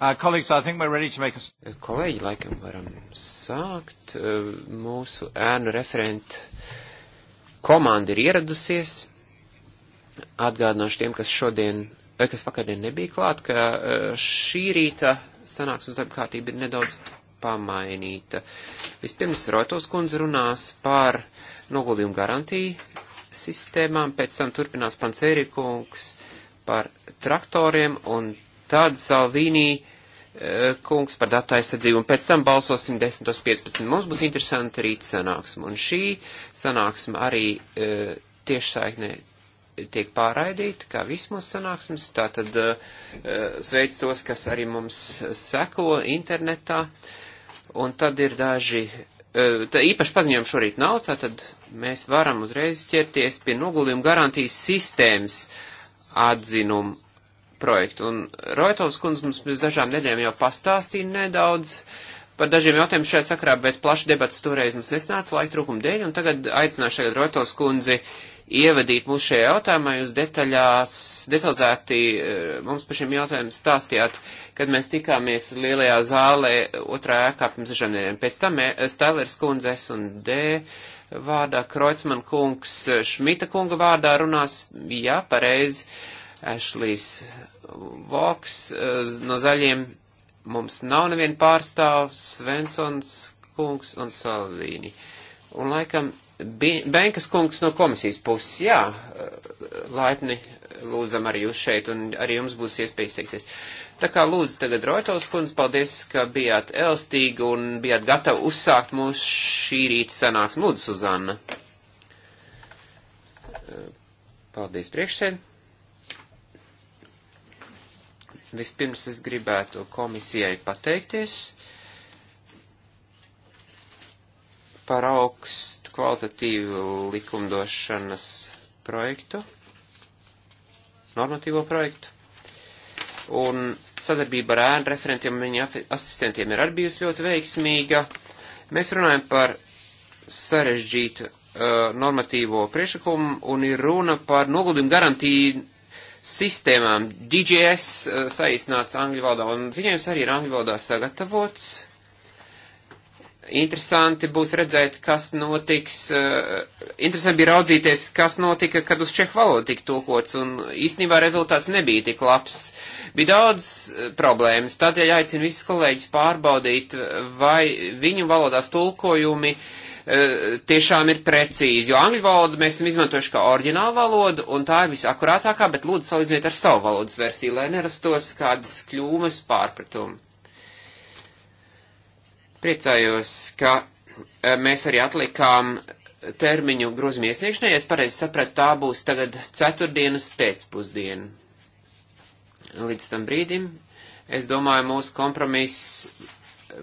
Uh, a... Uh, kolēģi, laikam varam sākt. Uh, mūsu ēnu referenta komanda ir ieradusies. Atgādināšu tiem, kas šodien, uh, kas vakardien nebija klāt, ka šī rīta sanāksmes darba kārtība ir nedaudz pamainīta. Vispirms Rotos kundze runās par noguldījumu garantiju sistēmām, pēc tam turpinās Pancēri kungs par traktoriem un tad Salvīnī Eh, kungs par datu aizsardzību, un pēc tam balsosim 10.15. Mums būs interesanti rīt sanāksme, un šī sanāksme arī e, tiešsaiknē tiek pārraidīta, kā viss mūsu sanāksmes, tātad e, sveic tos, kas arī mums seko internetā, un tad ir daži, e, tā, īpaši paziņojumi šorīt nav, tātad mēs varam uzreiz ķerties pie noguldījuma garantijas sistēmas atzinumu projektu. Un Roitovs kundze mums pirms dažām nedēļām jau pastāstīja nedaudz par dažiem jautājumiem šajā sakrā, bet plaši debats toreiz mums nesnāca laika trūkuma dēļ, un tagad aicināšu tagad Roitovs kundzi ievadīt mūs šajā jautājumā. Jūs detaļās, detalizēti eh, mums par šiem jautājumiem stāstījāt, kad mēs tikāmies lielajā zālē otrā ēkā pirms dažām nedēļām. Pēc tam eh, Stēlers kundze S un D vārdā, Kreutzmann kungs Šmita kunga vārdā runās, jā, pareizi, Ešlijs Voks eh, no zaļiem mums nav neviena pārstāvs, Svensons kungs un Salvīni. Un laikam Benkas kungs no komisijas puses, jā, eh, laipni lūdzam arī jūs šeit un arī jums būs iespēja izteikties. Tā kā lūdzu tagad Roitovs kundz, paldies, ka bijāt elstīgi un bijāt gatavi uzsākt mūsu šī rīta sanāks. Lūdzu, Suzanna. Eh, paldies priekšsēdē. Vispirms es gribētu komisijai pateikties par augstu kvalitatīvu likumdošanas projektu, normatīvo projektu. Un sadarbība ar ēnu referentiem un viņa asistentiem ir arī bijusi ļoti veiksmīga. Mēs runājam par sarežģītu uh, normatīvo priešakumu un ir runa par noguldījumu garantiju sistēmām. DGS eh, saīsnāts angļu valodā un ziņojums arī ir angļu valodā sagatavots. Interesanti būs redzēt, kas notiks. Eh, interesanti bija raudzīties, kas notika, kad uz čehu valodu tika tulkots, un īstenībā rezultāts nebija tik labs. Bija daudz eh, problēmas, tādēļ aicinu visus kolēģis pārbaudīt, vai viņu valodās tulkojumi uh, E, tiešām ir precīzi, jo angļu valodu mēs esam izmantojuši kā oriģinālu valodu, un tā ir visakurātākā, bet lūdzu salīdziniet ar savu valodas versiju, lai nerastos kādas kļūmes pārpratumi. Priecājos, ka e, mēs arī atlikām termiņu grozījumu iesniegšanai, ja es pareizi sapratu, tā būs tagad ceturtdienas pēcpusdiena. Līdz tam brīdim, es domāju, mūsu kompromiss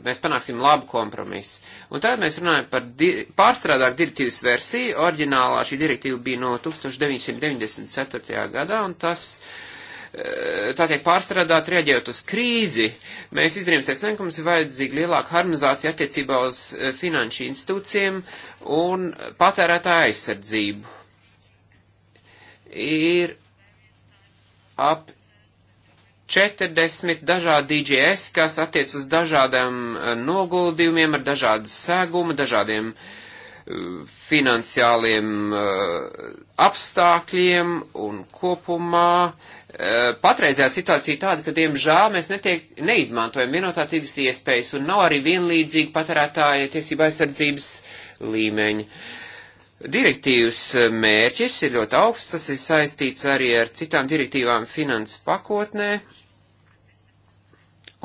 mēs panāksim labu kompromisu. Un tad mēs runājam par di pārstrādātu direktīvas versiju. Orģinālā šī direktīva bija no 1994. gadā, un tas e, tā tiek pārstrādāt, rieģējot uz krīzi. Mēs izdarījām secinājumu, ka mums ir vajadzīga lielāka harmonizācija attiecībā uz e, finanšu institūcijiem un patērētāju aizsardzību. Ir ap 40 dažādi DJS, kas attiec uz dažādām eh, noguldījumiem, ar dažādu sēgumu, dažādiem eh, finansiāliem eh, apstākļiem un kopumā. Patreizējā situācija tāda, ka, diemžēl, mēs netiek, neizmantojam vienotā tirgus iespējas un nav arī vienlīdzīgi patērētāja tiesība aizsardzības līmeņi. Direktīvas mērķis ir ļoti augsts, tas ir saistīts arī ar citām direktīvām finanses pakotnē,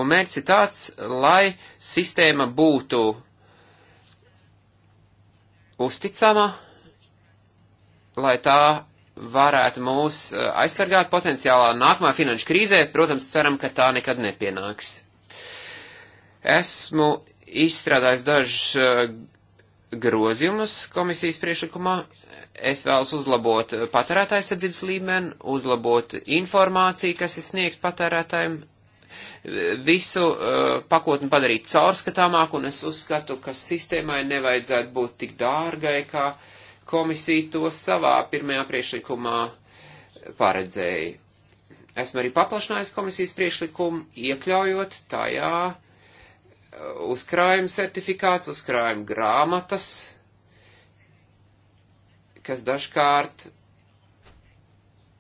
Un mērķis ir tāds, lai sistēma būtu uzticama, lai tā varētu mūs eh, aizsargāt potenciālā nākamā finanšu krīzē, protams, ceram, ka tā nekad nepienāks. Esmu izstrādājis dažus eh, grozījumus komisijas priešlikumā. Es vēlos uzlabot patērētāju sadzības līmeni, uzlabot informāciju, kas ir sniegt patērētājiem, visu uh, pakotni padarīt caurskatāmāku, un es uzskatu, ka sistēmai nevajadzētu būt tik dārgai, kā komisija to savā pirmajā priekšlikumā paredzēja. Esmu arī paplašinājis komisijas priekšlikumu, iekļaujot tajā uh, uzkrājuma certifikāts, uzkrājuma grāmatas, kas dažkārt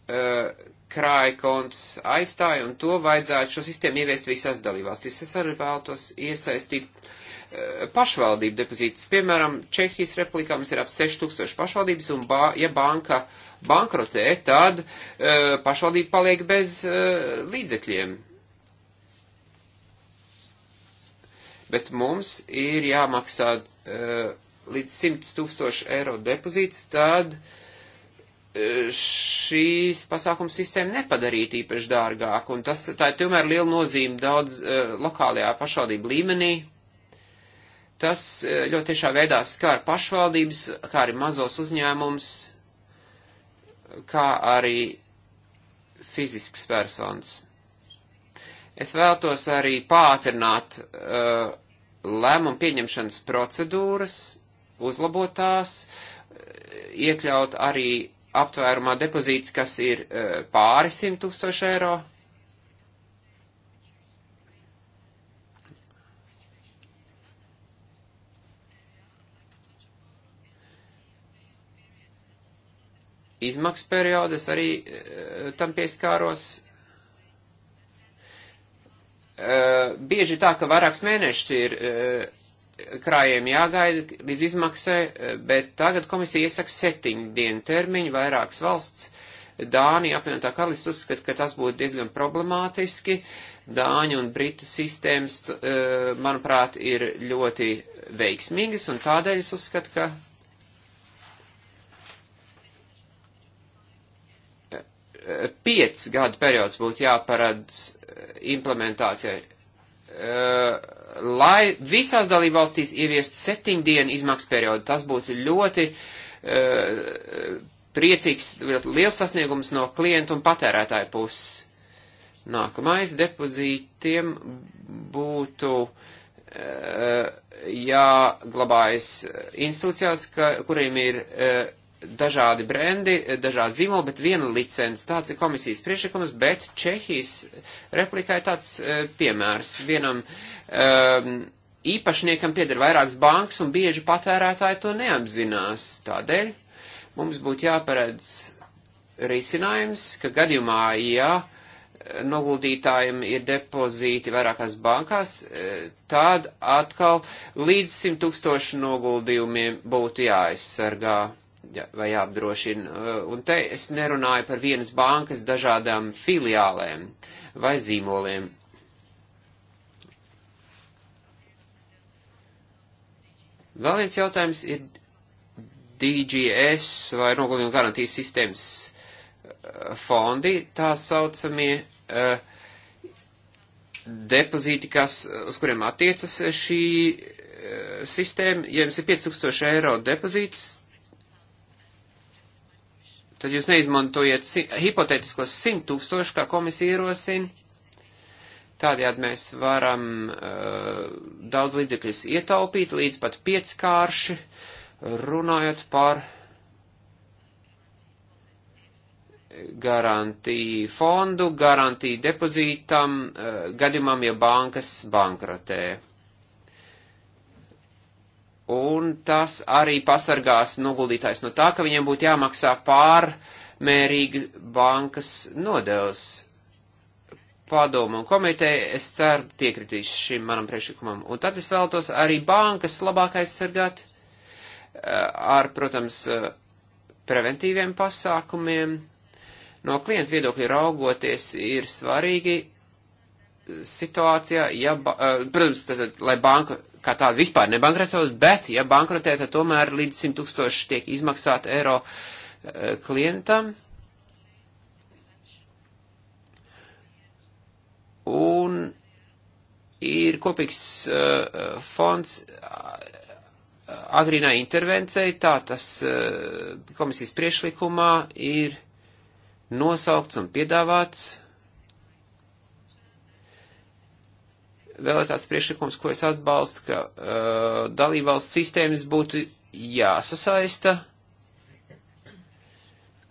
uh, krājkonts aizstāja, un to vajadzētu šo sistēmu ieviest visās dalībvalstīs. Es arī vēlos iesaistīt eh, pašvaldību depozītus. Piemēram, Čehijas replikā mums ir ap 6000 pašvaldības, un ba ja banka bankrotē, tad uh, pašvaldība paliek bez uh, līdzekļiem. Bet mums ir jāmaksā uh, līdz 100 tūkstoši eiro depozīts, tad uh, šīs pasākuma sistēma nepadarītu īpaši dārgāk, un tas, tā ir tomēr liela nozīme daudz uh, lokālajā pašvaldību līmenī. Tas uh, ļoti tiešā veidā skār pašvaldības, kā arī mazos uzņēmums, kā arī fizisks persons. Es vēltos arī pātrināt uh, lēmumu pieņemšanas procedūras, uzlabotās, iekļaut arī aptvērumā depozīts, kas ir e, pāri 100 tūkstoši eiro. Izmaksu periodas arī e, tam pieskāros. E, bieži tā, ka vairāks mēnešus ir krājiem jāgaida līdz izmaksai, bet tagad komisija iesaka septiņu dienu termiņu vairākas valsts. Dānija, apvienotā karalists uzskata, ka tas būtu diezgan problemātiski. Dāņu un Britu sistēmas, e, manuprāt, ir ļoti veiksmīgas, un tādēļ es uzskatu, ka e, piec gadu periods būtu jāparādz e, implementācijai. Uh, lai visās dalībvalstīs ieviest septiņu dienu izmaksu periodu. Tas būtu ļoti uh, priecīgs, ļoti liels sasniegums no klientu un patērētāju puses. Nākamais depozītiem būtu uh, jāglabājas institūcijās, ka, kuriem ir uh, dažādi brendi, dažādi zīmoli, bet viena licence. Tāds ir komisijas priekšlikums, bet Čehijas replikā ir tāds uh, piemērs. Vienam um, īpašniekam pieder vairākas bankas un bieži patērētāji to neapzinās. Tādēļ mums būtu jāparedz risinājums, ka gadījumā, ja e, noguldītājiem ir depozīti vairākās bankās, tad atkal līdz 100 tūkstošu noguldījumiem būtu jāaizsargā vai jāapdrošina. Eh, un te es nerunāju par vienas bankas dažādām filiālēm vai zīmoliem. Vēl viens jautājums ir DGS vai noguldījuma garantijas sistēmas eh, fondi, tā saucamie uh, depozīti, kas, uz kuriem attiecas šī uh, sistēma. Ja jums ir 5000 eiro depozīts, tad jūs neizmantojiet si hipotētiskos 100 tūkstošus, kā komisija ierosina. Tādējādi mēs varam uh, daudz līdzekļus ietaupīt līdz pat pieckārši, runājot par garantiju fondu, garantiju depozītam, uh, gadījumam, ja bankas bankrotē un tas arī pasargās noguldītājs no tā, ka viņiem būtu jāmaksā pārmērīgi bankas nodevs. Padomu un komiteja, es ceru, piekritīs šim manam priekšlikumam. Un tad es vēlos arī bankas labāk aizsargāt eh, ar, protams, eh, preventīviem pasākumiem. No klienta viedokļa raugoties ir svarīgi situācijā, ja, eh, protams, tad, lai banka kā tāda vispār nebankrotēta, bet, ja bankrotēta, tomēr līdz 100 tūkstoši tiek izmaksāta eiro e, klientam. Un ir kopīgs e, fonds eh, agrīnai intervencijai, tā tas e, komisijas priešlikumā ir nosaukts un piedāvāts vēl ir tāds priekšlikums, ko es atbalstu, ka uh, dalībvalsts sistēmas būtu jāsasaista.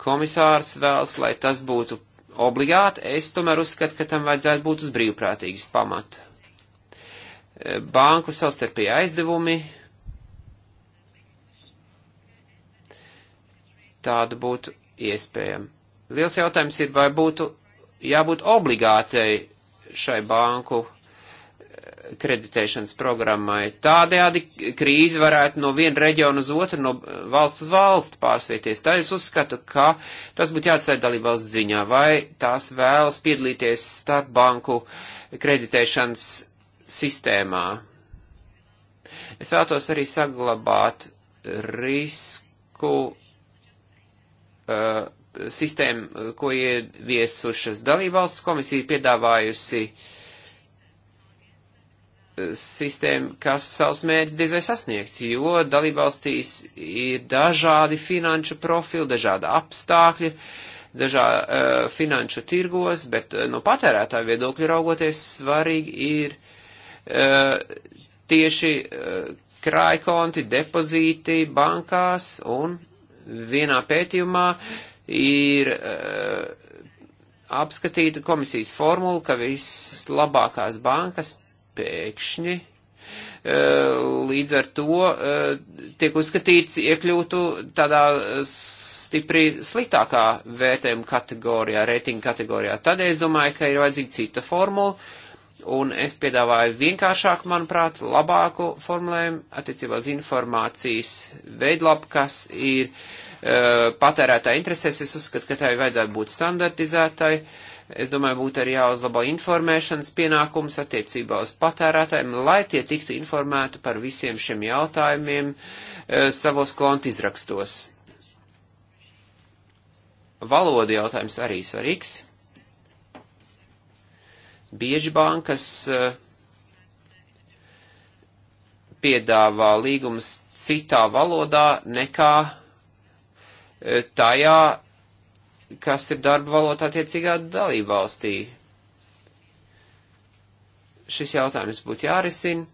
Komisārs vēlas, lai tas būtu obligāti. Es tomēr uzskatu, ka tam vajadzētu būt uz brīvprātīgas pamata. Uh, banku savstarpēji aizdevumi. Tāda būtu iespējama. Liels jautājums ir, vai būtu jābūt obligātai šai banku uh, kreditēšanas programmai. Tādējādi krīze varētu no viena reģiona uz otru, no valsts uz valstu pārsvieties. Tā es uzskatu, ka tas būtu jāatstāj dalībvalsts ziņā, vai tās vēlas piedalīties starpbanku kreditēšanas sistēmā. Es vēlos arī saglabāt risku uh, sistēmu, ko ieviesušas dalībvalsts komisija piedāvājusi uh, sistēma, kas savus mērķus diez vai sasniegt, jo dalībvalstīs ir dažādi finanšu profili, dažādi apstākļi, dažā uh, finanšu tirgos, bet uh, no patērētāja viedokļa raugoties svarīgi ir uh, tieši uh, krājkonti, depozīti bankās un vienā pētījumā ir. Uh, apskatīta komisijas formula, ka vislabākās bankas pēkšņi eh, līdz ar to eh, tiek uzskatīts iekļūtu tādā stipri sliktākā vērtējuma kategorijā, reitinga kategorijā. Tādēļ es domāju, ka ir vajadzīga cita formula, un es piedāvāju vienkāršāku, manuprāt, labāku formulējumu attiecībā uz informācijas veidlapu, kas ir eh, patērētāja interesēs. Es uzskatu, ka tai vajadzētu būt standartizētai. Uh, Es domāju, būtu arī jāuzlabo informēšanas pienākums attiecībā uz patērētājiem, lai tie tiktu informēti par visiem šiem jautājumiem e, savos konta izrakstos. Valoda jautājums arī svarīgs. Bieži bankas e, piedāvā līgumus citā valodā nekā e, tajā kas ir darba valotā tiecīgā dalība valstī. Šis jautājums būtu jārisina.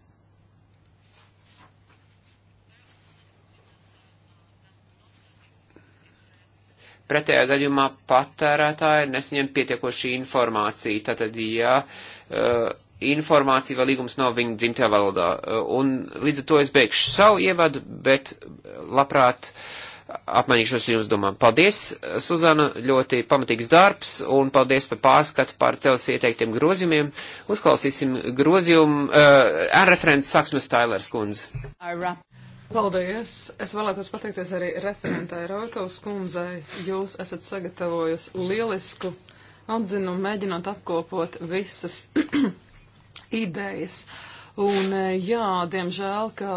Pretējā gadījumā patērētāji nesaņem pietiekoši informāciju. Tātad, ja uh, informācija vai līgums nav viņa dzimtajā valodā. Eh, un līdz ar to es beigšu savu ievadu, bet eh, labprāt uh, apmainīšos jums domām. Paldies, Suzana, ļoti pamatīgs darbs, un paldies par pārskatu par tevs ieteiktiem grozījumiem. Uzklausīsim grozījumu, uh, referents Saksmas Tailers kundze. Paldies! Es vēlētos pateikties arī referentai Rotovs kundzei. Jūs esat sagatavojusi lielisku atzinumu, mēģinot apkopot visas idejas. Un eh, jā, diemžēl, ka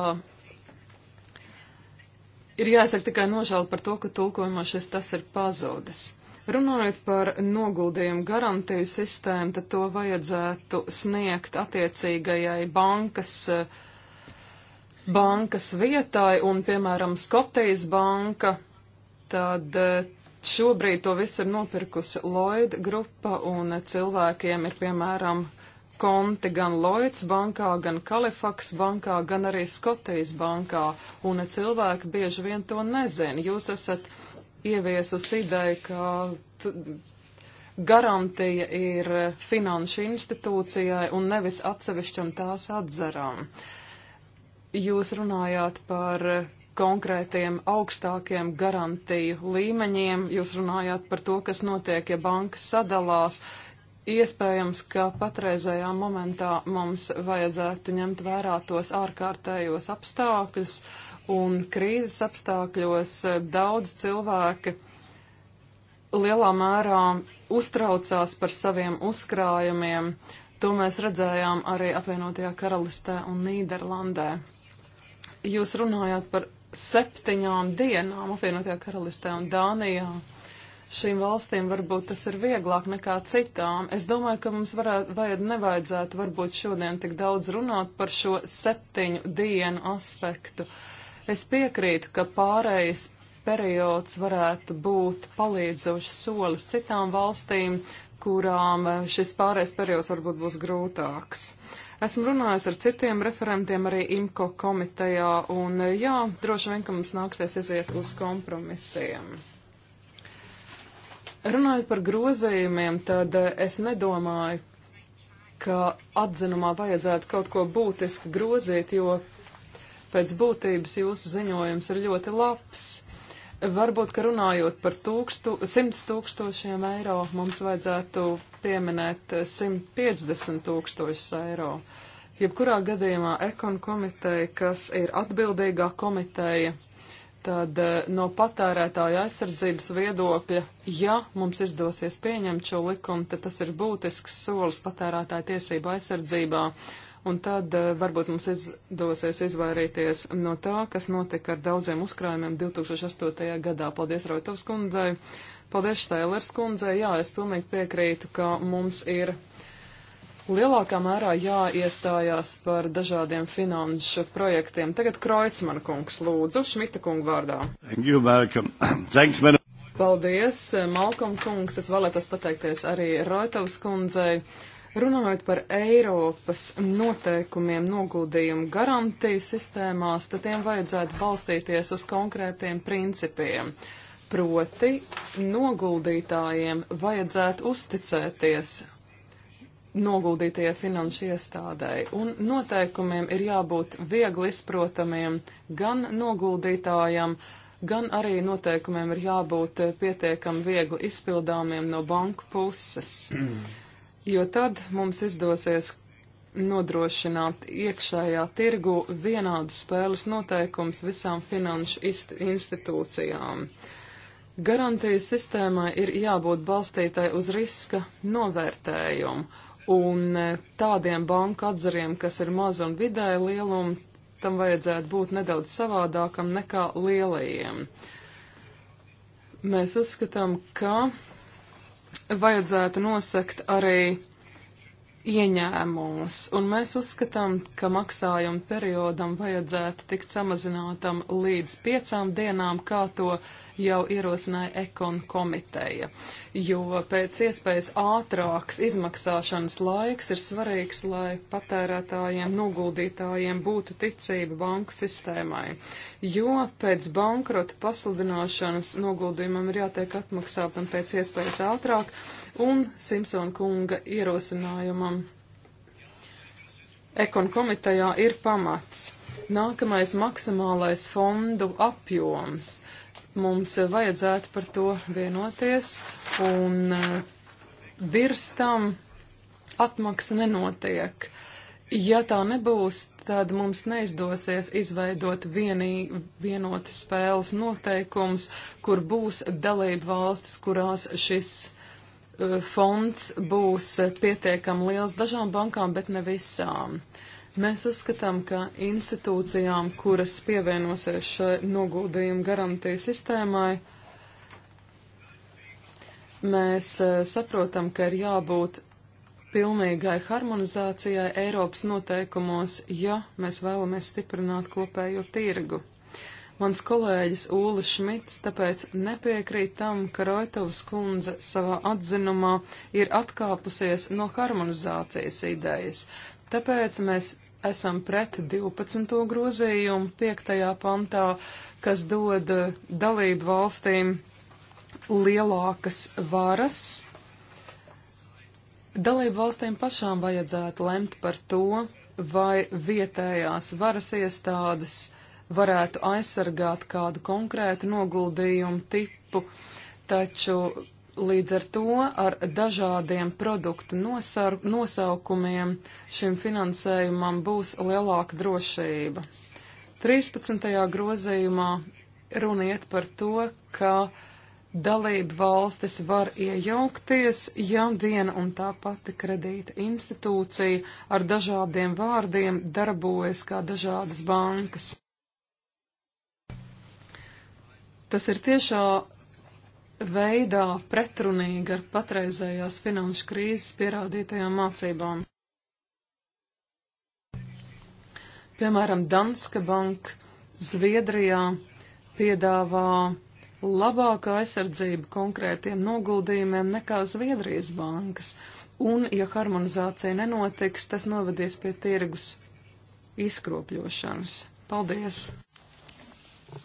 Ir jāsaka tikai nožēla par to, ka tulkojumā šis tas ir pazudis. Runājot par noguldījumu garantiju sistēmu, tad to vajadzētu sniegt attiecīgajai bankas, eh, bankas vietai un, piemēram, Skotijas banka. Tad eh, šobrīd to visu ir nopirkusi Lloyd grupa un cilvēkiem ir, piemēram, konti gan Lloyds bankā, gan Kalifax bankā, gan arī Skotijas bankā, un cilvēki bieži vien to nezina. Jūs esat ieviesusi ideju, ka garantija ir finanšu institūcijai un nevis atsevišķam tās atzaram. Jūs runājāt par konkrētiem augstākiem garantiju līmeņiem. Jūs runājāt par to, kas notiek, ja bankas sadalās. Iespējams, ka patreizajā momentā mums vajadzētu ņemt vērā tos ārkārtējos apstākļus, un krīzes apstākļos daudz cilvēki lielā mērā uztraucās par saviem uzkrājumiem. To mēs redzējām arī apvienotajā karalistē un Nīderlandē. Jūs runājāt par septiņām dienām apvienotajā karalistē un Dānijā. Uh, Šīm valstīm varbūt tas ir vieglāk nekā citām. Es domāju, ka mums varētu, vajad, nevajadzētu varbūt šodien tik daudz runāt par šo septiņu dienu aspektu. Es piekrītu, ka pārējais periods varētu būt palīdzošs solis citām valstīm, kurām eh, šis pārējais periods varbūt būs grūtāks. Esmu runājis ar citiem referentiem arī IMCO komitejā, un eh, jā, droši vien, ka mums nāksies iziet uz kompromisiem. Runājot par grozījumiem, tad eh, es nedomāju, ka atzinumā vajadzētu kaut ko būtiski grozīt, jo pēc būtības jūsu ziņojums ir ļoti labs. Varbūt, ka runājot par tūkstu, 100 tūkstošiem eiro, mums vajadzētu pieminēt 150 eh, tūkstošus eiro. Jebkurā gadījumā ekon komiteja, kas ir atbildīgā komiteja, Tad eh, no patērētāja aizsardzības viedokļa, ja mums izdosies pieņemt šo likumu, tad tas ir būtisks solis patērētāja tiesību aizsardzībā. Un tad eh, varbūt mums izdosies izvairīties no tā, kas notika ar daudziem uzkrājumiem 2008. gadā. Paldies Rautovs kundzei, paldies Štēlers kundzei. Jā, es pilnīgi piekrītu, ka mums ir lielākā mērā jāiestājās par dažādiem finanšu projektiem. Tagad Kreutzmann kungs lūdzu Šmita kungu vārdā. Thank you, Malcolm. Thanks, man. Paldies, Malcolm kungs. Es vēlētos pateikties arī Roitovas kundzei. Runājot par Eiropas noteikumiem noguldījumu garantiju sistēmās, tad tiem vajadzētu balstīties uz konkrētiem principiem. Proti, noguldītājiem vajadzētu uzticēties noguldītajai finanšu iestādēji, un noteikumiem ir jābūt viegli izprotamiem gan noguldītājam, gan arī noteikumiem ir jābūt eh, pietiekami viegli izpildāmiem no banku puses, mm. jo tad mums izdosies nodrošināt iekšējā tirgu vienādu spēles noteikums visām finanšu institūcijām. Garantijas sistēmai ir jābūt balstītai uz riska novērtējumu Un e, tādiem banku atzariem, kas ir maza un vidēja lieluma, tam vajadzētu būt nedaudz savādākam nekā lielajiem. Mēs uzskatām, ka vajadzētu nosekt arī ieņēmumus, un mēs uzskatām, ka maksājuma periodam vajadzētu tikt samazinātam līdz piecām dienām, kā to jau ierosināja ekon komiteja, jo pēc iespējas ātrāks izmaksāšanas laiks ir svarīgs, lai patērētājiem, noguldītājiem būtu ticība banku sistēmai, jo pēc bankrota pasludināšanas noguldījumam ir jātiek atmaksātam pēc iespējas ātrāk un Simpsona kunga ierosinājumam. Ekon komitejā ir pamats. Nākamais maksimālais fondu apjoms. Mums vajadzētu par to vienoties, un eh, virs tam atmaksa nenotiek. Ja tā nebūs, tad mums neizdosies izveidot vienī, vienotas spēles noteikums, kur būs dalība valstis, kurās šis Eh, fonds būs pietiekam liels dažām bankām, bet ne visām. Mēs uzskatām, ka institūcijām, kuras pievienosies šai noguldījumu garantiju sistēmai, mēs eh, saprotam, ka ir jābūt pilnīgai harmonizācijai Eiropas noteikumos, ja mēs vēlamies stiprināt kopējo tirgu. Mans kolēģis Ūlis Šmits tāpēc nepiekrīt tam, ka Roitovas kundze savā atzinumā ir atkāpusies no harmonizācijas idejas. Tāpēc mēs esam pret 12. grozījumu 5. pantā, kas dod dalību valstīm lielākas varas. Dalību valstīm pašām vajadzētu lemt par to, vai vietējās varas iestādes varētu aizsargāt kādu konkrētu noguldījumu tipu, taču līdz ar to ar dažādiem produktu nosar, nosaukumiem šim finansējumam būs lielāka drošība. 13. grozījumā runiet par to, ka dalību valstis var iejaukties, ja viena un tā pati kredīta institūcija ar dažādiem vārdiem darbojas kā dažādas bankas. Tas ir tiešā veidā pretrunīgi ar patreizējās finanšu krīzes pierādītajām mācībām. Piemēram, Danske Bank Zviedrijā piedāvā labāku aizsardzību konkrētiem noguldījumiem nekā Zviedrijas bankas, un, ja harmonizācija nenotiks, tas novedīs pie tirgus izkropļošanas. Paldies!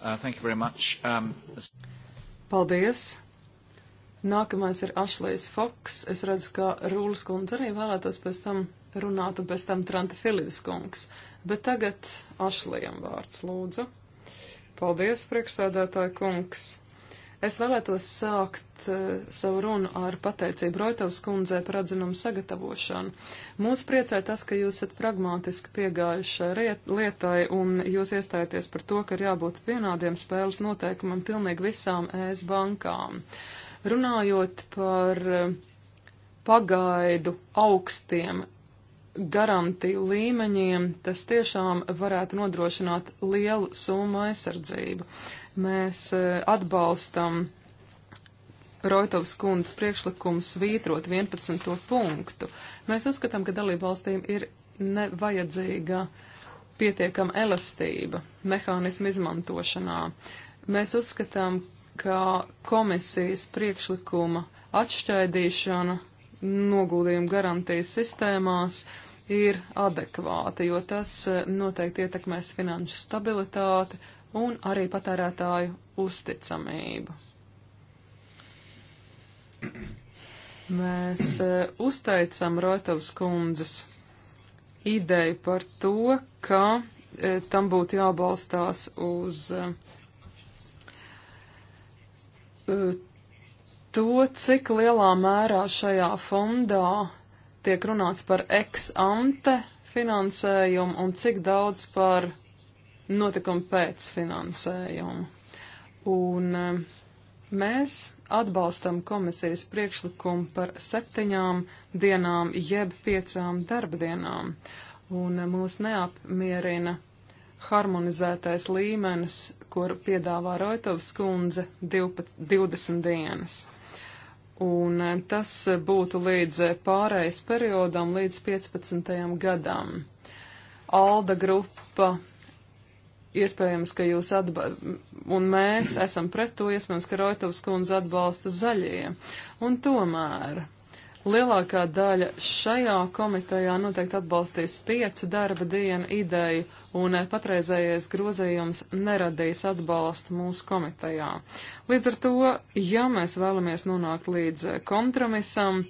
Uh, thank you very much. Um, Paldies. Nākamais ir Ašlejs Foks. Es redzu, ka Rūlas kundze arī vēlētos pēc tam runāt un pēc tam Tranta Filides kungs. Bet tagad Ašlejam vārds lūdzu. Paldies, priekšsēdētāja kungs. Es vēlētos sākt uh, savu runu ar pateicību Roitovas kundzei par atzinumu sagatavošanu. Mūs priecē tas, ka jūs esat pragmātiski piegājuši lietai un jūs iestājaties par to, ka ir jābūt vienādiem spēles noteikumam pilnīgi visām ES bankām. Runājot par uh, pagaidu augstiem garantiju līmeņiem, tas tiešām varētu nodrošināt lielu summu aizsardzību. Mēs e, atbalstam Roitovas kundas priekšlikumu svītrot 11. punktu. Mēs uzskatām, ka dalību valstīm ir nevajadzīga pietiekama elastība mehānismu izmantošanā. Mēs uzskatām, ka komisijas priekšlikuma atšķaidīšana noguldījumu garantijas sistēmās ir adekvāta, jo tas e, noteikti ietekmēs finanšu stabilitāti un arī patērētāju uzticamību. Mēs uh, uzteicam Rotovas kundzes ideju par to, ka uh, tam būtu jābalstās uz uh, to, cik lielā mērā šajā fondā tiek runāts par ex ante finansējumu un cik daudz par notikumu pēc finansējumu. Un um, mēs atbalstam komisijas priekšlikumu par septiņām dienām jeb piecām darbdienām. Un um, mūs neapmierina harmonizētais līmenis, kur piedāvā Roitovs kundze 20 dienas. Un um, tas būtu līdz pārējais periodam, līdz 15. gadam. Alda grupa Iespējams, ka jūs atbalstat, un mēs esam pret to, iespējams, ka Roitovs kundze atbalsta zaļie. Un tomēr lielākā daļa šajā komitejā noteikti atbalstīs piecu darba dienu ideju, un patreizējais grozījums neradīs atbalstu mūsu komitejā. Līdz ar to, ja mēs vēlamies nonākt līdz kompromisam,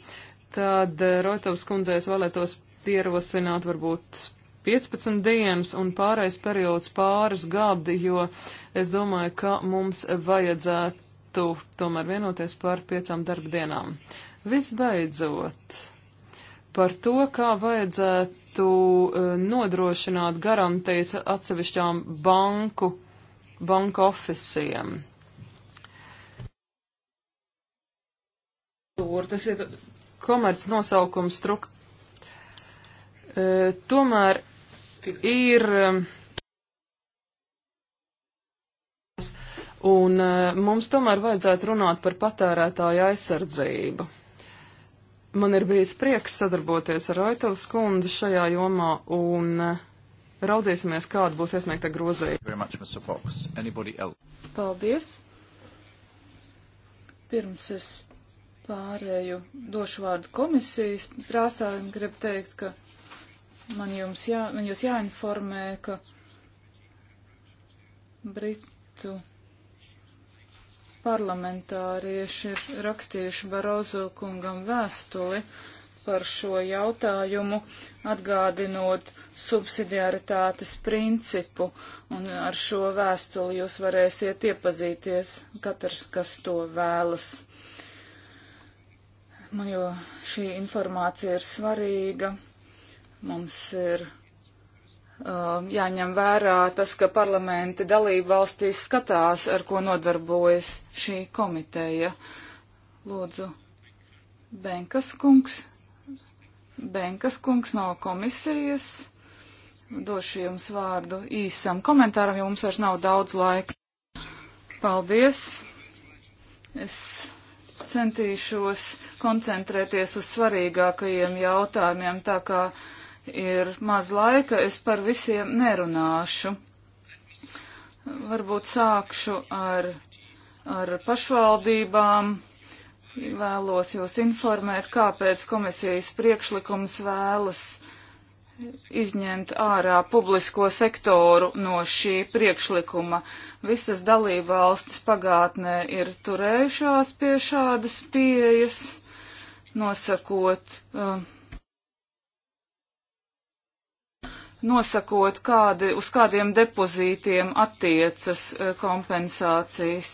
tad Roitovs kundzēs vēlētos ierosināt varbūt 15 dienas un pārējais periods pāris gadi, jo es domāju, ka mums vajadzētu tomēr vienoties par piecām darba dienām. Visbeidzot, par to, kā vajadzētu e, nodrošināt garantijas atsevišķām banku, banku ofisiem. Tas ir komerc nosaukums struktūra. E, tomēr ir. Um, un uh, mums tomēr vajadzētu runāt par patērētāju aizsardzību. Man ir bijis prieks sadarboties ar Raitovas kundzi šajā jomā un uh, raudzīsimies, kāda būs iesniegta grozīja. Paldies! Pirms es pārēju došu vārdu komisijas prāstāvim, gribu teikt, ka Man, jums jā, man jūs jāinformē, ka Britu parlamentārieši ir rakstījuši Barozo kungam vēstuli par šo jautājumu, atgādinot subsidiaritātes principu, un ar šo vēstuli jūs varēsiet iepazīties, katrs, kas to vēlas. Man jo šī informācija ir svarīga, Mums ir uh, jāņem vērā tas, ka parlamenti dalību valstīs skatās, ar ko nodarbojas šī komiteja. Lūdzu, Benkas kungs. Benkas kungs no komisijas. Došu jums vārdu īsam komentāram, jo mums vairs nav daudz laika. Paldies! Es centīšos koncentrēties uz svarīgākajiem jautājumiem, tā kā ir maz laika, es par visiem nerunāšu. Varbūt sākšu ar, ar pašvaldībām. Vēlos jūs informēt, kāpēc komisijas priekšlikums vēlas izņemt ārā publisko sektoru no šī priekšlikuma. Visas dalībvalstis pagātnē ir turējušās pie šādas pieejas, nosakot uh, nosakot, kādi, uz kādiem depozītiem attiecas eh, kompensācijas.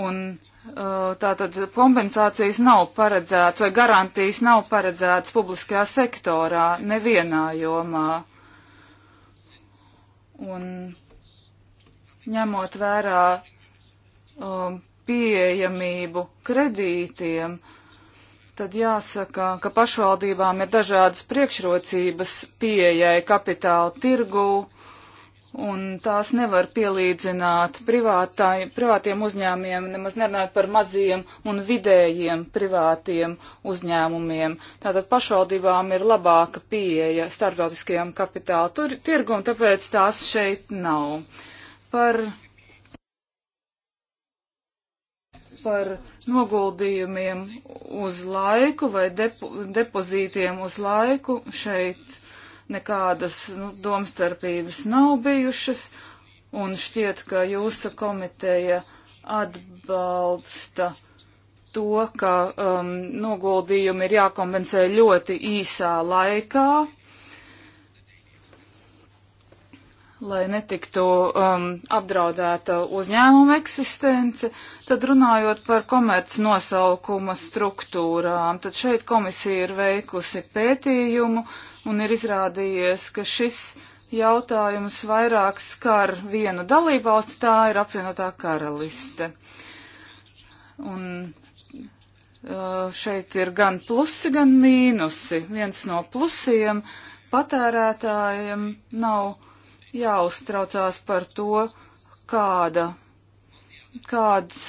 Un eh, tātad kompensācijas nav paredzētas vai garantijas nav paredzētas publiskajā sektorā nevienā jomā. Un ņemot vērā um, pieejamību kredītiem, tad jāsaka, ka pašvaldībām ir dažādas priekšrocības pieejai kapitāla tirgū, un tās nevar pielīdzināt privātai, privātiem uzņēmiem, nemaz nerunājot par maziem un vidējiem privātiem uzņēmumiem. Tātad pašvaldībām ir labāka pieeja starptautiskajam kapitāla tirgu, un tāpēc tās šeit nav. Par par noguldījumiem uz laiku vai depo depozītiem uz laiku. Šeit nekādas nu, domstarpības nav bijušas, un šķiet, ka jūsu komiteja atbalsta to, ka um, noguldījumi ir jākompensē ļoti īsā laikā, lai netiktu um, apdraudēta uzņēmuma eksistence, tad runājot par komerc nosaukuma struktūrām, tad šeit komisija ir veikusi pētījumu un ir izrādījies, ka šis jautājums vairāk skar vienu dalībvalsti, tā ir apvienotā karaliste. Un uh, šeit ir gan plusi, gan mīnusi. Viens no plusiem patērētājiem nav jāuztraucās par to, kāda, kāds,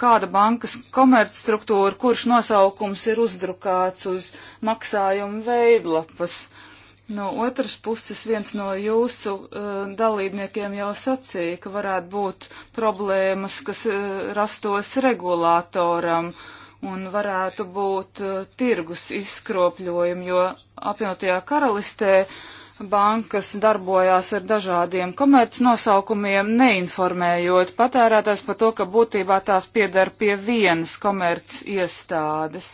kāda bankas komercstruktūra, kurš nosaukums ir uzdrukāts uz maksājumu veidlapas. No otras puses, viens no jūsu uh, dalībniekiem jau sacīja, ka varētu būt problēmas, kas uh, rastos regulātoram un varētu būt uh, tirgus izkropļojumi, jo apvienotajā karalistē uh, bankas darbojās ar dažādiem komercnosaukumiem, neinformējot patērētājs par to, ka būtībā tās pieder pie vienas komerc iestādes.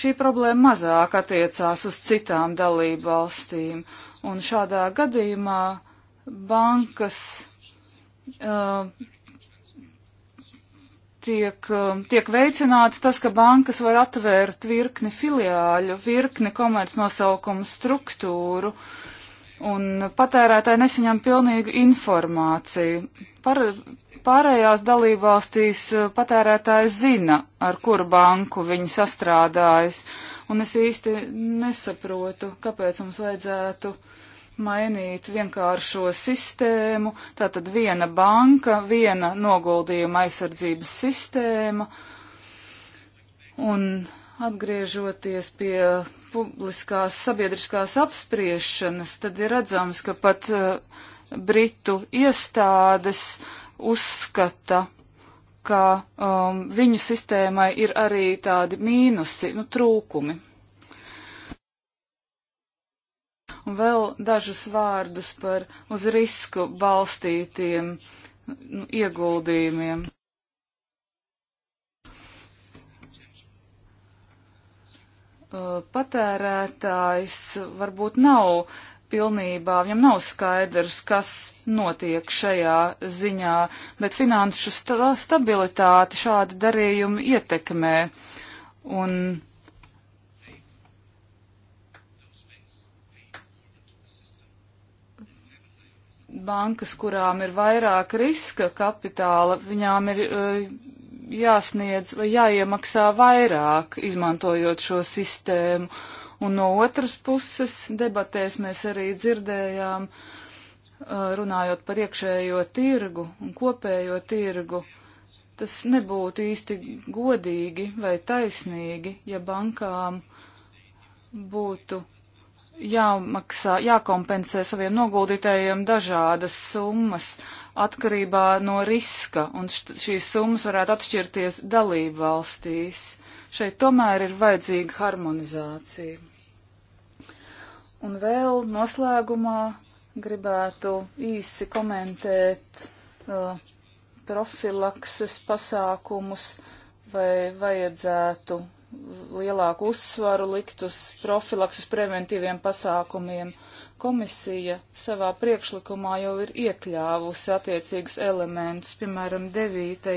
Šī problēma mazāk attiecās uz citām dalību valstīm, un šādā gadījumā bankas uh, tiek, um, tiek veicināts tas, ka bankas var atvērt virkni filiāļu, virkni komercnosaukumu struktūru, un patērētāji nesaņem pilnīgu informāciju. Par, pārējās dalībvalstīs uh, patērētājs zina, ar kuru banku viņi sastrādājas, un es īsti nesaprotu, kāpēc mums vajadzētu mainīt vienkāršo sistēmu, tātad viena banka, viena noguldījuma aizsardzības sistēma. Un atgriežoties pie publiskās sabiedriskās apspriešanas, tad ir redzams, ka pat uh, Britu iestādes uzskata, ka um, viņu sistēmai ir arī tādi mīnusi, nu, trūkumi. Un vēl dažus vārdus par uz risku balstītiem nu, ieguldījumiem. Patērētājs varbūt nav pilnībā, viņam nav skaidrs, kas notiek šajā ziņā, bet finanšu sta stabilitāti šādi darījumi ietekmē. Un bankas, kurām ir vairāk riska kapitāla, viņām ir eh, jāsniedz vai jāiemaksā vairāk, izmantojot šo sistēmu. Un no otras puses debatēs mēs arī dzirdējām, eh, runājot par iekšējo tirgu un kopējo tirgu, tas nebūtu īsti godīgi vai taisnīgi, ja bankām būtu jāmaksā, jākompensē saviem noguldītējiem dažādas summas atkarībā no riska, un šīs summas varētu atšķirties dalību valstīs. Šeit tomēr ir vajadzīga harmonizācija. Un vēl noslēgumā gribētu īsi komentēt uh, profilakses pasākumus, vai vajadzētu lielāku uzsvaru likt uz profilaksus preventīviem pasākumiem. Komisija savā priekšlikumā jau ir iekļāvusi attiecīgus elementus, piemēram, 9.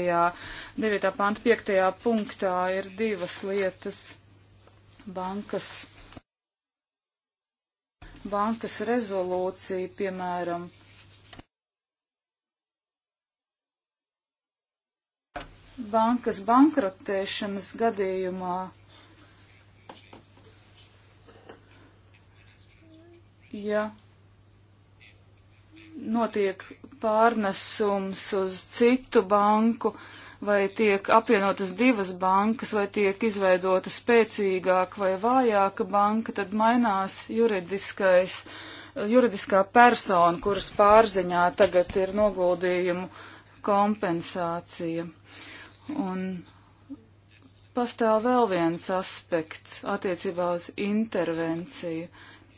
9. pānta 5. punktā ir divas lietas bankas. Bankas rezolūcija, piemēram, bankas bankrotēšanas gadījumā ja notiek pārnesums uz citu banku, vai tiek apvienotas divas bankas, vai tiek izveidota spēcīgāka vai vājāka banka, tad mainās juridiskais, juridiskā persona, kuras pārziņā tagad ir noguldījumu kompensācija. Uh, Un pastāv vēl viens aspekts attiecībā uz intervenciju.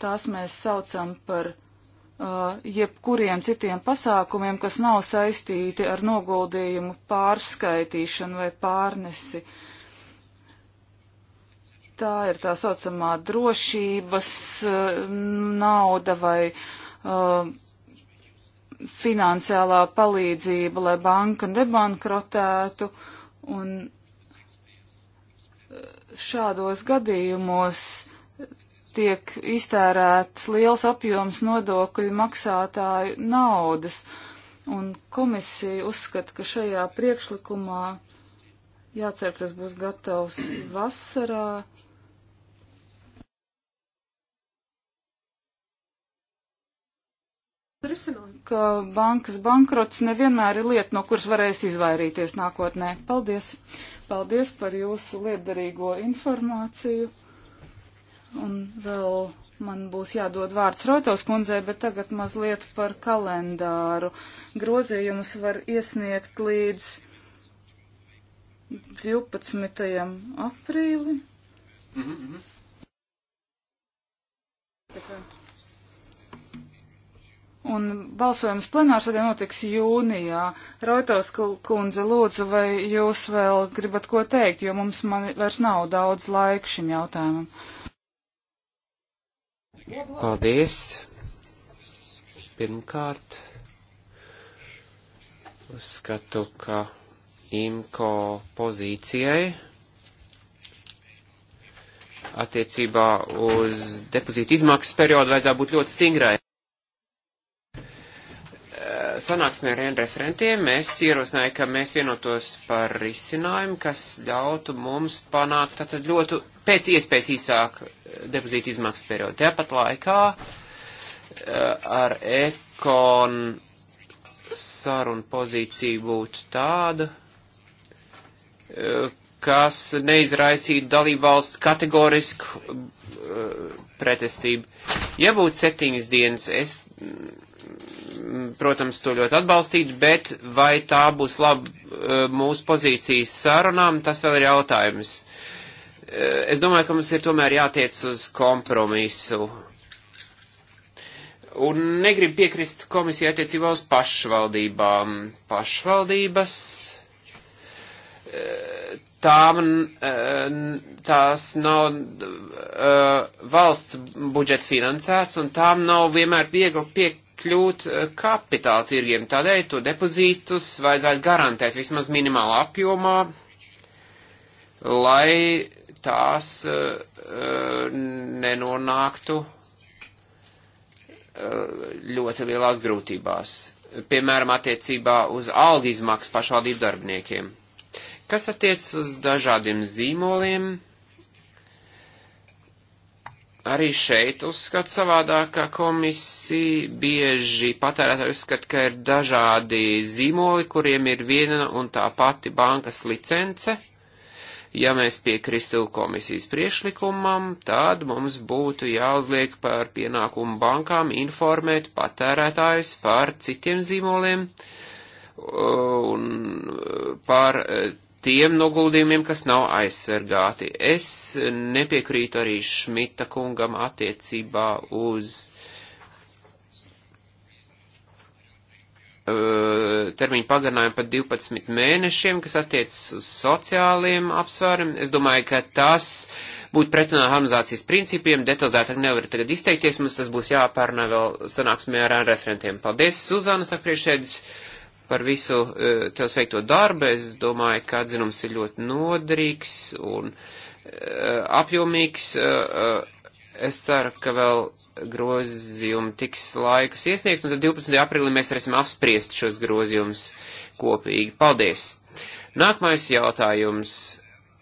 Tās mēs saucam par uh, jebkuriem citiem pasākumiem, kas nav saistīti ar noguldījumu pārskaitīšanu vai pārnesi. Tā ir tā saucamā drošības uh, nauda vai uh, finansiālā palīdzība, lai banka nebankrotētu. Uh, Un e, šādos gadījumos tiek iztērēts liels apjoms nodokļu maksātāju naudas, un komisija uzskata, ka šajā priekšlikumā jācer, tas būs gatavs vasarā ka bankas bankrots nevienmēr ir lieta, no kuras varēs izvairīties nākotnē. Paldies! Paldies par jūsu liederīgo informāciju. Un vēl man būs jādod vārds Roitos kundzei, bet tagad mazliet par kalendāru. Grozījumus var iesniegt līdz 12. aprīli. Mm -hmm. Tā kā. Un balsojums plenārsēdē notiks jūnijā. Roitovs kundze, lūdzu, vai jūs vēl gribat ko teikt, jo mums man vairs nav daudz laika šim jautājumam. Paldies. Pirmkārt, uzskatu, ka IMCO pozīcijai attiecībā uz depozītu izmaksas periodu vajadzētu būt ļoti stingrai sanāksmē ar referentiem es ierosināju, ka mēs vienotos par risinājumu, kas ļautu mums panākt tātad ļoti pēc iespējas īsāk eh, depozītu izmaksu periodu. Tāpat laikā eh, ar ekon sarunu pozīciju būtu tāda, eh, kas neizraisītu dalībvalstu kategorisku pretestību. Ja būtu septiņas dienas, es Mm, protams, to ļoti atbalstītu, bet vai tā būs laba eh, mūsu pozīcijas sarunām, tas vēl ir jautājums. Eh, es domāju, ka mums ir tomēr jātiec uz kompromisu. Un negribu piekrist komisijai attiecībā uz pašvaldībām. Pašvaldības eh, tām, tās nav valsts budžeta finansēts, un tām nav vienmēr viegli pie, kļūt eh, kapitāla tirgiem. Tādēļ to depozītus vajadzētu garantēt vismaz minimālā apjomā, lai tās uh, nenonāktu uh, ļoti lielās grūtībās. Piemēram, attiecībā uz algu izmaksu pašvaldību darbiniekiem. Kas attiec uz dažādiem zīmoliem? arī šeit uzskata savādāk, ka komisija bieži patērētāji uzskata, ka ir dažādi zīmoli, kuriem ir viena un tā pati bankas licence. Ja mēs piekristu komisijas priešlikumam, tad mums būtu jāuzliek par pienākumu bankām informēt patērētājus par citiem zīmoliem un par eh, tiem noguldījumiem, kas nav aizsargāti. Es nepiekrītu arī Šmita kungam attiecībā uz uh, termiņu pagarinājumu pat 12 mēnešiem, kas attiecas uz sociāliem apsvērumiem. Es domāju, ka tas būtu pretrunā harmonizācijas principiem. Detalizētāk nevar tagad izteikties, mums tas būs jāpērnā vēl sanāksmē ar referentiem. Paldies, Suzana, saka priekšēdis par visu e, tev sveikto darbu. Es domāju, ka atzinums ir ļoti nodrīgs un e, apjomīgs. E, es ceru, ka vēl grozījumi tiks laikas iesniegt, un tad 12. aprīlī mēs varēsim apspriest šos grozījumus kopīgi. Paldies! Nākamais jautājums.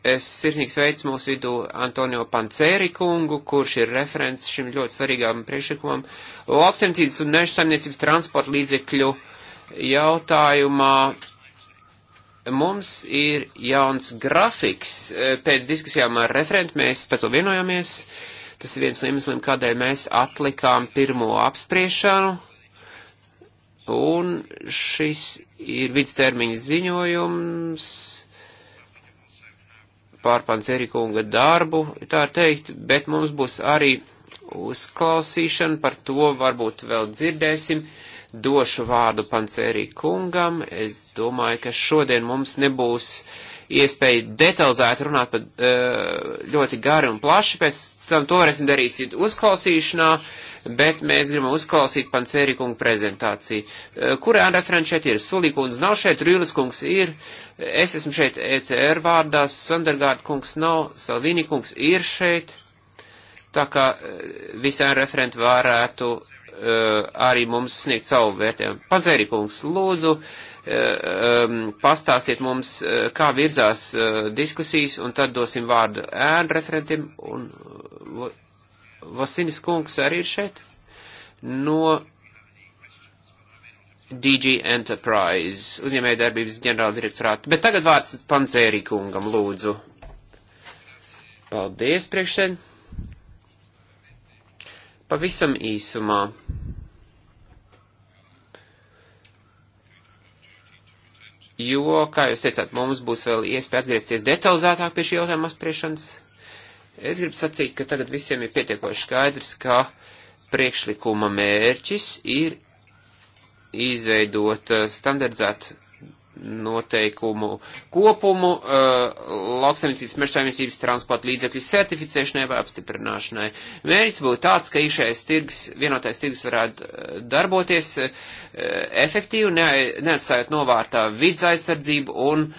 Es sirsnīgs veids mūsu vidū Antonio Pancēri kungu, kurš ir referents šim ļoti svarīgām priekšlikumam - lauksemcības un nežsaimniecības transporta līdzekļu uh, jautājumā mums ir jauns grafiks. E, pēc diskusijām ar referentu mēs par to vienojāmies. Tas ir viens no iemesliem, kādēļ mēs atlikām pirmo apspriešanu. Un šis ir vidstermiņa ziņojums pār Pancerikunga darbu, tā teikt, bet mums būs arī uzklausīšana, par to varbūt vēl dzirdēsim. Uh, došu vārdu pancērī kungam. Es domāju, ka šodien mums nebūs iespēja detalizēti runāt par eh, ļoti gari un plaši, pēc tam to varēsim darīt uzklausīšanā, bet mēs gribam uzklausīt pancērī kungu prezentāciju. Kurā referents šeit ir? Sulīkums nav šeit, Rīlis kungs ir, es esmu šeit ECR vārdās, Sandergārda kungs nav, Salvini kungs ir šeit. Tā kā eh, visiem referenti varētu Eh, arī mums sniegt savu vērtējumu. Padzērīkungs, lūdzu, eh, pastāstiet mums, eh, kā virzās diskusijas, un tad dosim vārdu ēnu referentiem. Un Vasinis kungs arī ir šeit no DG Enterprise, uzņēmēja darbības ģenerāla direktorāta. Bet tagad vārds Pandzērīkungam, lūdzu. Paldies, priekšsēdētāji. Pavisam īsumā. Jo, kā jūs teicāt, mums būs vēl iespēja atgriezties detalizētāk pie šī jautājuma spriešanas. Es gribu sacīt, ka tagad visiem ir pietiekoši skaidrs, ka priekšlikuma mērķis ir izveidot standardizētu noteikumu kopumu eh, lauksaimniecības mežsaimniecības transporta līdzekļu certificēšanai vai apstiprināšanai. Mērķis būtu tāds, ka īšais tirgs, vienotais tirgs varētu eh, darboties eh, efektīvi, ne, neatstājot novārtā vidas aizsardzību un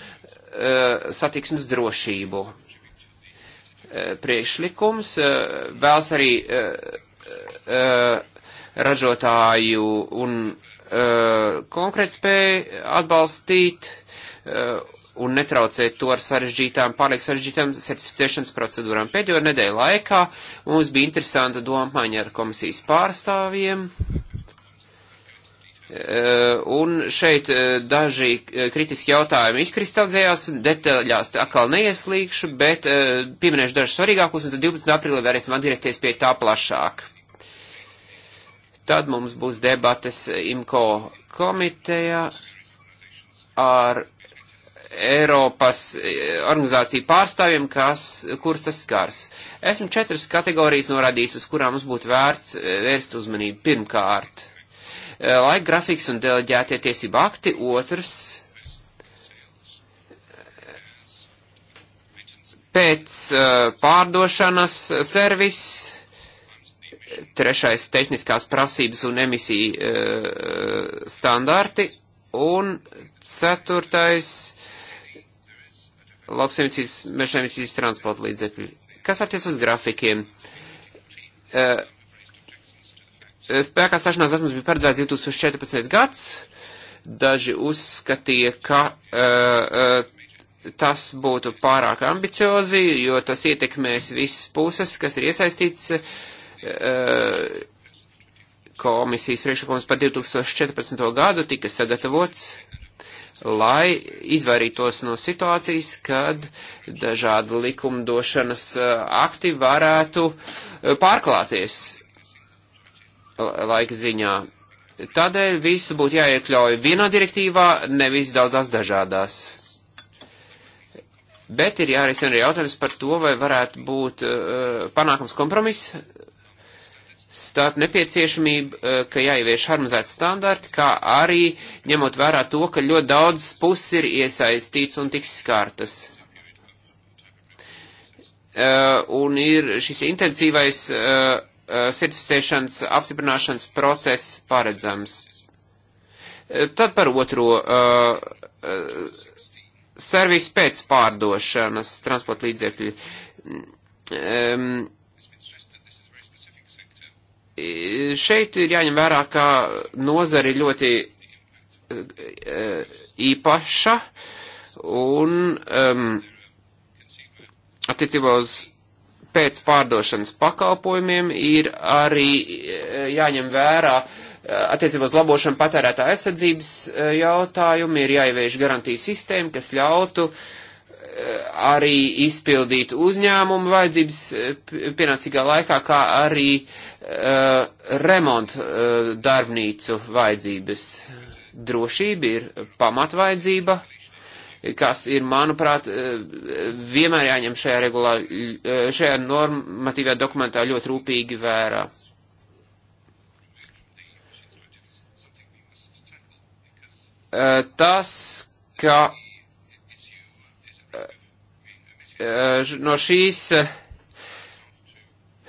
satiksmes drošību. Priekšlikums vēlas arī ražotāju un Uh, konkrētspēju atbalstīt uh, un netraucēt to ar sarežģītām, pārliek sarežģītām certificēšanas procedūrām. Pēdējo nedēļu laikā mums bija interesanta domāņa ar komisijas pārstāvjiem. Uh, un šeit daži kritiski jautājumi izkristalizējās, detaļās atkal neieslīgšu, bet pieminēšu dažus svarīgākus, un tad 12. aprīlī varēsim atgriezties pie tā plašāk. Tad mums būs debates IMCO komitejā ar Eiropas e, organizāciju pārstāvjiem, kas, kurus tas skars. Esmu četras kategorijas norādījis, uz kurām mums būtu vērts e, vērst uzmanību. Pirmkārt, e, laika grafiks un deleģētie tiesība akti. Otrs, pēc pārdošanas servis trešais tehniskās prasības un emisiju uh, standarti, un ceturtais lauksaimniecības mežsaimniecības transporta līdzekļi. Kas attiec uz grafikiem? Uh, spēkā stašanās datums bija paredzēts 2014. gads. Daži uzskatīja, ka uh, uh, tas būtu pārāk ambiciozi, jo tas ietekmēs visas puses, kas ir iesaistīts uh, Eh, komisijas priekšlikums par 2014. gadu tika sagatavots, lai izvairītos no situācijas, kad dažādi likumdošanas eh, akti varētu eh, pārklāties laika ziņā. Tādēļ visu būtu jāiekļauj vienā direktīvā, nevis daudzās dažādās. Bet ir jārisina arī jautājums par to, vai varētu būt uh, panākums kompromiss starp nepieciešamību, eh, ka jāievieš harmonizēti standarti, kā arī ņemot vērā to, ka ļoti daudz puses ir iesaistīts un tiks skārtas. Eh, un ir šis intensīvais eh, certificēšanas apstiprināšanas process paredzams. Tad par otro servisu pēc pārdošanas transporta līdzekļu mm, Šeit ir jāņem vērā, ka nozara ir ļoti e, e, īpaša un um, attiecībā uz pēc pārdošanas pakalpojumiem ir arī e, jāņem vērā attiecībā uz labošanu patērētā aizsardzības jautājumu, ir jāievieš garantijas sistēma, kas ļautu uh, arī izpildīt uzņēmumu vajadzības eh, pienācīgā laikā, kā arī uh, eh, remontu uh, eh, darbnīcu vajadzības. Drošība ir pamatvaidzība, kas ir, manuprāt, vienmēr jāņem šajā, regulā, šajā normatīvajā dokumentā ļoti rūpīgi vērā. Tas, ka Eh, no šīs, eh,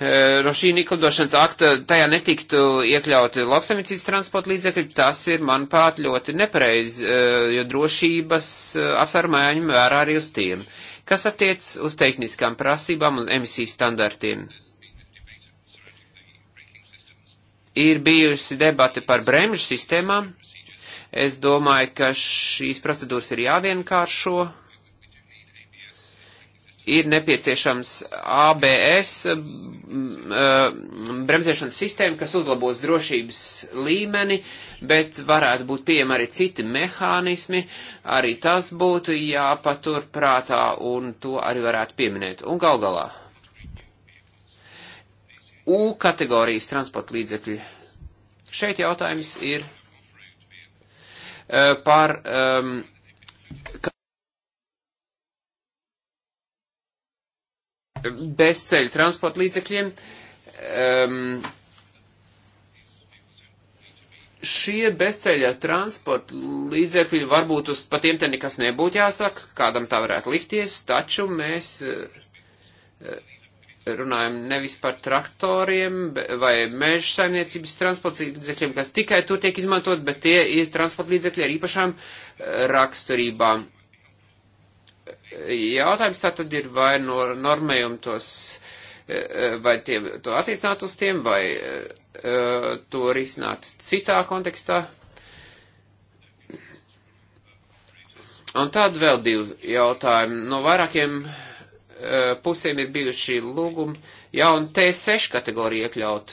eh, no šī likumdošanas akta tajā netiktu iekļauti lauksaimniecības transporta līdzekļi, tas ir, manuprāt, ļoti nepareiz, jo drošības apsvērumā jāņem vērā arī uz tiem. Kas attiec uz tehniskām prasībām un emisiju standartiem? Ir bijusi debate par bremžu sistēmām. Es domāju, ka šīs procedūras ir jāvienkāršo ir nepieciešams ABS bremzēšanas sistēma, kas uzlabos drošības līmeni, bet varētu būt pieejami arī citi mehānismi, arī tas būtu jāpatur prātā un to arī varētu pieminēt. Un gal galā. U kategorijas transporta līdzekļi. Šeit jautājums ir e, par. Um, bezceļu transporta līdzekļiem. Um, šie bezceļa transporta līdzekļi varbūt uz patiem te nekas nebūtu jāsaka, kādam tā varētu likties, taču mēs eh, runājam nevis par traktoriem vai meža saimniecības transporta līdzekļiem, kas tikai tur tiek izmantot, bet tie ir transporta līdzekļi ar īpašām eh, raksturībām. Jautājums tā tad ir, vai no normējumi tos, e, e, vai tie, to attiecināt uz tiem, vai e, to risināt citā kontekstā. Un tad vēl divi jautājumi. No vairākiem pusēm ir bijuši lūgumi jaunu T6 kategoriju iekļaut.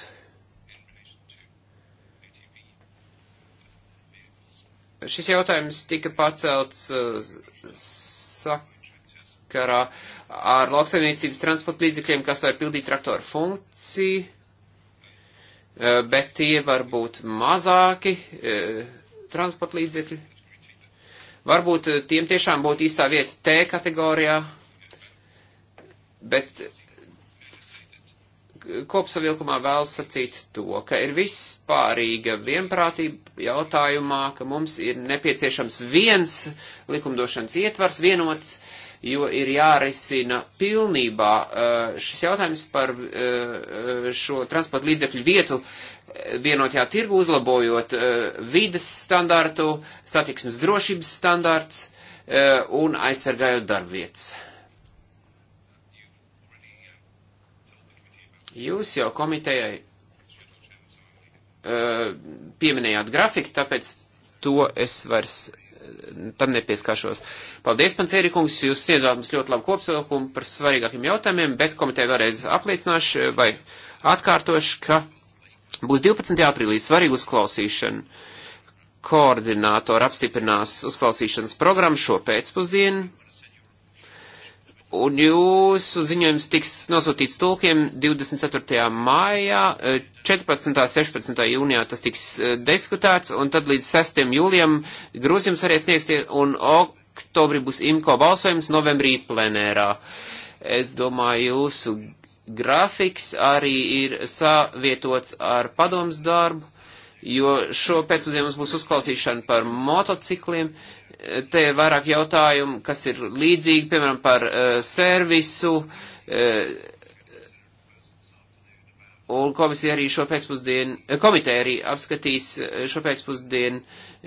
Šis jautājums tika pacelts uh, sak sakarā ar lauksaimniecības transporta līdzekļiem, kas var pildīt traktoru funkciju, e, bet tie var būt mazāki e, transporta līdzekļi. Varbūt e, tiem tiešām būtu īstā vieta T kategorijā, bet kopsavilkumā vēl sacīt to, ka ir vispārīga vienprātība jautājumā, ka mums ir nepieciešams viens likumdošanas ietvars, vienots uh, jo ir jārisina pilnībā uh, šis jautājums par uh, uh, šo transporta līdzekļu vietu vienotajā tirgu, uzlabojot vides standārtu, satiksmes drošības standārts un aizsargājot darbvietas. Jūs jau komitejai pieminējāt grafiku, tāpēc to es vairs tam nepieskāršos. Paldies, pancērikungs, jūs sniedzāt mums ļoti labu kopsavilkumu par svarīgākiem jautājumiem, bet komiteja vēlreiz apliecināšu eh, vai atkārtošu, ka būs 12. aprīlī svarīga uzklausīšana. Koordinātori apstiprinās uzklausīšanas programmu šo pēcpusdienu Un jūsu ziņojums tiks nosūtīts tulkiem 24. maijā, 14. Eh, 16. jūnijā tas tiks eh, diskutēts, un tad līdz 6. jūlijam grūzījums arī sniegsiet, un oktobrī būs imko balsojums, novembrī plenērā. Es domāju, jūsu grafiks arī ir savietots ar padoms darbu, jo šo pēcpusdienu mums būs uzklausīšana par motocikliem, te vairāk jautājumu, kas ir līdzīgi, piemēram, par uh, servisu, uh, Un komisija arī šo pēcpusdienu, eh, komiteja arī apskatīs eh, šo pēcpusdienu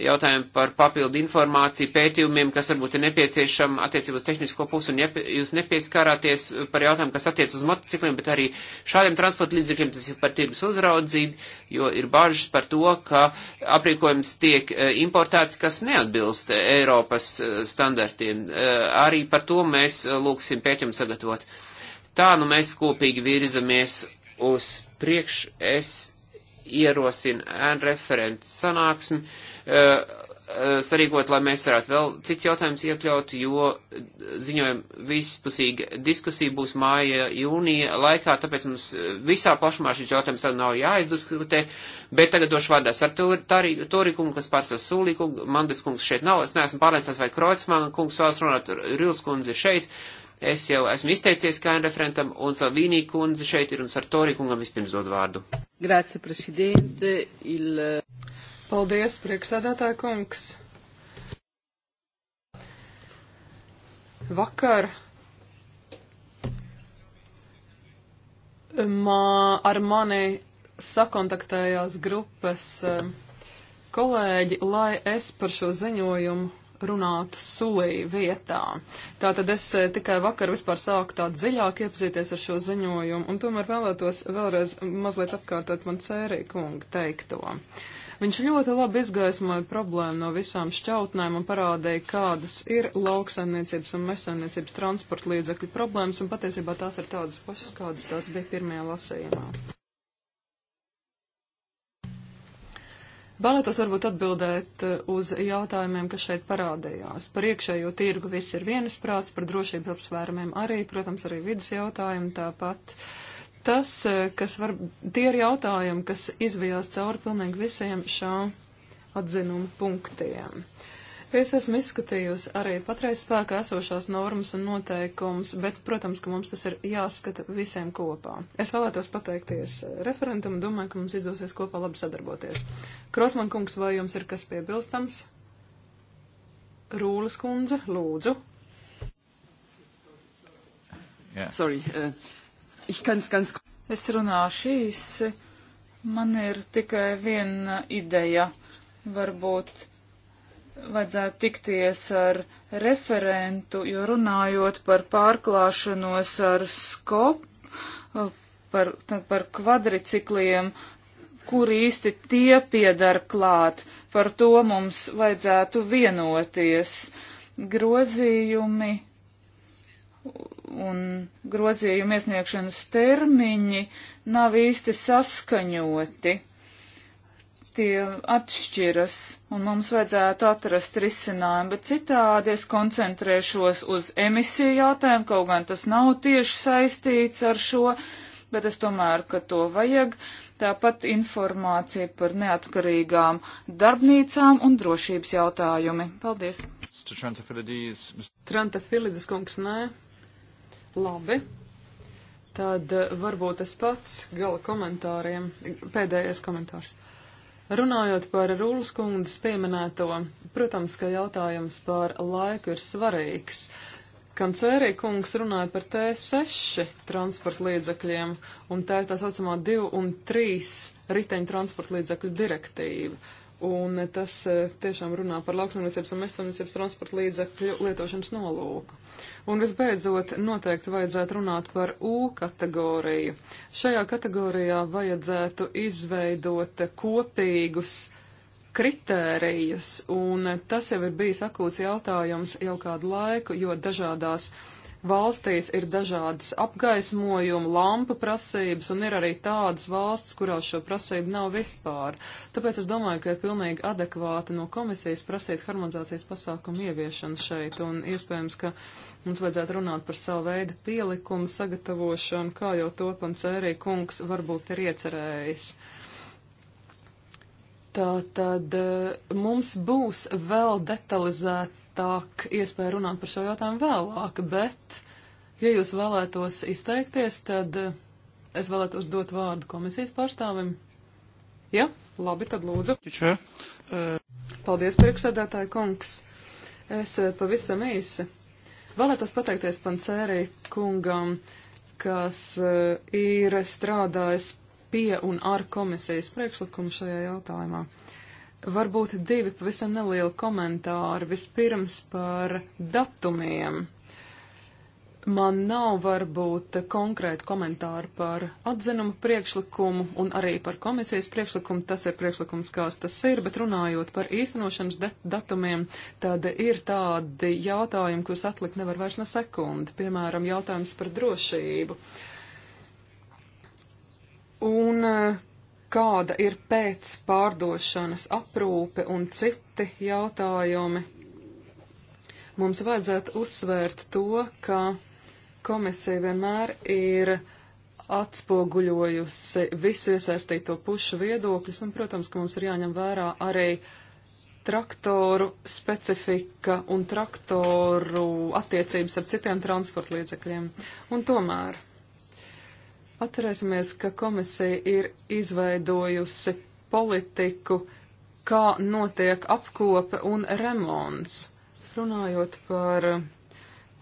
jautājumu par papildu informāciju pētījumiem, kas varbūt ir nepieciešama attiecībā uz tehnisko pusi, un ja jūs nepieskārāties par jautājumu, kas attiec uz motocikliem, bet arī šādiem transporta līdzekļiem, tas ir par tirgus uzraudzību, jo ir bažas par to, ka aprīkojums tiek eh, importēts, kas neatbilst Eiropas standartiem. Arī par to mēs lūksim pētījumu sagatavot. Tā nu mēs kopīgi virzamies uz priekšu es ierosinu ēnu referentu sanāksmi, eh, eh, sarīkot, lai mēs varētu vēl cits jautājums iekļaut, jo ziņojuma vispusīga diskusija būs māja jūnija laikā, tāpēc mums visā plašumā šis jautājums tad nav jāizdiskutē, bet tagad došu vārdā ar Torikumu, kas pārstāv Sūlīkumu, Mandes kungs šeit nav, es neesmu pārliecināts, vai Kreutzmann kungs vēlas runāt, Rils kundze šeit, Es jau esmu izteicies kā referentam, un Salvīnī kundze šeit ir, un Sartori kungam vispirms dod vārdu. Grācija, prezidente, il... Paldies, priekšsēdētāja kungs. Vakar mā, ar mani sakontaktējās grupas eh, kolēģi, lai es par šo ziņojumu runātu sulī vietā. Tātad es eh, tikai vakar vispār sāku tā dziļāk iepazīties ar šo ziņojumu, un tomēr vēlētos vēlreiz mazliet apkārtot man cērī kunga teikto. Viņš ļoti labi izgaismoja problēmu no visām šķautnēm un parādīja, kādas ir lauksaimniecības un mežsaimniecības transporta līdzekļu problēmas, un patiesībā tās ir tādas pašas, kādas tās bija pirmajā lasījumā. Vēlētos varbūt atbildēt eh, uz jautājumiem, kas šeit parādījās. Par iekšējo tirgu viss ir vienasprāts, par drošības apsvērumiem arī, protams, arī vidas jautājumu tāpat. Tas, eh, kas var, tie ir jautājumi, kas izvijās cauri pilnīgi visiem šā atzinuma punktiem. Uh, Es esmu izskatījusi arī patreiz spēkā esošās normas un noteikums, bet, protams, ka mums tas ir jāskata visiem kopā. Es vēlētos pateikties referentam un domāju, ka mums izdosies kopā labi sadarboties. Krosman kungs, vai jums ir kas piebilstams? Rūlas kundze, lūdzu. Yeah. Sorry, uh, ich kann's ganz. Es runāšu īsi. Man ir tikai viena ideja. Varbūt vajadzētu tikties ar referentu, jo runājot par pārklāšanos ar skop, par, par kvadricikliem, kur īsti tie piedar klāt, par to mums vajadzētu vienoties. Grozījumi un grozījumu iesniegšanas termiņi nav īsti saskaņoti tie atšķiras, un mums vajadzētu atrast risinājumu, bet citādi es koncentrēšos uz emisiju jautājumu, kaut gan tas nav tieši saistīts ar šo, bet es tomēr, ka to vajag. Tāpat informācija par neatkarīgām darbnīcām un drošības jautājumi. Paldies! Tranta Filidis kungs, nē. Labi. Tad eh, varbūt es pats gala komentāriem, pēdējais komentārs. Runājot par Rūlas kundas pieminēto, protams, ka jautājums par laiku ir svarīgs. Kancērī kungs runāja par T6 transporta līdzakļiem, un tā ir tā saucamā 2 un 3 riteņu transporta līdzakļu direktīva. Un tas eh, tiešām runā par lauksaimniecības un mežsaimniecības transporta līdzakļu lietošanas nolūku. Un visbeidzot, noteikti vajadzētu runāt par U kategoriju. Šajā kategorijā vajadzētu izveidot kopīgus kritērijus, un tas jau ir bijis akūts jautājums jau kādu laiku, jo dažādās uh, valstīs ir dažādas apgaismojuma, lampu prasības, un ir arī tādas valsts, kurās šo prasību nav vispār. Tāpēc es domāju, ka ir pilnīgi adekvāti no komisijas prasīt harmonizācijas pasākumu ieviešanu šeit, un iespējams, ka mums vajadzētu runāt par savu veidu pielikumu sagatavošanu, kā jau to pancērī kungs varbūt ir iecerējis. Tā tad eh, mums būs vēl detalizēti konkrētāk iespēja runāt par šo jautājumu vēlāk, bet, ja jūs vēlētos izteikties, tad eh, es vēlētos dot vārdu komisijas pārstāvim. Ja? Labi, tad lūdzu. Uh, Paldies, priekšsēdētāji kungs. Es eh, pavisam īsi vēlētos pateikties Pancērī kungam, kas eh, ir strādājis pie un ar komisijas priekšlikumu šajā jautājumā. Uh, Varbūt divi pavisam nelieli komentāri. Vispirms par datumiem. Man nav varbūt konkrēti komentāri par atzinumu priekšlikumu un arī par komisijas priekšlikumu. Tas ir priekšlikums, kāds tas ir, bet runājot par īstenošanas datumiem, tad ir tādi jautājumi, kurus atlikt nevar vairs ne sekundi. Piemēram, jautājums par drošību. Un kāda ir pēc pārdošanas aprūpe un citi jautājumi. Mums vajadzētu uzsvērt to, ka komisija vienmēr ir atspoguļojusi visu iesaistīto pušu viedokļus, un, protams, ka mums ir jāņem vērā arī traktoru specifika un traktoru attiecības ar citiem transportlīdzekļiem. Un tomēr Atcerēsimies, ka komisija ir izveidojusi politiku, kā notiek apkope un remonts. Runājot par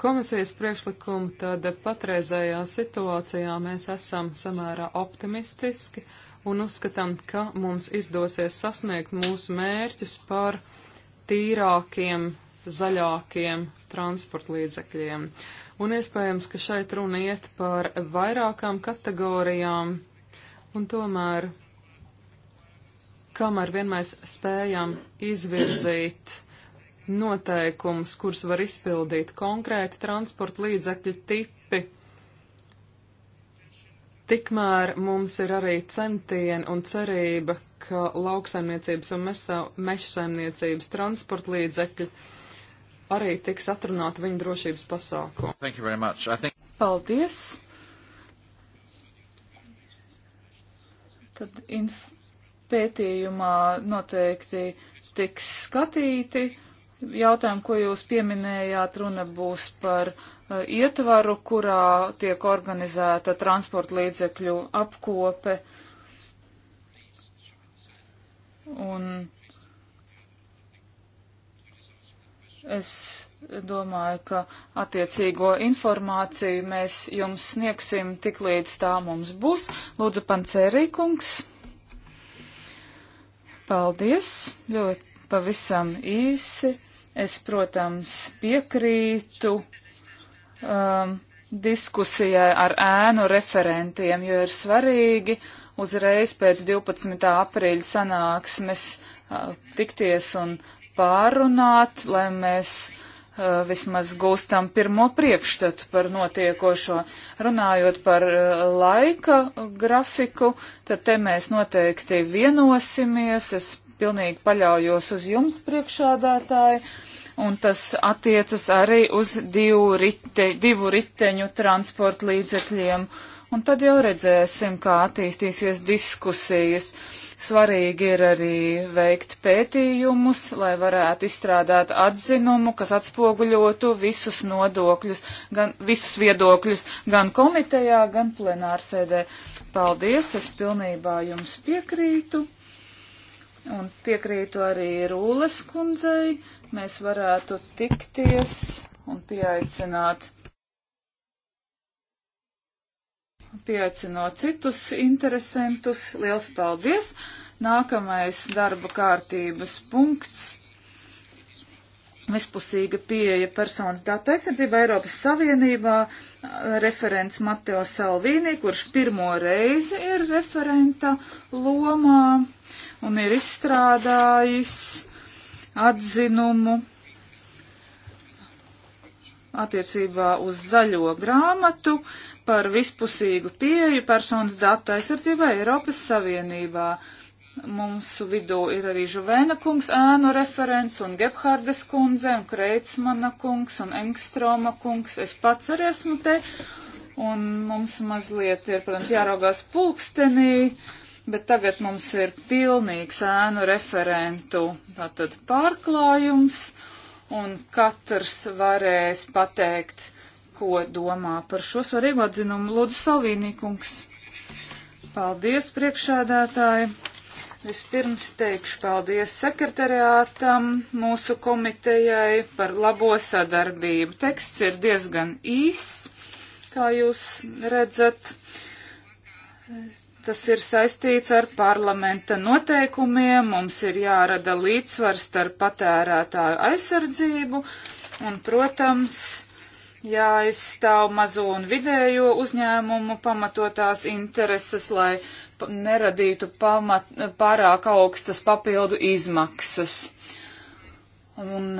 komisijas priekšlikumu, tad patreizējā situācijā mēs esam samērā optimistiski un uzskatām, ka mums izdosies sasniegt mūsu mērķus par tīrākiem, zaļākiem transportlīdzekļiem un iespējams, ka šeit runa iet par vairākām kategorijām, un tomēr, kamēr vien mēs spējam izvirzīt noteikums, kurus var izpildīt konkrēti transporta līdzekļu tipi, tikmēr mums ir arī centieni un cerība, ka lauksaimniecības un mežsaimniecības transporta līdzekļi arī tiks atrunāta viņa drošības pasākuma. Think... Paldies! Tad inf pētījumā noteikti tiks skatīti jautājumi, ko jūs pieminējāt. Runa būs par uh, ietvaru, kurā tiek organizēta transporta līdzekļu apkope. Un Es domāju, ka attiecīgo informāciju mēs jums sniegsim tik līdz tā mums būs. Lūdzu, pancerīkungs. Paldies. Ļoti pavisam īsi. Es, protams, piekrītu um, diskusijai ar ēnu referentiem, jo ir svarīgi uzreiz pēc 12. aprīļa sanāksmes uh, tikties un pārunāt, lai mēs uh, vismaz gūstam pirmo priekšstatu par notiekošo. Runājot par uh, laika grafiku, tad te mēs noteikti vienosimies. Es pilnīgi paļaujos uz jums priekšādātāji, un tas attiecas arī uz divu, rite, divu riteņu transporta līdzekļiem. Un tad jau redzēsim, kā attīstīsies diskusijas. Uh, Svarīgi ir arī veikt pētījumus, lai varētu izstrādāt atzinumu, kas atspoguļotu visus nodokļus, gan visus viedokļus, gan komitejā, gan plenārsēdē. Paldies, es pilnībā jums piekrītu. Un piekrītu arī Rūles kundzei, mēs varētu tikties un pieaicināt pieaicino citus interesantus. Liels paldies! Nākamais darba kārtības punkts. Vispusīga pieeja personas datu aizsardzība Eiropas Savienībā. Referents Mateo Salvīnī, kurš pirmo reizi ir referenta lomā un ir izstrādājis atzinumu attiecībā uz zaļo grāmatu. Uh, par vispusīgu pieeju personas datu aizsardzībai Eiropas Savienībā. Mūsu vidū ir arī Žuvēna kungs ēnu referents un Gebhārdes kundze un Kreitsmana kungs un Engstroma kungs. Es pats arī esmu te. Un mums mazliet ir, protams, jāraugās pulkstenī, bet tagad mums ir pilnīgs ēnu referentu tātad pārklājums un katrs varēs pateikt ko domā par šo svarīgu atzinumu. Lūdzu, Salvīnīkungs. Paldies, priekšādātāji. Vispirms teikšu paldies sekretariātam, mūsu komitejai par labo sadarbību. Teksts ir diezgan īss, kā jūs redzat. Tas ir saistīts ar parlamenta noteikumiem. Mums ir jārada līdzsvars starp patērētāju aizsardzību un, protams, jāizstāv mazo un vidējo uzņēmumu pamatotās intereses, lai neradītu pamat, pārāk augstas papildu izmaksas. Un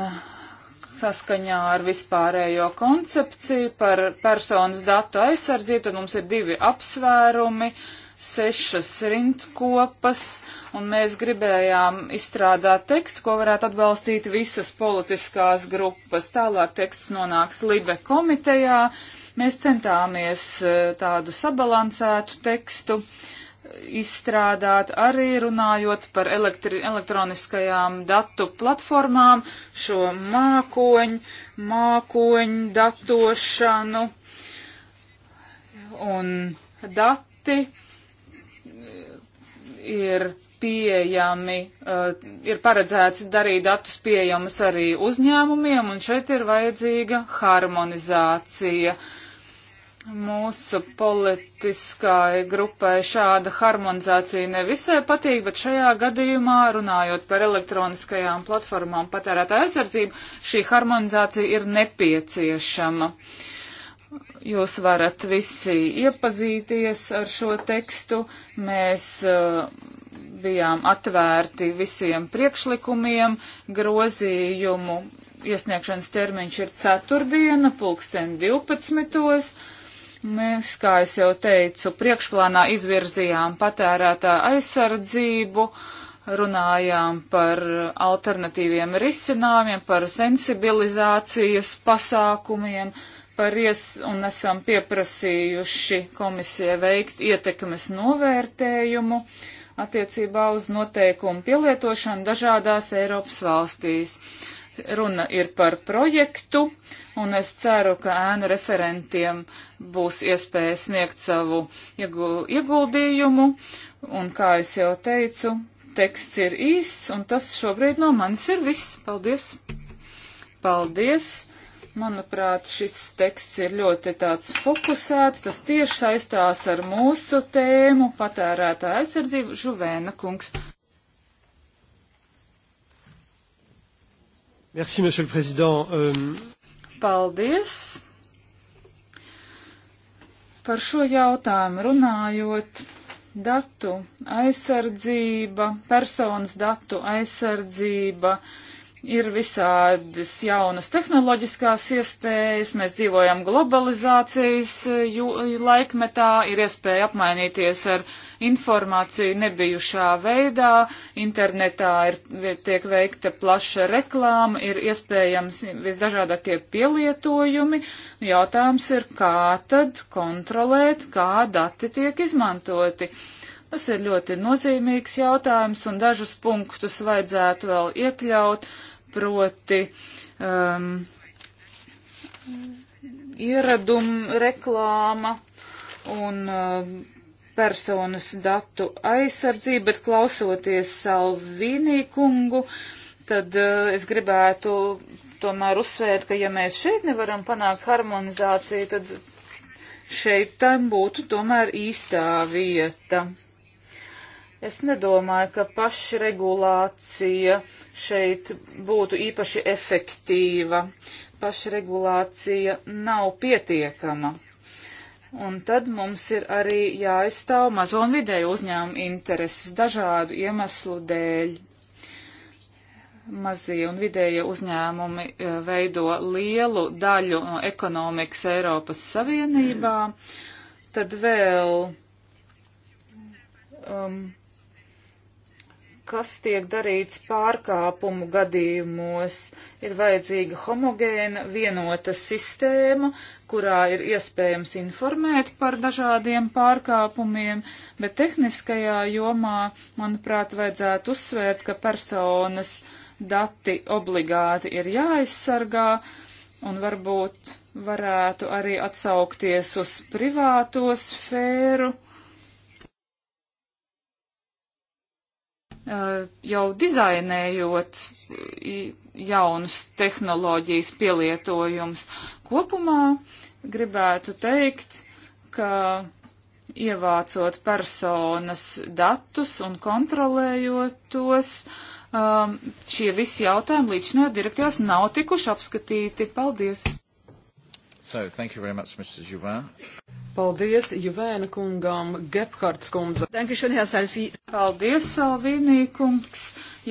saskaņā ar vispārējo koncepciju par personas datu aizsardzību, tad mums ir divi apsvērumi. Uh, sešas rindkopas, un mēs gribējām izstrādāt tekstu, ko varētu atbalstīt visas politiskās grupas. Tālāk teksts nonāks Libe komitejā. Mēs centāmies e, tādu sabalansētu tekstu e, izstrādāt arī runājot par elektri, elektroniskajām datu platformām, šo mākoņu, mākoņu datošanu un dati ir pieejami, uh, ir paredzēts darīt datus pieejamus arī uzņēmumiem, un šeit ir vajadzīga harmonizācija. Mūsu politiskai grupai šāda harmonizācija nevisai patīk, bet šajā gadījumā, runājot par elektroniskajām platformām patērētā aizsardzību, šī harmonizācija ir nepieciešama. Uh, Jūs varat visi iepazīties ar šo tekstu. Mēs uh, bijām atvērti visiem priekšlikumiem, grozījumu iesniegšanas termiņš ir ceturtdiena, pulksten 12. Mēs, kā es jau teicu, priekšplānā izvirzījām patērētā aizsardzību, runājām par alternatīviem risinājumiem, par sensibilizācijas pasākumiem. Uh, par ies un esam pieprasījuši komisijai veikt ietekmes novērtējumu attiecībā uz noteikumu pielietošanu dažādās Eiropas valstīs. Runa ir par projektu, un es ceru, ka ēnu referentiem būs iespēja sniegt savu ieguldījumu, un, kā es jau teicu, teksts ir īss, un tas šobrīd no manis ir viss. Paldies! Paldies! Manuprāt, šis teksts ir ļoti tāds fokusēts, tas tieši saistās ar mūsu tēmu patērētā aizsardzību. Žuvēna kungs. Merci, monsieur le président. Um... Paldies. Par šo jautājumu runājot, datu aizsardzība, personas datu aizsardzība. Uh, ir visādas jaunas tehnoloģiskās iespējas, mēs dzīvojam globalizācijas eh, jū, laikmetā, ir iespēja apmainīties ar informāciju nebijušā veidā, internetā ir, tiek veikta plaša reklāma, ir iespējams visdažādākie pielietojumi. Jautājums ir, kā tad kontrolēt, kā dati tiek izmantoti. Tas ir ļoti nozīmīgs jautājums, un dažus punktus vajadzētu vēl iekļaut, uh, proti um, ieradumu reklāma un um, personas datu aizsardzība, bet klausoties Salvīnī kungu, tad uh, es gribētu tomēr uzsvērt, ka ja mēs šeit nevaram panākt harmonizāciju, tad šeit tam būtu tomēr īstā vieta. Es nedomāju, ka pašregulācija šeit būtu īpaši efektīva. Pašregulācija nav pietiekama. Un tad mums ir arī jāaizstāv mazo un vidēju uzņēmumu intereses dažādu iemeslu dēļ. Mazie un vidējie uzņēmumi eh, veido lielu daļu no eh, ekonomikas Eiropas Savienībā. Tad vēl um, kas tiek darīts pārkāpumu gadījumos. Ir vajadzīga homogēna, vienota sistēma, kurā ir iespējams informēt par dažādiem pārkāpumiem, bet tehniskajā jomā, manuprāt, vajadzētu uzsvērt, ka personas dati obligāti ir jāaizsargā un varbūt varētu arī atsaukties uz privāto sfēru Eh, jau dizainējot jaunus tehnoloģijas pielietojums. Kopumā gribētu teikt, ka ievācot personas datus un kontrolējot tos, um, šie visi jautājumi līdz šajās direktīvās nav tikuši apskatīti. Paldies! So, thank you very much, Mrs. Juvin. Paldies Juvēna kungām, Gebhards kundze. Paldies, Salvīnī kungs.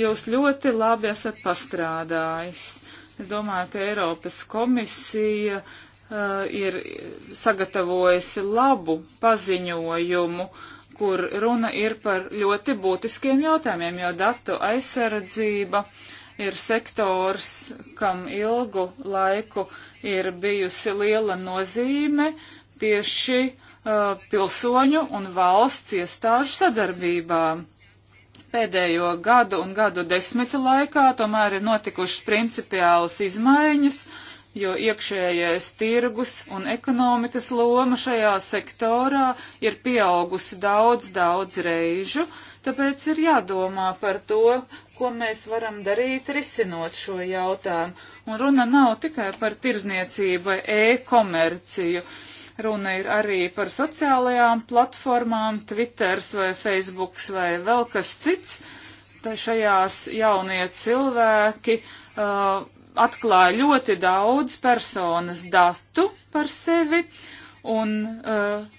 Jūs ļoti labi esat pastrādājis. Es domāju, ka Eiropas komisija uh, ir sagatavojusi labu paziņojumu, kur runa ir par ļoti būtiskiem jautājumiem, jo datu aizsardzība ir sektors, kam ilgu laiku ir bijusi liela nozīme, tieši uh, pilsoņu un valsts iestāžu sadarbībā. Pēdējo gadu un gadu desmitu laikā tomēr ir notikušas principiālas izmaiņas, jo iekšējais tirgus un ekonomikas loma šajā sektorā ir pieaugusi daudz, daudz reižu, tāpēc ir jādomā par to, ko mēs varam darīt risinot šo jautājumu. Un runa nav tikai par tirzniecību vai e-komerciju. Uh, Runa ir arī par sociālajām platformām, Twitters vai Facebooks vai vēl kas cits. Tā šajās jaunie cilvēki uh, atklāja ļoti daudz personas datu par sevi un uh,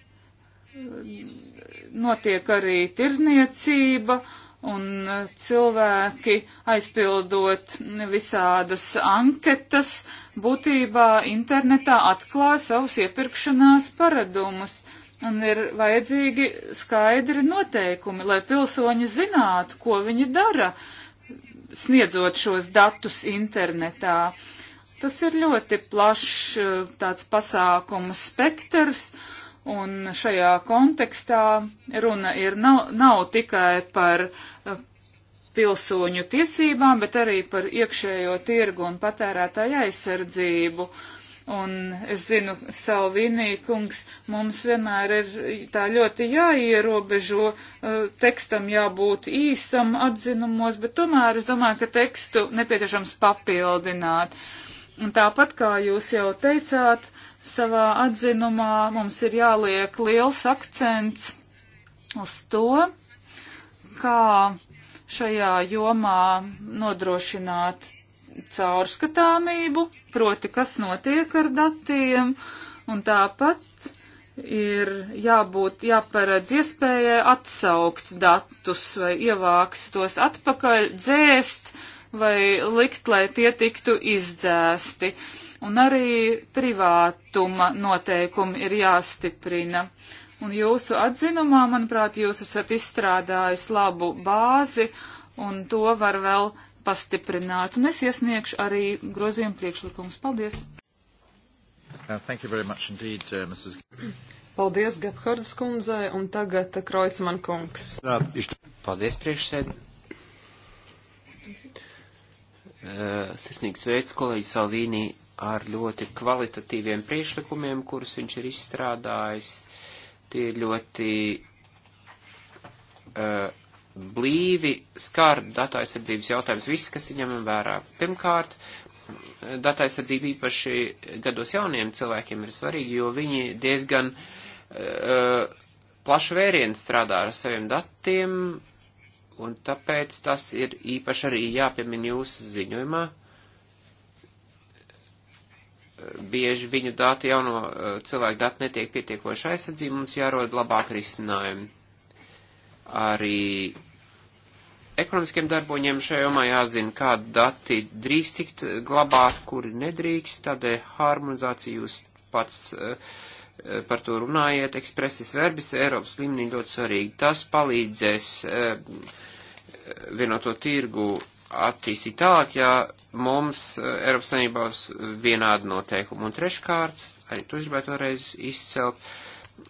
notiek arī tirzniecība. Uh, un e, cilvēki aizpildot visādas anketas, būtībā internetā atklā savus iepirkšanās paradumus. Un ir vajadzīgi skaidri noteikumi, lai pilsoņi zinātu, ko viņi dara, sniedzot šos datus internetā. Tas ir ļoti plašs e, tāds pasākumu spektrs, uh, Un šajā kontekstā runa ir nav, nav tikai par eh, pilsoņu tiesībām, bet arī par iekšējo tirgu un patērētāju aizsardzību. Un es zinu, Salvinī kungs, mums vienmēr ir tā ļoti jāierobežo, eh, tekstam jābūt īsam atzinumos, bet tomēr es domāju, ka tekstu nepieciešams papildināt. Un tāpat kā jūs jau teicāt, savā atzinumā mums ir jāliek liels akcents uz to, kā šajā jomā nodrošināt caurskatāmību, proti, kas notiek ar datiem, un tāpat ir jābūt, jāparedz iespējai atsaukt datus vai ievākt tos atpakaļ, dzēst vai likt, lai tie tiktu izdzēsti. Uh, Un arī privātuma noteikumi ir jāstiprina. Un jūsu atzinumā, manuprāt, jūs esat izstrādājis labu bāzi, un to var vēl pastiprināt. Un es iesniegšu arī grozījumu priekšlikumus. Paldies! Uh, indeed, uh, Mrs... Paldies, Gephardas kundzei, un tagad Kreutzmann kungs. Paldies, priekšsēd. Uh, sirsnīgs veids, kolēģi Salvīnī ar ļoti kvalitatīviem priešlikumiem, kurus viņš ir izstrādājis. Tie ļoti uh, blīvi skar datu aizsardzības jautājums, viss, kas ir ņemam vērā. Pirmkārt, datu aizsardzība īpaši gados jauniem cilvēkiem ir svarīga, jo viņi diezgan uh, plašu vērienu strādā ar saviem datiem, un tāpēc tas ir īpaši arī jāpiemin jūsu ziņojumā. Uh, bieži viņu dati, jauno eh, cilvēku dati netiek pietiekoši aizsardzība, mums jārod labāk risinājumi. Arī ekonomiskiem darboņiem šajā jomā jāzina, kādi dati drīkst tikt glabāt, kuri nedrīkst, tādēļ harmonizācija jūs pats eh, par to runājiet, ekspresis verbis Eiropas līmenī ļoti svarīgi. Tas palīdzēs eh, vienoto tirgu attīstīt tālāk, ja mums eh, Eiropas Savienībā uz vienādu noteikumu. Un treškārt, arī tu gribētu vēlreiz izcelt,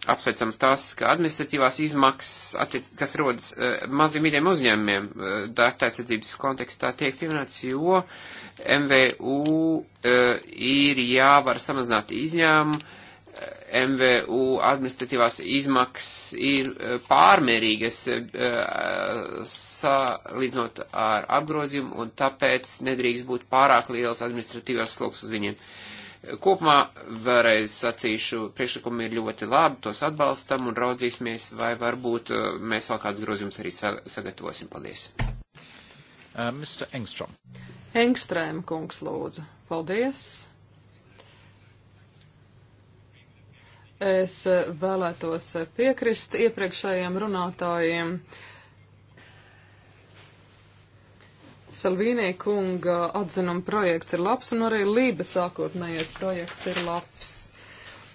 apsveicams tās, ka administratīvās izmaksas, kas rodas eh, maziem vidiem uzņēmumiem, eh, dārtaisadzības kontekstā tiek pieminēts, jo MVU ir jāvar samazināt izņēmumu MVU administratīvās izmaksas ir e, pārmērīgas e, e, salīdzinot ar apgrozījumu, un tāpēc nedrīkst būt pārāk liels administratīvās sloks uz viņiem. Kopumā vēlreiz sacīšu, priekšlikumi ir ļoti labi, tos atbalstam un raudzīsimies, vai varbūt mēs vēl kāds grozījums arī sagatavosim. Paldies. Uh, Mr. Engstrom. Engstrēm kungs lūdzu. Paldies. Es eh, vēlētos eh, piekrist iepriekšējiem runātājiem. Salvīnī kunga atzinuma projekts ir labs un arī Lība sākotnējais projekts ir labs.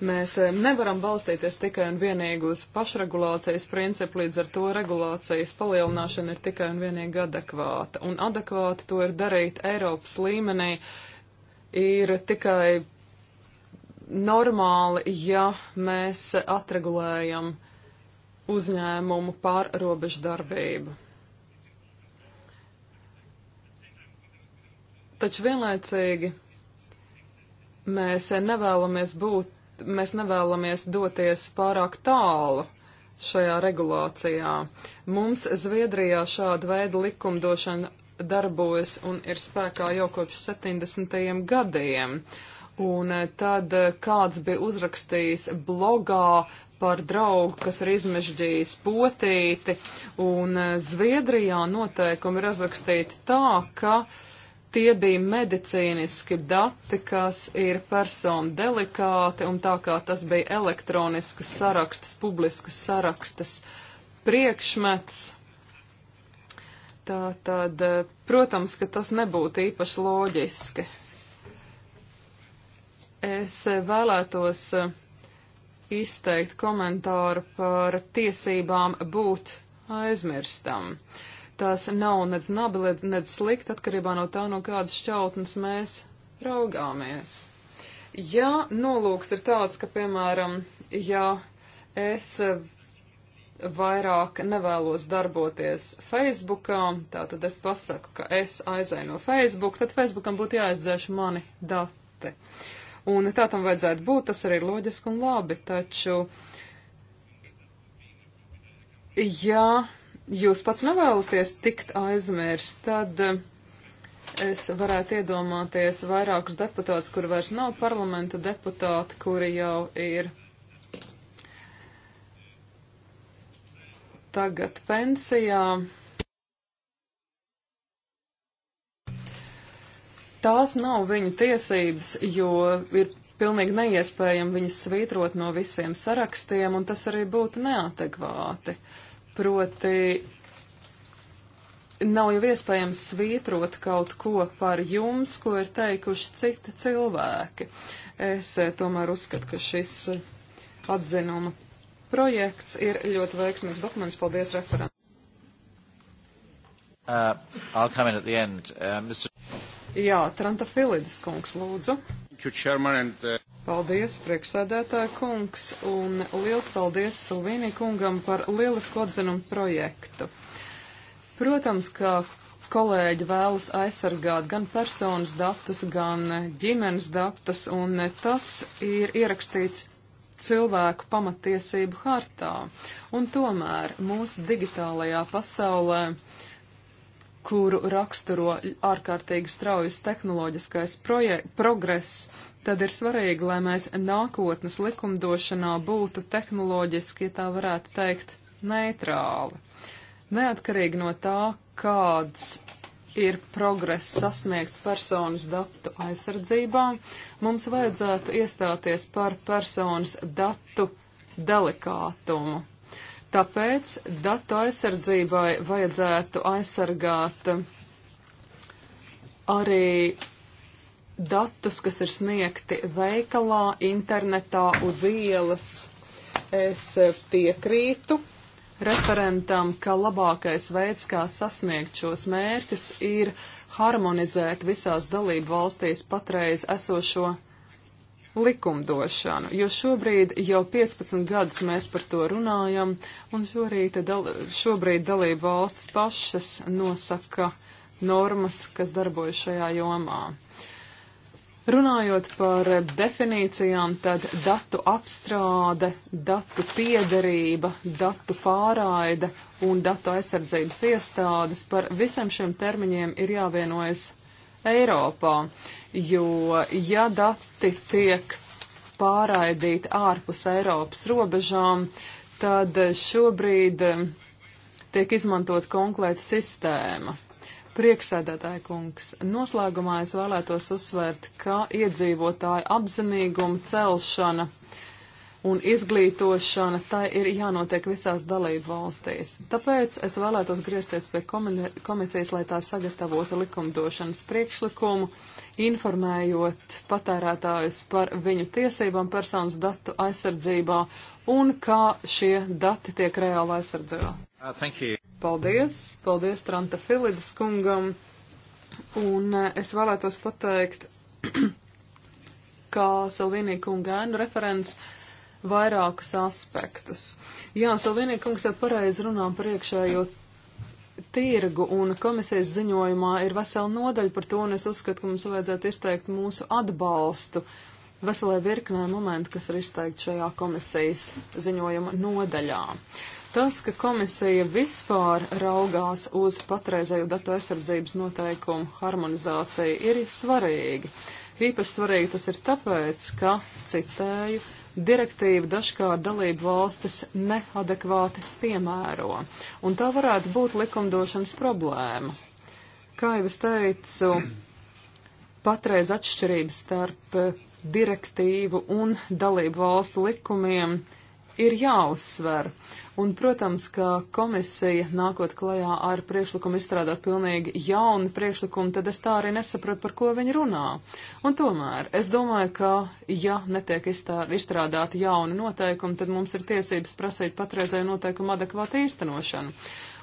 Mēs eh, nevaram balstīties tikai un vienīgi uz pašregulācijas principu, līdz ar to regulācijas palielināšana ir tikai un vienīgi adekvāta. Un adekvāti to ir darīt Eiropas līmenī ir tikai normāli, ja mēs atregulējam uzņēmumu pārrobežu darbību. Taču vienlaicīgi mēs nevēlamies būt, mēs nevēlamies doties pārāk tālu šajā regulācijā. Mums Zviedrijā šāda veida likumdošana darbojas un ir spēkā jau kopš 70. gadiem. Uh, Un eh, tad eh, kāds bija uzrakstījis blogā par draugu, kas ir izmežģījis potīti, un eh, Zviedrijā noteikumi ir uzrakstīti tā, ka tie bija medicīniski dati, kas ir personu delikāti, un tā kā tas bija elektroniskas sarakstas, publiskas sarakstas priekšmets, tā tad, protams, ka tas nebūtu īpaši loģiski. Es vēlētos eh, izteikt komentāru par tiesībām būt aizmirstam. Tās nav nec nabi, nec slikti atkarībā no tā, no kādas šķautnes mēs raugāmies. Ja nolūks ir tāds, ka, piemēram, ja es eh, vairāk nevēlos darboties Facebookā, tātad es pasaku, ka es aizēju no Facebook, tad Facebookam būtu jāizdzēš mani dati. Uh, un tā tam vajadzētu būt, tas arī ir loģiski un labi, taču, ja jūs pats nevēlaties tikt aizmirst, tad eh, es varētu iedomāties vairākus deputātus, kuri vairs nav parlamenta deputāti, kuri jau ir tagad pensijā Tās nav viņu tiesības, jo ir pilnīgi neiespējami viņas svītrot no visiem sarakstiem, un tas arī būtu neadekvāti. Proti, nav jau iespējams svītrot kaut ko par jums, ko ir teikuši citi cilvēki. Es eh, tomēr uzskatu, ka šis eh, atzinuma projekts ir ļoti veiksmīgs dokuments. Paldies referentam. Uh, I'll come in at the end. Uh, Mr. Jā, Tranta Filides kungs, lūdzu. Uh, paldies, priekšsēdētāja kungs, un liels paldies Silvīnī kungam par lielisku atzinumu projektu. Protams, ka kolēģi vēlas aizsargāt gan personas datus, gan ģimenes datus, un tas ir ierakstīts cilvēku pamatiesību hartā. Un tomēr mūsu digitālajā pasaulē kuru raksturo ārkārtīgi straujas tehnoloģiskais progress, tad ir svarīgi, lai mēs nākotnes likumdošanā būtu tehnoloģiski, ja tā varētu teikt, neitrāli. Neatkarīgi no tā, kāds ir progress sasniegts personas datu aizsardzībā, mums vajadzētu iestāties par personas datu delikātumu. Tāpēc datu aizsardzībai vajadzētu aizsargāt arī datus, kas ir sniegti veikalā, internetā, uz ielas. Es piekrītu referentam, ka labākais veids, kā sasniegt šos mērķus, ir harmonizēt visās dalību valstīs patreiz esošo likumdošanu, jo šobrīd jau 15 gadus mēs par to runājam, un šorīt, dal, šobrīd dalība valstis pašas nosaka normas, kas darbojas šajā jomā. Runājot par definīcijām, tad datu apstrāde, datu piederība, datu pārraide un datu aizsardzības iestādes par visiem šiem termiņiem ir jāvienojas Eiropā, jo ja dati tiek pārraidīti ārpus Eiropas robežām, tad šobrīd um, tiek izmantot konkrēta sistēma. Prieksēdētāja kungs, noslēgumā es vēlētos uzsvērt, ka iedzīvotāju apzinīguma celšana un izglītošana, tai ir jānotiek visās dalību valstīs. Tāpēc es vēlētos griezties pie komisijas, lai tā sagatavotu likumdošanas priekšlikumu, informējot patērētājus par viņu tiesībām personas datu aizsardzībā un kā šie dati tiek reāli aizsardzībā. Uh, paldies, paldies Tranta Filides kungam, un uh, es vēlētos pateikt, kā Salvīnī kunga ēnu referents, uh, vairākus aspektus. Jā, Salvinija kungs jau pareizi runā par iekšējo tirgu, un komisijas ziņojumā ir vesela nodaļa par to, un es uzskatu, ka mums vajadzētu izteikt mūsu atbalstu veselē virknē momentu, kas ir izteikti šajā komisijas ziņojuma nodaļā. Tas, ka komisija vispār raugās uz patreizēju datu aizsardzības noteikumu harmonizāciju, ir svarīgi. Īpaši svarīgi tas ir tāpēc, ka, citēju, direktīvu dažkārt dalību valstis neadekvāti piemēro, un tā varētu būt likumdošanas problēma. Kā jau es teicu, patreiz atšķirības starp direktīvu un dalību valstu likumiem ir jāuzsver, Un, protams, ka komisija nākot klajā ar priekšlikumu izstrādāt pilnīgi jaunu priekšlikumu, tad es tā arī nesapratu, par ko viņi runā. Un tomēr es domāju, ka ja netiek izstrādāti jauni noteikumi, tad mums ir tiesības prasīt patreizēju noteikumu adekvātu īstenošanu.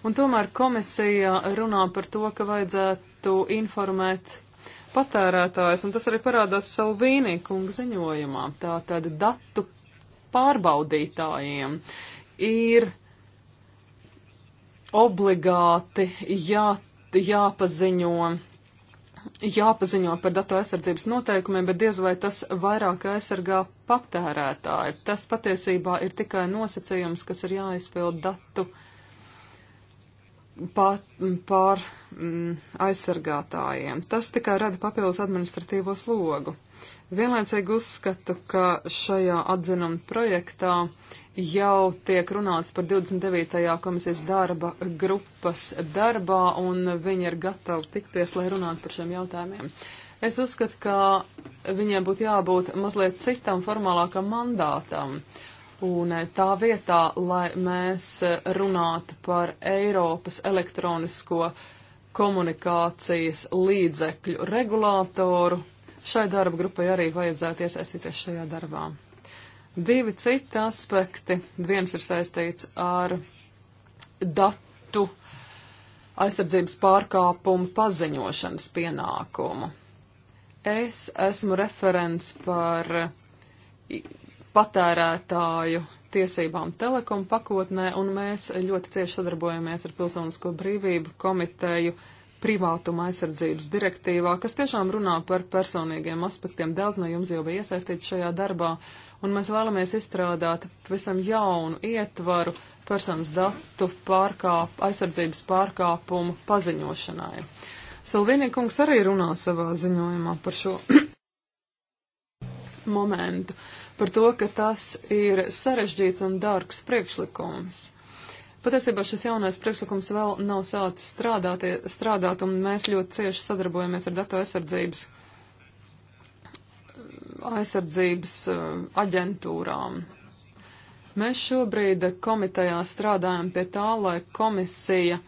Un tomēr komisija runā par to, ka vajadzētu informēt patērētājs, un tas arī parādās savu vīnīkungu ziņojumā, tātad datu pārbaudītājiem. Uh, ir obligāti jā, jāpaziņo, jāpaziņo par datu aizsardzības noteikumiem, bet diez vai tas vairāk aizsargā patērētāju. Tas patiesībā ir tikai nosacījums, kas ir jāizpild datu pār, pār mm, aizsargātājiem. Tas tikai rada papildus administratīvo slogu. Vienlaicīgi uzskatu, ka šajā atzinuma projektā jau tiek runāts par 29. komisijas darba grupas darbā, un viņi ir gatavi tikties, lai runātu par šiem jautājumiem. Es uzskatu, ka viņiem būtu jābūt mazliet citam formālākam mandātam. Un tā vietā, lai mēs runātu par Eiropas elektronisko komunikācijas līdzekļu regulātoru, šai darba grupai arī vajadzētu iesaistīties šajā darbā. Divi citi aspekti. Viens ir saistīts ar datu aizsardzības pārkāpumu paziņošanas pienākumu. Es esmu referents par patērētāju tiesībām telekom pakotnē, un mēs ļoti cieši sadarbojamies ar Pilsonisko brīvību komiteju privātuma aizsardzības direktīvā, kas tiešām runā par personīgiem aspektiem. Daudz no jums jau bija iesaistīti šajā darbā, un mēs vēlamies izstrādāt visam jaunu ietvaru personas datu pārkāp, aizsardzības pārkāpumu paziņošanai. Salvinīkungs arī runā savā ziņojumā par šo momentu, par to, ka tas ir sarežģīts un dārgs priekšlikums. Patiesībā šis jaunais priekšlikums vēl nav sācis strādāt, strādāt, un mēs ļoti cieši sadarbojamies ar datu aizsardzības, aizsardzības eh, aģentūrām. Mēs šobrīd komitejā strādājam pie tā, lai komisija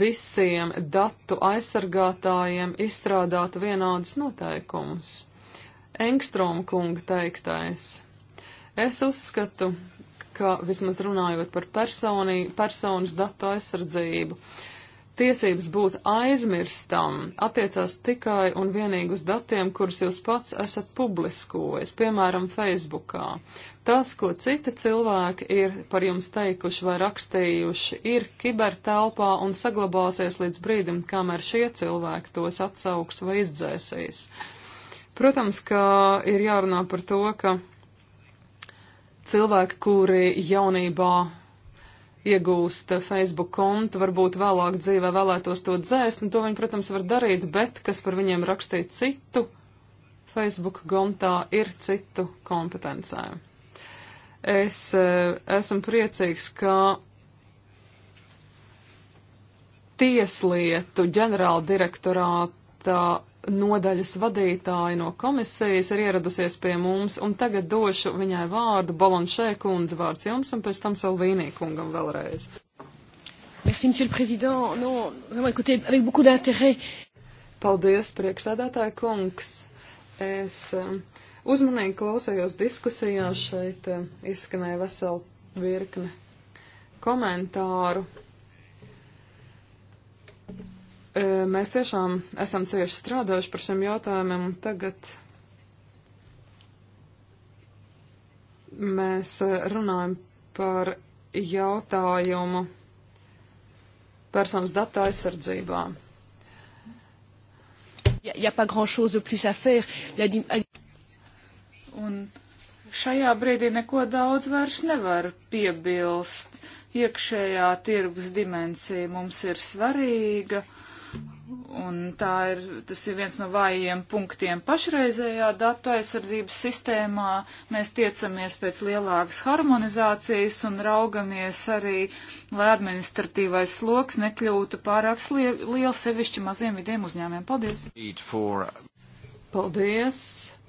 visiem datu aizsargātājiem izstrādātu vienādus noteikumus. Engstrom kunga teiktais. Es uzskatu, ka vismaz runājot par personī, personas datu aizsardzību, tiesības būt aizmirstam attiecās tikai un vienīgi uz datiem, kurus jūs pats esat publiskojis, piemēram, Facebookā. Tas, ko citi cilvēki ir par jums teikuši vai rakstījuši, ir kibertelpā un saglabāsies līdz brīdim, kamēr šie cilvēki tos atsauks vai izdzēsīs. Protams, ka ir jārunā par to, ka cilvēki, kuri jaunībā iegūst Facebook kontu, varbūt vēlāk dzīvē vēlētos to dzēst, un nu, to viņi, protams, var darīt, bet kas par viņiem rakstīja citu Facebook kontā, ir citu kompetencē. Es e, esmu priecīgs, ka tieslietu ģenerāldirektorāta nodaļas vadītāja no komisijas ir ieradusies pie mums, un tagad došu viņai vārdu Balonšē kundze vārds jums, un pēc tam Salvīnī kungam vēlreiz. Merci, monsieur le président. Non, vraiment, écoutez, avec beaucoup d'intérêt. Paldies, priekšsēdētāja kungs. Es um, uzmanīgi klausējos diskusijās, šeit um, izskanēja vesela virkne komentāru E, mēs tiešām esam cieši strādājuši par šiem jautājumiem, un tagad mēs runājam par jautājumu personas data aizsardzībā. Ja, ja un šajā brīdī neko daudz vairs nevar piebilst. Iekšējā tirgus dimensija mums ir svarīga Un tā ir, tas ir viens no vājiem punktiem pašreizējā datu aizsardzības sistēmā. Mēs tiecamies pēc lielākas harmonizācijas un raugamies arī, lai administratīvais sloks nekļūtu pārāk liels sevišķi maziem vidiem uzņēmiem. Paldies! Paldies!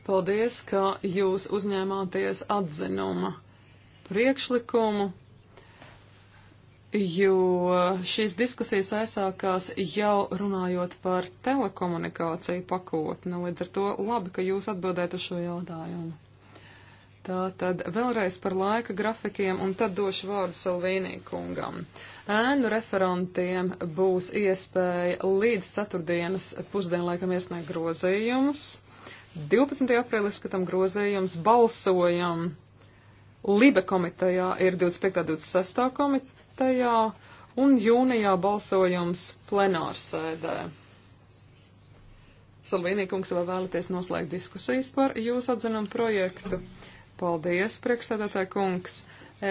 Paldies, ka jūs uzņēmāties atzinuma priekšlikumu jo šīs diskusijas aizsākās jau runājot par telekomunikāciju pakotni, līdz ar to labi, ka jūs atbildēt uz šo jautājumu. Tā tad vēlreiz par laika grafikiem un tad došu vārdu Salvīnī kungam. Ēnu referentiem būs iespēja līdz ceturtdienas pusdienlaikam iesniegt grozījumus. 12. aprīlī skatām grozījumus, balsojam Libe komitejā ir 25. 26. Komit komitejā un jūnijā balsojums plenārsēdē. Salvīnīkungs, vai vēlaties noslēgt diskusijas par jūsu atzinumu projektu? Paldies, priekšsēdētāj kungs.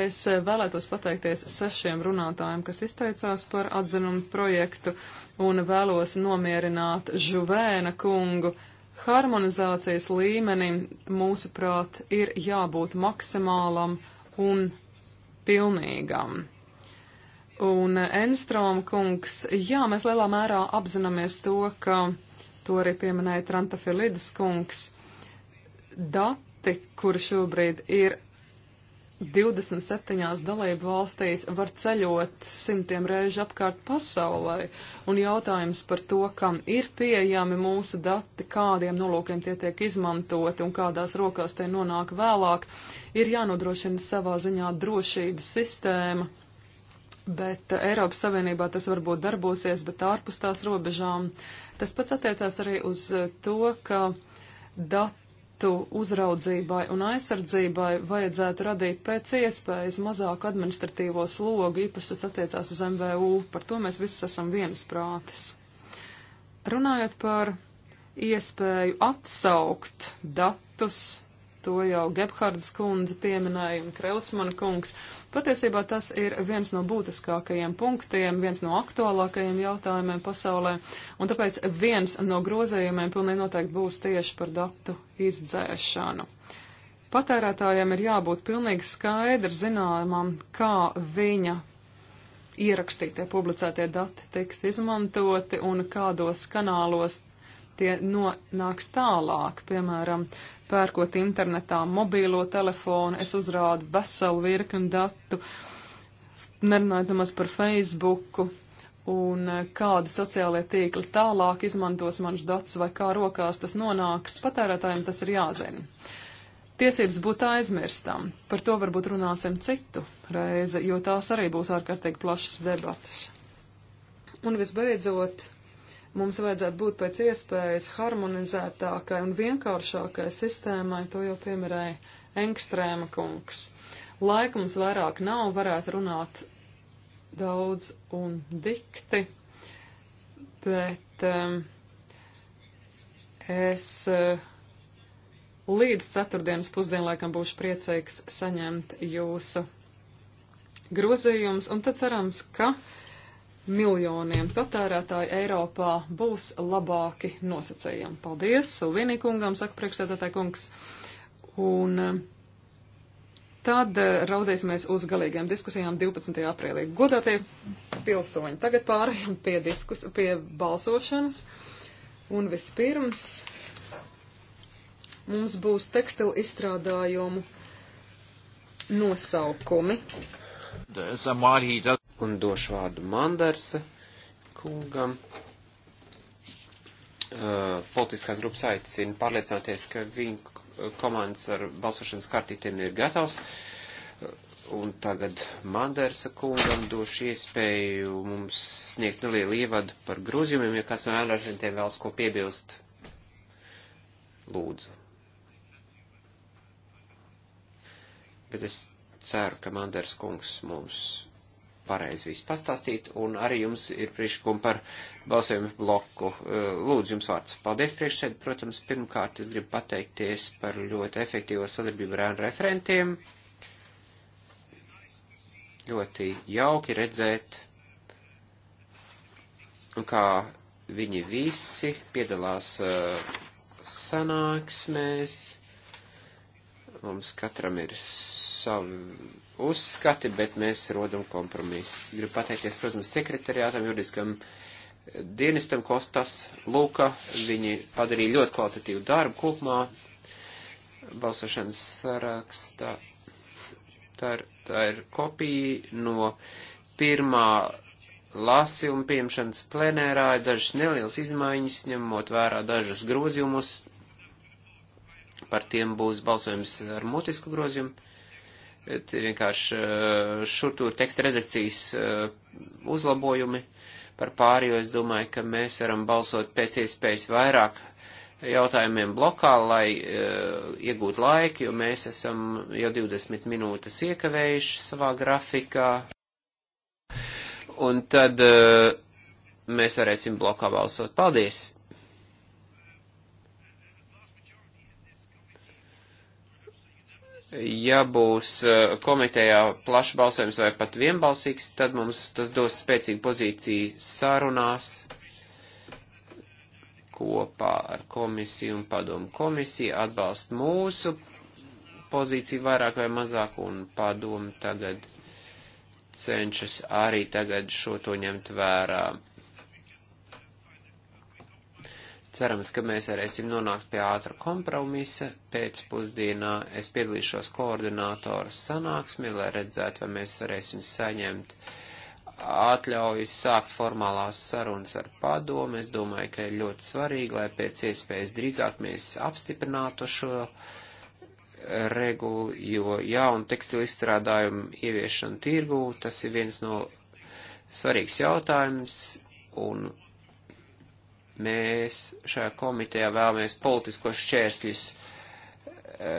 Es vēlētos pateikties sešiem runātājiem, kas izteicās par atzinumu projektu un vēlos nomierināt Žuvēna kungu. Harmonizācijas līmenim, mūsuprāt, ir jābūt maksimālam un pilnīgam. Un eh, Enstrom kungs, jā, mēs lielā mērā apzināmies to, ka to arī pieminēja Trantafilides kungs. Dati, kuri šobrīd ir 27 dalību valstīs, var ceļot simtiem reižu apkārt pasaulē. Un jautājums par to, kam ir pieejami mūsu dati, kādiem nolūkiem tie tiek izmantoti un kādās rokās tie nonāk vēlāk, ir jānodrošina savā ziņā drošības sistēma bet eh, Eiropas Savienībā tas varbūt darbosies, bet ārpus tās robežām. Tas pats attiecās arī uz eh, to, ka datu uzraudzībai un aizsardzībai vajadzētu radīt pēc iespējas mazāku administratīvo slogu, īpaši tas attiecās uz MVU. Par to mēs visi esam vienas prātes. Runājot par iespēju atsaukt datus to jau Gebhardas kundze pieminēja un Krelsmana kungs. Patiesībā tas ir viens no būtiskākajiem punktiem, viens no aktuālākajiem jautājumiem pasaulē, un tāpēc viens no grozējumiem pilnīgi noteikti būs tieši par datu izdzēšanu. Patērētājiem ir jābūt pilnīgi skaidri zināmam, kā viņa ierakstītie, publicētie dati tiks izmantoti un kādos kanālos tie nonāks tālāk. Piemēram, pērkot internetā mobīlo telefonu, es uzrādu veselu virkni datu, nerunājot nemaz par Facebooku, un eh, kādi sociālie tīkli tālāk izmantos manus datus vai kā rokās tas nonāks, patērētājiem tas ir jāzina. Tiesības būt aizmirstam, par to varbūt runāsim citu reizi, jo tās arī būs ārkārtīgi plašas debatas. Un visbeidzot, Mums vajadzētu būt pēc iespējas harmonizētākai un vienkāršākai sistēmai, to jau pieminēja Engstrēma kungs. Laika mums vairāk nav, varētu runāt daudz un dikti, bet um, es. Uh, līdz ceturtdienas pusdienlaikam būšu priecīgs saņemt jūsu grozījumus, un tad cerams, ka miljoniem patērētāju Eiropā būs labāki nosacījumi. Paldies Silvinī kungam, saka priekšsēdētāji kungs. Un eh, tad eh, raudzēsimies uz galīgiem diskusijām 12. aprīlī. Godātie pilsoņi, tagad pārējām pie, diskus, pie balsošanas. Un vispirms mums būs tekstilu izstrādājumu nosaukumi. Samari does un došu vārdu Mandarsa kungam. Uh, politiskās grupas aicina pārliecināties, ka viņa komandas ar balsošanas kartītēm ir gatavs. Uh, un tagad Mandersa kungam došu iespēju mums sniegt nelielu ievadu par grozījumiem, ja kāds no ēnažantiem vēlas ko piebilst. Lūdzu. Bet es ceru, ka Manders kungs mums pareizi visu pastāstīt, un arī jums ir priekšlikumi par balsojumu bloku. Eh, lūdzu, jums vārds. Paldies priekšsēd. Protams, pirmkārt es gribu pateikties par ļoti efektīvo sadarbību ar ēnu referentiem. Ļoti jauki redzēt, kā viņi visi piedalās eh, sanāksmēs. Mums katram ir savi uzskati, bet mēs rodam kompromisu. Gribu pateikties, protams, sekretariātam, juridiskam dienestam Kostas Lūka. Viņi padarīja ļoti kvalitatīvu darbu kopumā. Balsošanas sarakstā. Tā ir, tā ir kopija no pirmā lasījuma pieņemšanas plenērā, ir dažas nelielas izmaiņas, ņemot vērā dažus grozījumus. Par tiem būs balsojums ar mutisku grozījumu ir vienkārši eh, šur tur teksta redakcijas eh, uzlabojumi par pārējo. Es domāju, ka mēs varam balsot pēc iespējas vairāk jautājumiem blokā, lai uh, iegūtu laiku, jo mēs esam jau 20 minūtes iekavējuši savā grafikā. Un tad uh, mēs varēsim blokā balsot. Paldies! ja būs eh, komitejā plašs balsojums vai pat vienbalsīgs, tad mums tas dos spēcīgu pozīciju sarunās kopā ar komisiju un padomu. Komisija atbalst mūsu pozīciju vairāk vai mazāk un padomu tagad cenšas arī tagad šo to ņemt vērā. Cerams, ka mēs varēsim nonākt pie ātra kompromisa. Pēcpusdienā es piedalīšos koordinātoru sanāksmi, lai redzētu, vai mēs varēsim saņemt atļaujas sākt formālās sarunas ar padomu. Es domāju, ka ir ļoti svarīgi, lai pēc iespējas drīzāk mēs apstiprinātu šo regulu, jo jaunu tekstilu izstrādājumu ieviešana tirgū, tas ir viens no svarīgs jautājums, un Mēs šajā komitejā vēlamies politiskos šķērsļus e,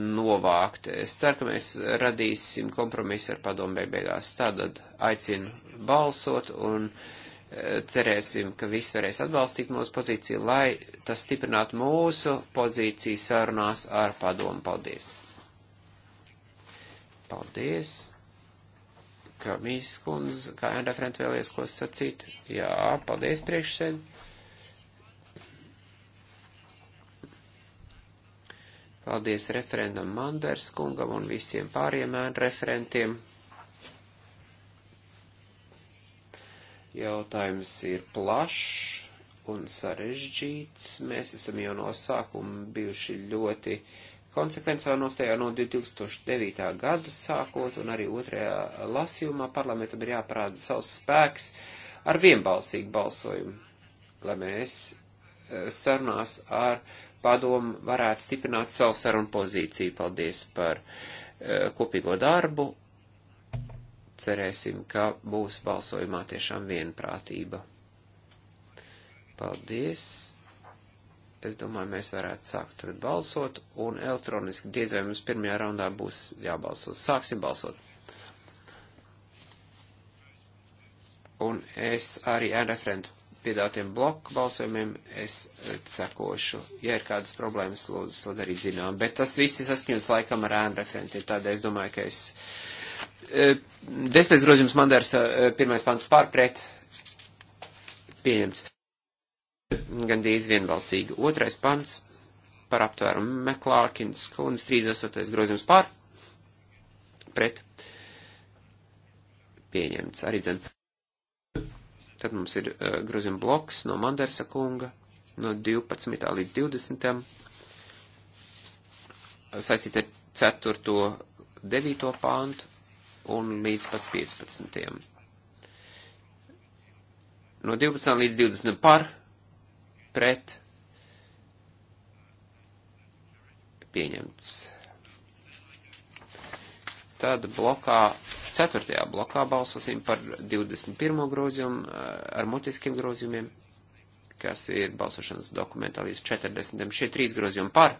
novākt. Es ceru, ka mēs radīsim kompromisu ar padomu beigās. Tātad aicinu balsot un e, cerēsim, ka visi varēs atbalstīt mūsu pozīciju, lai tas stiprinātu mūsu pozīciju sarunās ar padomu. Paldies! Paldies! Kamīs kundze, kā Anna Frent vēlies ko sacīt? Jā, paldies priekšsēd. Paldies referendam Manders kungam un visiem pāriem ēnu referentiem. Jautājums ir plašs un sarežģīts. Mēs esam jau no sākuma bijuši ļoti konsekvencā nostājā no 2009. gada sākot, un arī otrajā lasījumā parlamentam ir jāparāda savs spēks ar vienbalsīgu balsojumu, lai mēs eh, sarunās ar padomu varētu stiprināt savu sarunu pozīciju. Paldies par uh, kopīgo darbu. Cerēsim, ka būs balsojumā tiešām vienprātība. Paldies. Es domāju, mēs varētu sākt tagad balsot, un elektroniski diez vai mums pirmajā raundā būs jābalso. Sāksim balsot. Un es arī ar referentu piedātiem bloku balsojumiem es cekošu. E, ja ir kādas problēmas, lūdzu, to darīt zinām. Bet tas viss ir saskaņots laikam ar ēnu referentiem, tādēļ es domāju, ka es. E, desmitais grozījums mandārs, e, pirmais pants pārpret, pieņemts. Gandrīz vienbalsīgi. Otrais pants par aptvērumu Meklārkins kundas 38. grozījums pār, pret, pieņemts. Arī dzem. Tad mums ir uh, grozījuma bloks no Mandersa kunga no 12. līdz 20. saistīt ar 4. 9. pāntu un līdz pat 15. No 12. līdz 20. par pret pieņemts. Tad blokā Ceturtajā blokā balsosim par 21. grozījumu eh, ar mutiskiem grozījumiem, kas ir balsošanas dokumentā līdz 40. Šie trīs grozījumi par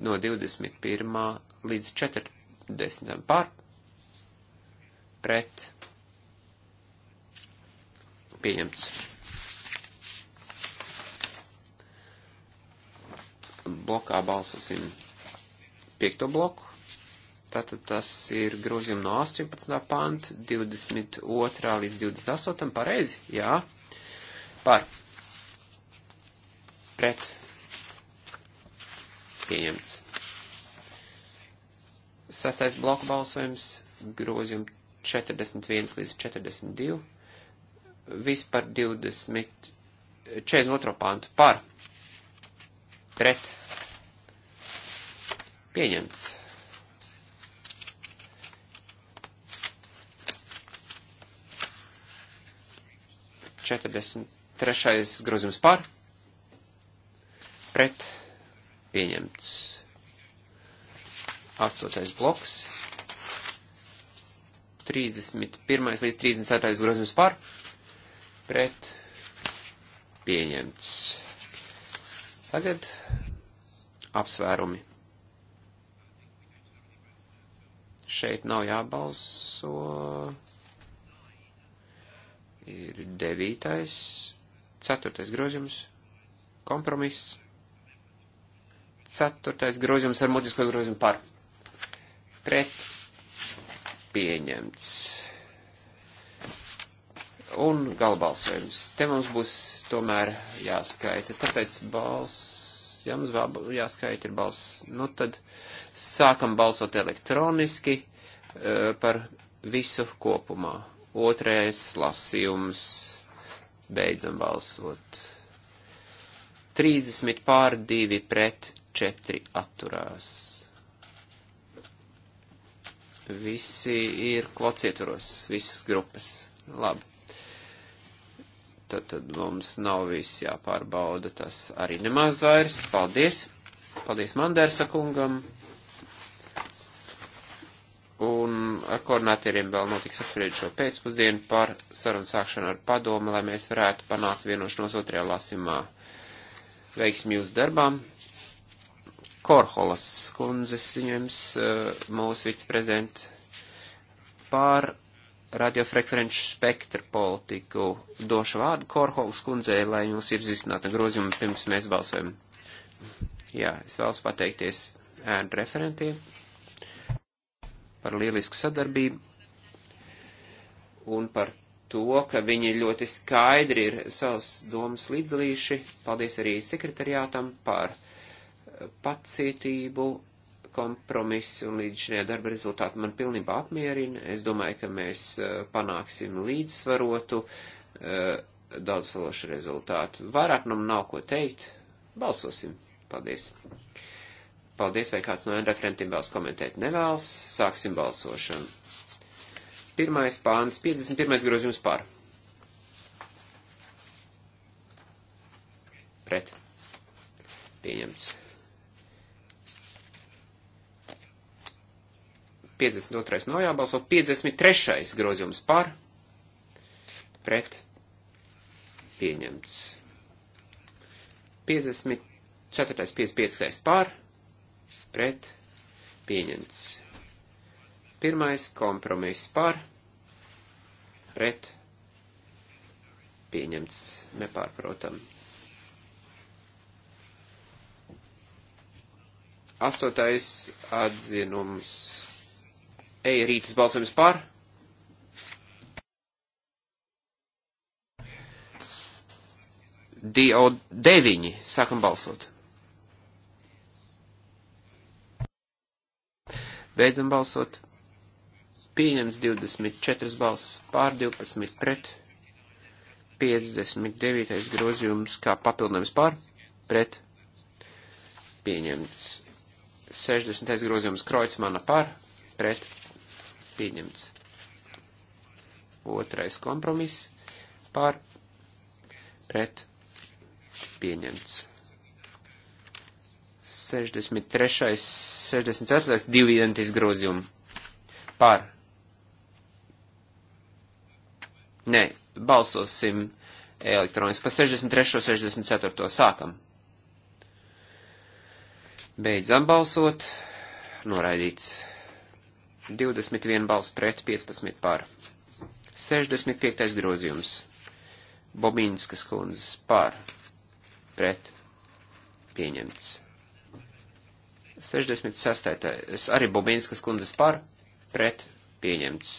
no 21. līdz 40. par pret pieņemts. Blokā balsosim piekto bloku. Tātad tas ir grozījumi no 18. panta, 22. līdz 28. pareizi, jā, par, pret, pieņemts. Sastais bloku balsojums, grozījumi 41 līdz 42, vispār 20, 42. pantu par, pret, Pieņemts. Četrdesmit trešais grozījums par. Pret. Pieņemts. Astotais bloks. 31. līdz 34. grozījums par, pret pieņemts. Tagad apsvērumi. šeit nav jābalso. Ir devītais, ceturtais grozījums, kompromiss. Ceturtais grozījums ar mutisko grozījumu par. Pret pieņemts. Un galbalsojums. Te mums būs tomēr jāskaita, tāpēc balss Ja mums vēl jāskaita ir balss, nu tad sākam balsot elektroniski uh, par visu kopumā. Otrais lasījums. Beidzam balsot. 30 pār 2 pret 4 atturās. Visi ir klocietros, visas grupas. Labi. Tad, tad mums nav viss jāpārbauda, tas arī nemaz vairs. Paldies! Paldies Mandērsa kungam! Un ar koordinatoriem vēl notiks apspried šo pēcpusdienu par sarunu sākšanu ar padomu, lai mēs varētu panākt vienošanos otrajā lasimā. Veiksim jūsu darbām! Korholas kundzes ziņojums, eh, mūsu viceprezidenta, par radiofrekvenču spektra politiku. Došu vārdu Korholas kundzei, lai jūs iepazīstinātu grozījumu pirms mēs balsojam. Jā, es vēlos pateikties ēnu referentiem par lielisku sadarbību un par to, ka viņi ļoti skaidri ir savas domas līdzdalījuši. Paldies arī sekretariātam par pacietību kompromisi un līdz šajā darba rezultātu man pilnībā apmierina. Es domāju, ka mēs eh, panāksim līdzsvarotu eh, daudzsološu rezultātu. Vairāk nam nu nav ko teikt. Balsosim. Paldies. Paldies, vai kāds no referentiem vēlas komentēt nevēlas. Sāksim balsošanu. Pirmais pāns, 51. grozījums pār. Pret. Pieņemts. 52. nav jābalso, 53. grozījums par, pret, pieņemts. 54. 55. par, pret, pieņemts. Pirmais kompromiss par, pret, pieņemts, nepārprotam. Astotais atzinums Eja rītas balsojums par. DO 9. Sākam balsot. Beidzam balsot. Pieņems 24 balss pār 12 pret. 59. grozījums kā papildinājums pār pret. Pieņemts 60. grozījums Kreutzmana par pret pieņemts. Otrais kompromiss par pret pieņemts. 63. 64. divi identiski grozījumi par. Nē, balsosim elektroniski. Pa 63. 64. sākam. Beidzam balsot. Noraidīts. 21 balss pret, 15 par. 65. grozījums. Bobīnskas kundzes par. Pret. Pieņemts. 66. Es arī Bobīnskas kundzes par. Pret. Pieņemts.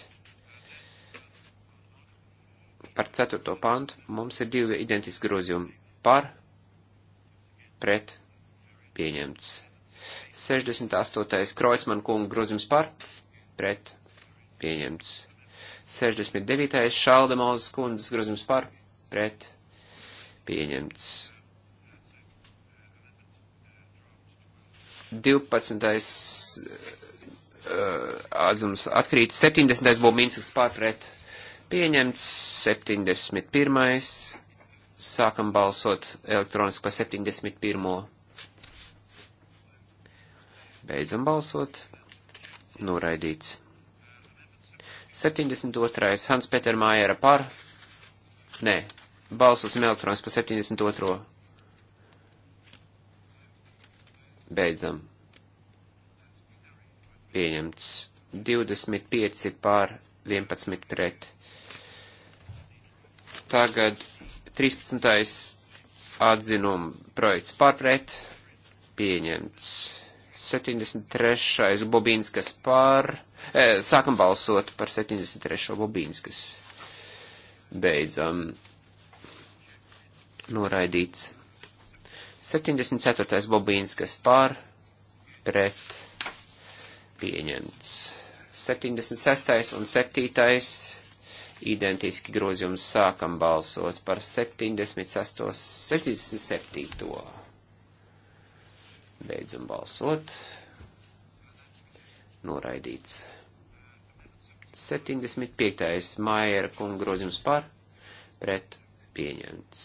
Par 4. pantu mums ir divi identiski grozījumi. Par. Pret. Pieņemts. 68. Kreutzmann kungu grozījums par. Pret pret pieņemts. 69. Šaldemozes kundzes grozījums par pret pieņemts. 12. Uh, eh, atzums atkrīt, 70. Bobinskas pārpret pieņemts, 71. Sākam balsot elektroniski par 71. Beidzam balsot noraidīts. 72. Hans Peter Mājera par. Nē, balsosim elektrons par 72. Beidzam. Pieņemts 25 pār 11 pret. Tagad 13. atzinuma projekts pārpret pieņemts 73. Bobīnskas pār. E, sākam balsot par 73. Bobīnskas. Beidzam. Noraidīts. 74. Bobīnskas pār. Pret. Pieņemts. 76. un 7 identiski grozījums sākam balsot par 76. 77. Beidzam balsot. Noraidīts. 75. Maiera kunga grozījums par pret pieņemts.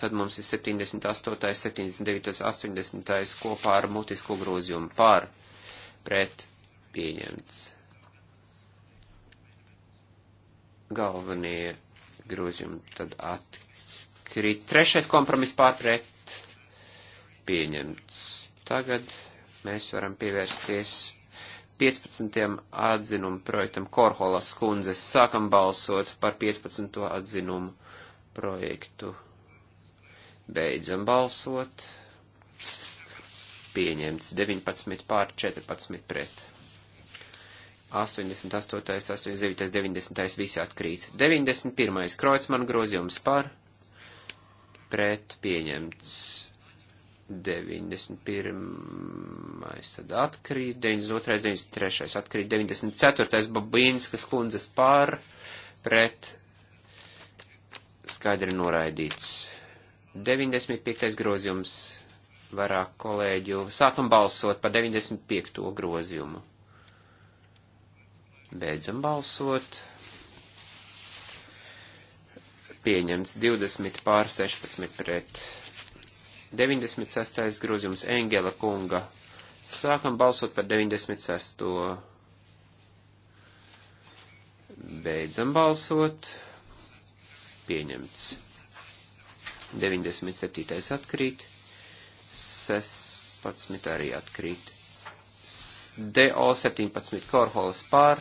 Tad mums ir 78., 79., 80. kopā ar mutisko grozījumu par pret pieņemts. Galvenie grozījumi tad atkrīt. Trešais kompromiss pār pret pieņemts. Tagad mēs varam pievērsties 15. atzinumu projektam Korholas kundzes. Sākam balsot par 15. atzinumu projektu. Beidzam balsot. Pieņemts 19 pār 14 pret. 88, 89, 90 visi atkrīt. 91. Kreutzmann grozījums par pret pieņemts. 91. tad atkrīt, 92. 93. atkrīt, 94. Babīnskas kundzes pār pret skaidri noraidīts. 95. grozījums vairāk kolēģu. Sākam balsot par 95. grozījumu. Beidzam balsot. Pieņemts 20 pār 16 pret 96. grozījums Engela kunga. Sākam balsot par 96. Beidzam balsot. Pieņemts. 97. atkrīt. 16. arī atkrīt. DO 17 Korholas pār.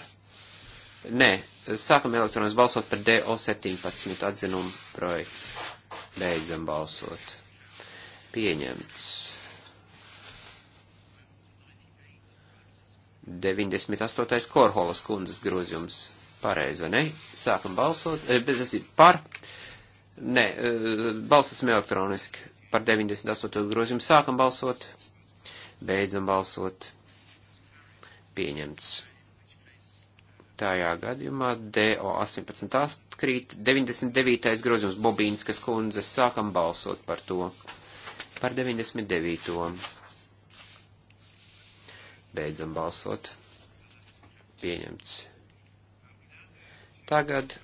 Nē, sākam elektronas balsot par DO 17 atzinumu projekts. Beidzam balsot pieņemts. 98. Korholas kundzes grozījums. Pareizi, vai ne? Sākam balsot. Eh, bez esi par. Nē, eh, balsosim elektroniski. Par 98. grozījumu sākam balsot. Beidzam balsot. Pieņemts. Tajā gadījumā DO 18 atkrīt. 99. grozījums Bobīnskas kundzes. Sākam balsot par to. Par 99. Beidzam balsot. Pieņemts. Tagad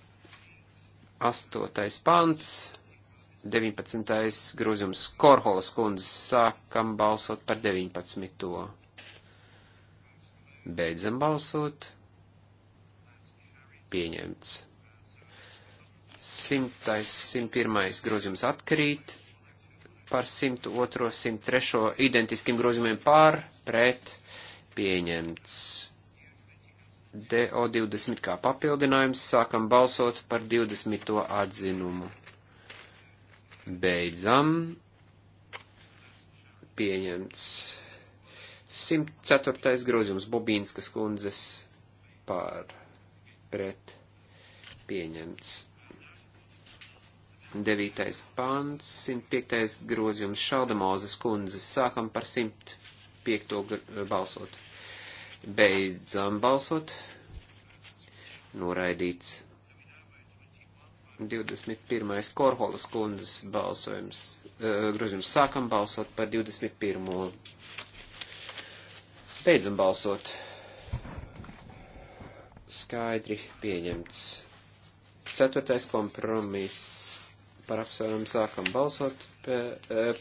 8. pants, 19. grozījums Korholas kundze. Sākam balsot par 19. Beidzam balsot. Pieņemts. 100. 101. grozījums atkrīt par 102, 103 identiskiem grozījumiem pār, pret, pieņemts. DO20 kā papildinājums, sākam balsot par 20. atzinumu. Beidzam. Pieņemts. 104. grozījums Bobīnskas kundzes pār pret pieņemts. 9. pāns, 105. grozījums Šaldamozes kundzes. Sākam par 105. balsot. Beidzam balsot. Noraidīts. 21. Korholas kundzes balsojums. Uh, grozījums sākam balsot par 21. Beidzam balsot. Skaidri pieņemts. Ceturtais kompromiss par apsvērumu sākam balsot, pie,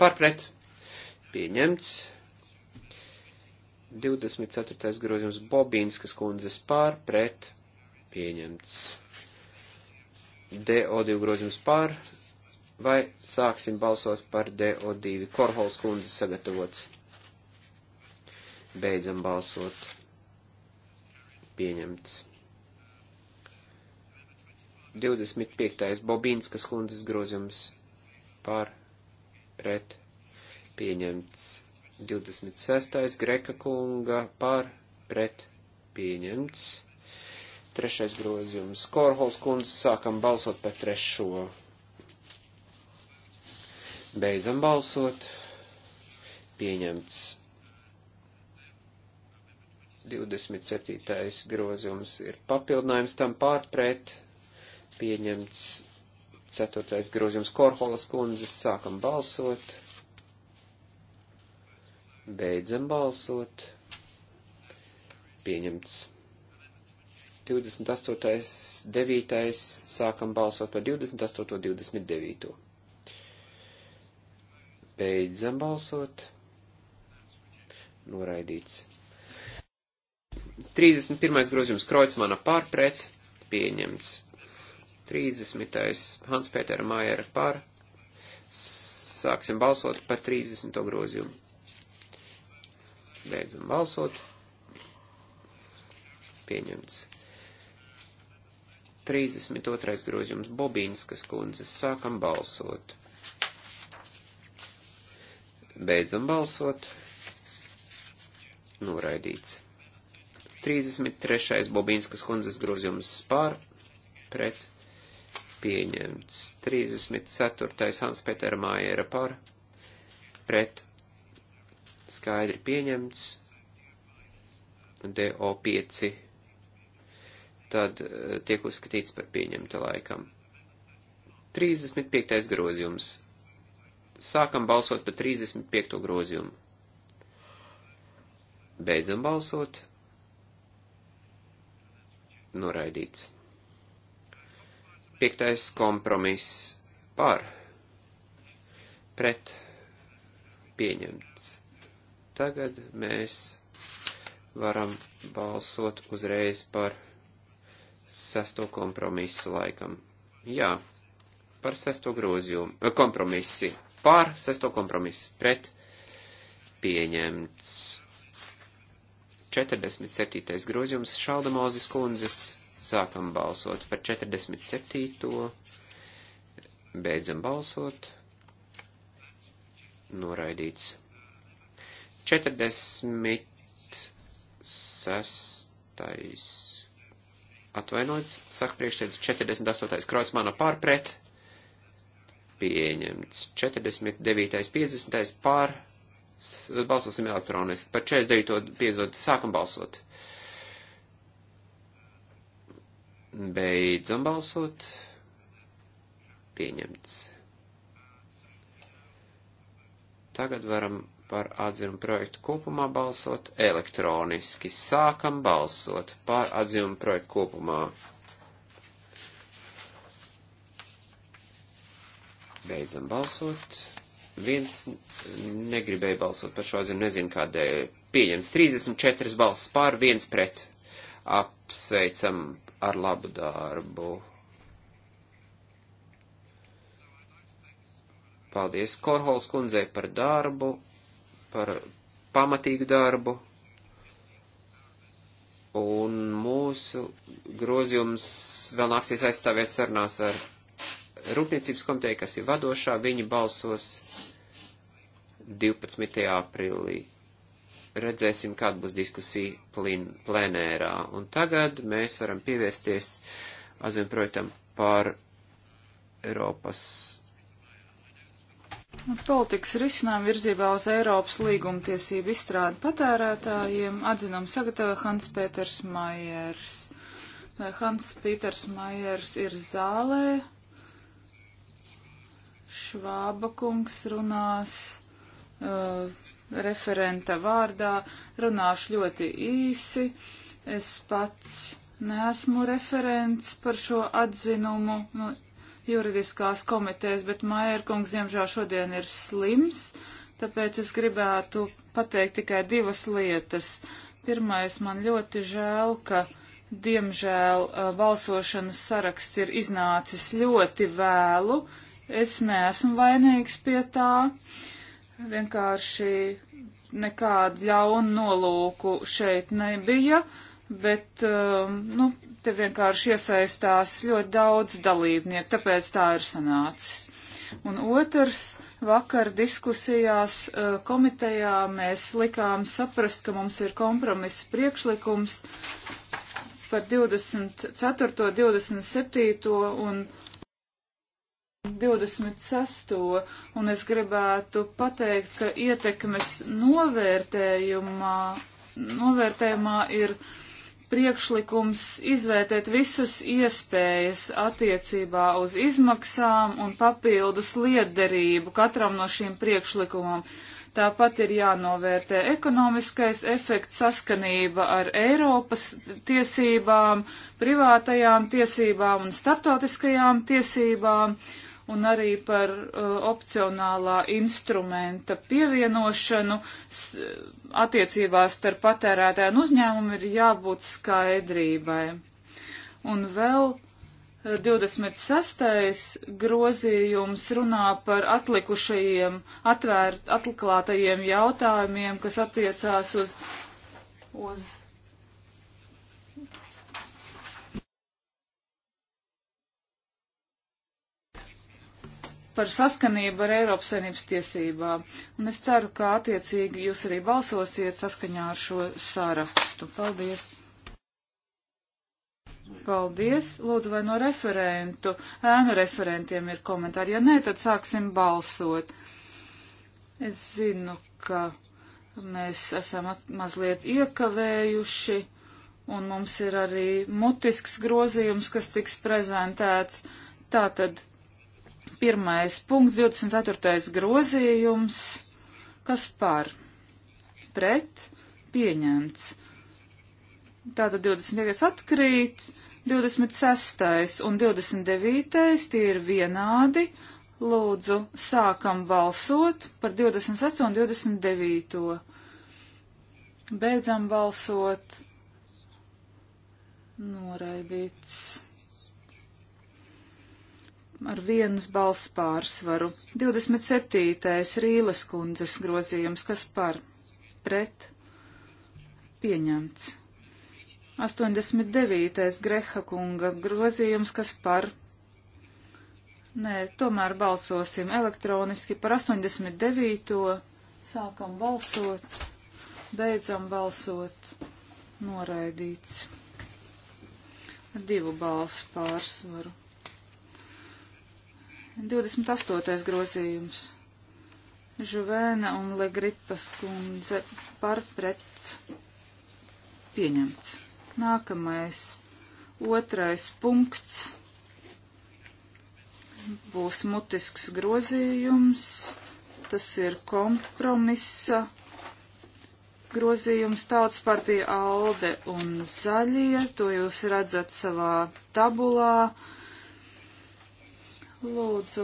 par pret pieņemts. 24. grozījums Bobīnskas kundzes pār pret pieņemts. DO2 grozījums pār vai sāksim balsot par DO2 Korhols kundzes sagatavots. Beidzam balsot. Pieņemts. 25. Bobīnskas kundzes grozījums par pret pieņemts. 26. Greka kunga par pret pieņemts. Trešais grozījums. Korhols kundzes sākam balsot par trešo. Beidzam balsot. Pieņemts. 27. grozījums ir papildinājums tam pārpret Pieņemts ceturtais grozījums Korholas kundzes. Sākam balsot. Beidzam balsot. Pieņemts. 28. 9. sākam balsot par 28. 29. Beidzam balsot. Noraidīts. 31. grozījums Kreutzmana pārpret pieņemts. 30. Hans Pētera Mājera par. Sāksim balsot par 30. grozījumu. Beidzam balsot. Pieņemts. 32. grozījums Bobīnskas kundzes. Sākam balsot. Beidzam balsot. Noraidīts. 33. Bobīnskas kundzes grozījums pār pret pieņemts. 34. Hans Petera Mājera par pret skaidri pieņemts. DO5 tad eh, tiek uzskatīts par pieņemta laikam. 35. grozījums. Sākam balsot par 35. grozījumu. Beidzam balsot. Noraidīts. Piektais kompromiss par pret pieņemts. Tagad mēs varam balsot uzreiz par sesto kompromisu laikam. Jā, par sesto grozījumu, eh, kompromisi, par sesto kompromisu, pret pieņemts. 47. grozījums Šaldamozes kundzes Sākam balsot par 47. Beidzam balsot. Noraidīts. 46. Atvainojiet, saka priekšsēdus 48. kraujas mana pārpret. Pieņemts. 49. 50. pār. Balsosim elektroniski. Par 49. 50. sākam balsot. Beidzam balsot. Pieņemts. Tagad varam par atzīmu projektu kopumā balsot elektroniski. Sākam balsot par atzīmu projektu kopumā. Beidzam balsot. Viens negribēja balsot par šo atzīmu, nezinu kādēļ. Pieņems 34 balss pār, viens pret. Apsveicam ar labu darbu. Paldies Korhols kundzei par darbu, par pamatīgu darbu. Un mūsu grozījums vēl nāksies aizstāvēt sarunās ar Rūpniecības komiteju, kas ir vadošā. Viņi balsos 12. aprīlī redzēsim, kāda būs diskusija plin, plenērā. Un tagad mēs varam pievērsties azim projektam par Eiropas. Nu, politikas risinām virzībā uz Eiropas līgumtiesību izstrādi patērētājiem atzinām sagatavoja Hans Pēters Maiers. Vai Hans Pīters Maiers ir zālē? Švāba kungs runās. Uh, referenta vārdā. Runāšu ļoti īsi. Es pats neesmu referents par šo atzinumu nu, juridiskās komitejas, bet Maierkungs, diemžēl, šodien ir slims, tāpēc es gribētu pateikt tikai divas lietas. Pirmais, man ļoti žēl, ka, diemžēl, balsošanas saraksts ir iznācis ļoti vēlu. Es neesmu vainīgs pie tā. Vienkārši nekādu ļaunu nolūku šeit nebija, bet, um, nu, te vienkārši iesaistās ļoti daudz dalībnieku, tāpēc tā ir sanācis. Un otrs, vakar diskusijās uh, komitejā mēs likām saprast, ka mums ir kompromisa priekšlikums par 24., 27. un 26. un es gribētu pateikt, ka ietekmes novērtējumā, novērtējumā ir priekšlikums izvērtēt visas iespējas attiecībā uz izmaksām un papildus liederību katram no šīm priekšlikumam. Tāpat ir jānovērtē ekonomiskais efekts saskanība ar Eiropas tiesībām, privātajām tiesībām un starptautiskajām tiesībām. Uh, un arī par uh, opcionālā instrumenta pievienošanu uh, attiecībās starp patērētāju un uzņēmumu ir jābūt skaidrībai. Un vēl 26. Uh, grozījums runā par atlikušajiem, atvērt, atklātajiem jautājumiem, kas attiecās uz, uz par saskanību ar Eiropas saimnības tiesībām. Un es ceru, ka attiecīgi jūs arī balsosiet saskaņā ar šo sārakstu. Paldies! Paldies! Lūdzu, vai no referentu, ēnu referentiem ir komentāri? Ja nē, tad sāksim balsot. Es zinu, ka mēs esam mazliet iekavējuši, un mums ir arī mutisks grozījums, kas tiks prezentēts. Tātad Pirmais punkts, 24. grozījums, kas par pret pieņemts. Tātad 25. atkrīt, 26. un 29. tie ir vienādi. Lūdzu, sākam balsot par 28 un 29. Beidzam balsot. Noraidīts ar vienas balss pārsvaru. 27. Rīles kundzes grozījums, kas par pret pieņemts. 89. Greha kunga grozījums, kas par. Nē, tomēr balsosim elektroniski par 89. Sākam balsot, beidzam balsot, noraidīts. Ar divu balsu pārsvaru. 28. grozījums. Žuvēna un Legripas kundze par pret pieņemts. Nākamais otrais punkts būs mutisks grozījums. Tas ir kompromisa grozījums tautas partija Alde un Zaļie. To jūs redzat savā tabulā. Lūdzu,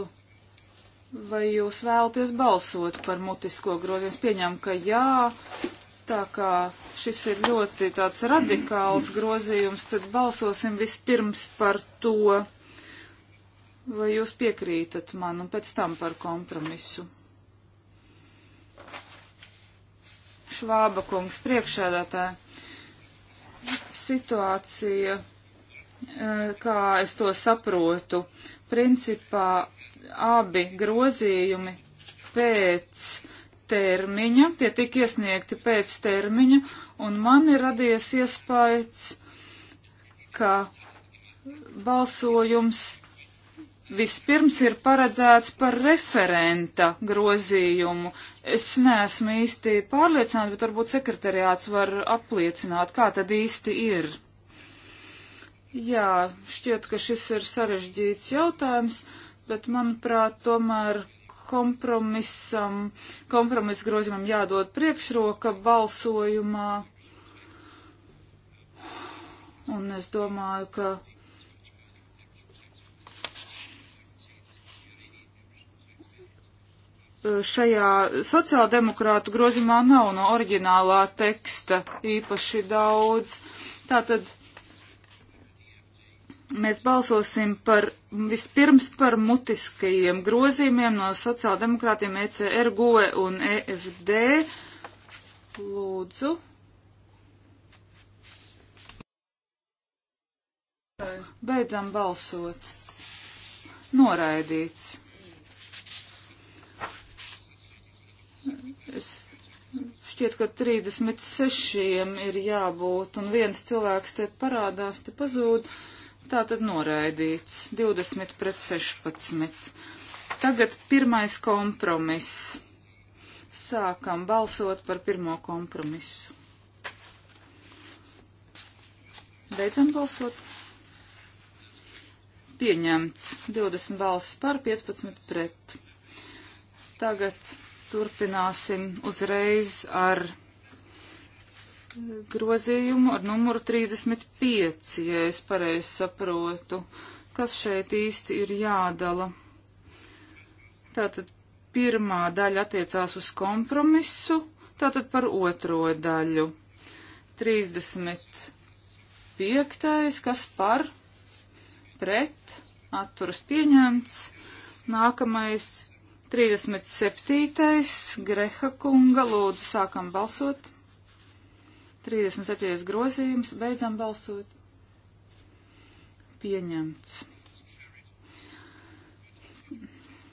vai jūs vēlaties balsot par mutisko grozījumu? Es pieņemu, ka jā, tā kā šis ir ļoti tāds radikāls grozījums, tad balsosim vispirms par to, vai jūs piekrītat man un pēc tam par kompromisu. Švāba kungs priekšēdētāja situācija Eh, kā es to saprotu, principā abi grozījumi pēc termiņa, tie tika iesniegti pēc termiņa, un man ir radies iespējas, ka balsojums vispirms ir paredzēts par referenta grozījumu. Es neesmu īsti pārliecināta, bet varbūt sekretariāts var apliecināt, kā tad īsti ir. Jā, šķiet, ka šis ir sarežģīts jautājums, bet manuprāt, tomēr kompromisam, kompromisa grozījumam jādod priekšroka balsojumā. Un es domāju, ka šajā sociāldemokrātu grozījumā nav no oriģinālā teksta īpaši daudz. Tātad mēs balsosim par vispirms par mutiskajiem grozījumiem no sociāldemokrātiem ECR, GOE un EFD. Lūdzu. Beidzam balsot. Noraidīts. Es šķiet, ka 36 ir jābūt, un viens cilvēks te parādās, te pazūd. Uh, Tā tad noraidīts 20 pret 16. Tagad pirmais kompromiss. Sākam balsot par pirmo kompromisu. Beidzam balsot. Pieņemts 20 balsis par 15 pret. Tagad turpināsim uzreiz ar grozījumu ar numuru 35, ja es pareizi saprotu, kas šeit īsti ir jādala. Tātad pirmā daļa attiecās uz kompromisu, tātad par otro daļu. 35, kas par, pret, atturas pieņemts. Nākamais 37. Greha kunga, lūdzu, sākam balsot. 37. grozījums. Beidzam balsot. Pieņemts.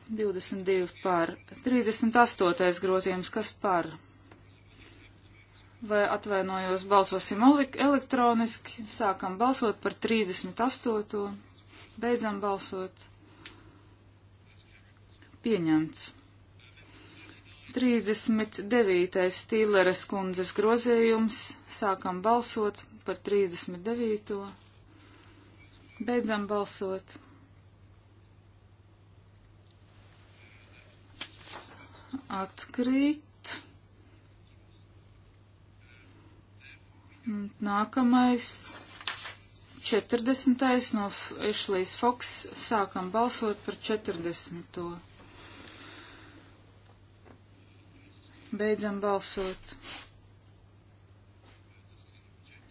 22 par. 38. grozījums. Kas par? Vai atvainojos, balsosim elektroniski. Sākam balsot par 38. Beidzam balsot. Pieņemts. 39. stīleres kundzes grozējums. Sākam balsot par 39. Beidzam balsot. Atkrīt. Nākamais 40. no Ešlīs Foks sākam balsot par 40. Beidzam balsot.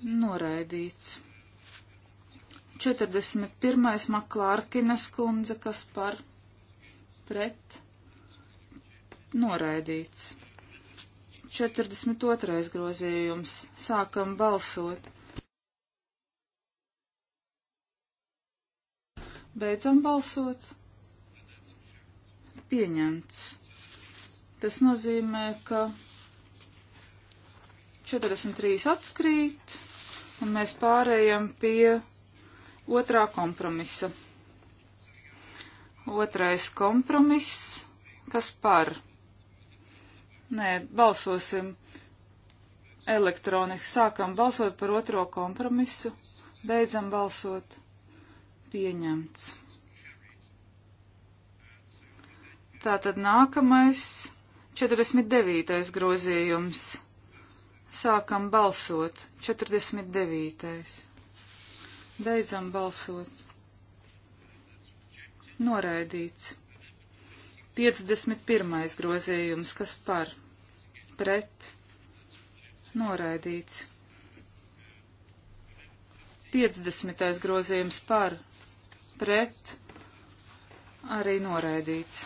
Noraidīts. 41. Maklārkinas kundze, kas par pret noraidīts. 42. grozījums. Sākam balsot. Beidzam balsot. Pieņemts. Tas nozīmē, ka 43 atkrīt, un mēs pārējam pie otrā kompromisa. Otrais kompromiss, kas par? Nē, balsosim elektroniski. Sākam balsot par otro kompromisu, beidzam balsot. Pieņemts. Tātad nākamais 49. grozījums. Sākam balsot. 49. Beidzam balsot. Noraidīts. 51. grozījums, kas par, pret, noraidīts. 50. grozījums par, pret, arī noraidīts.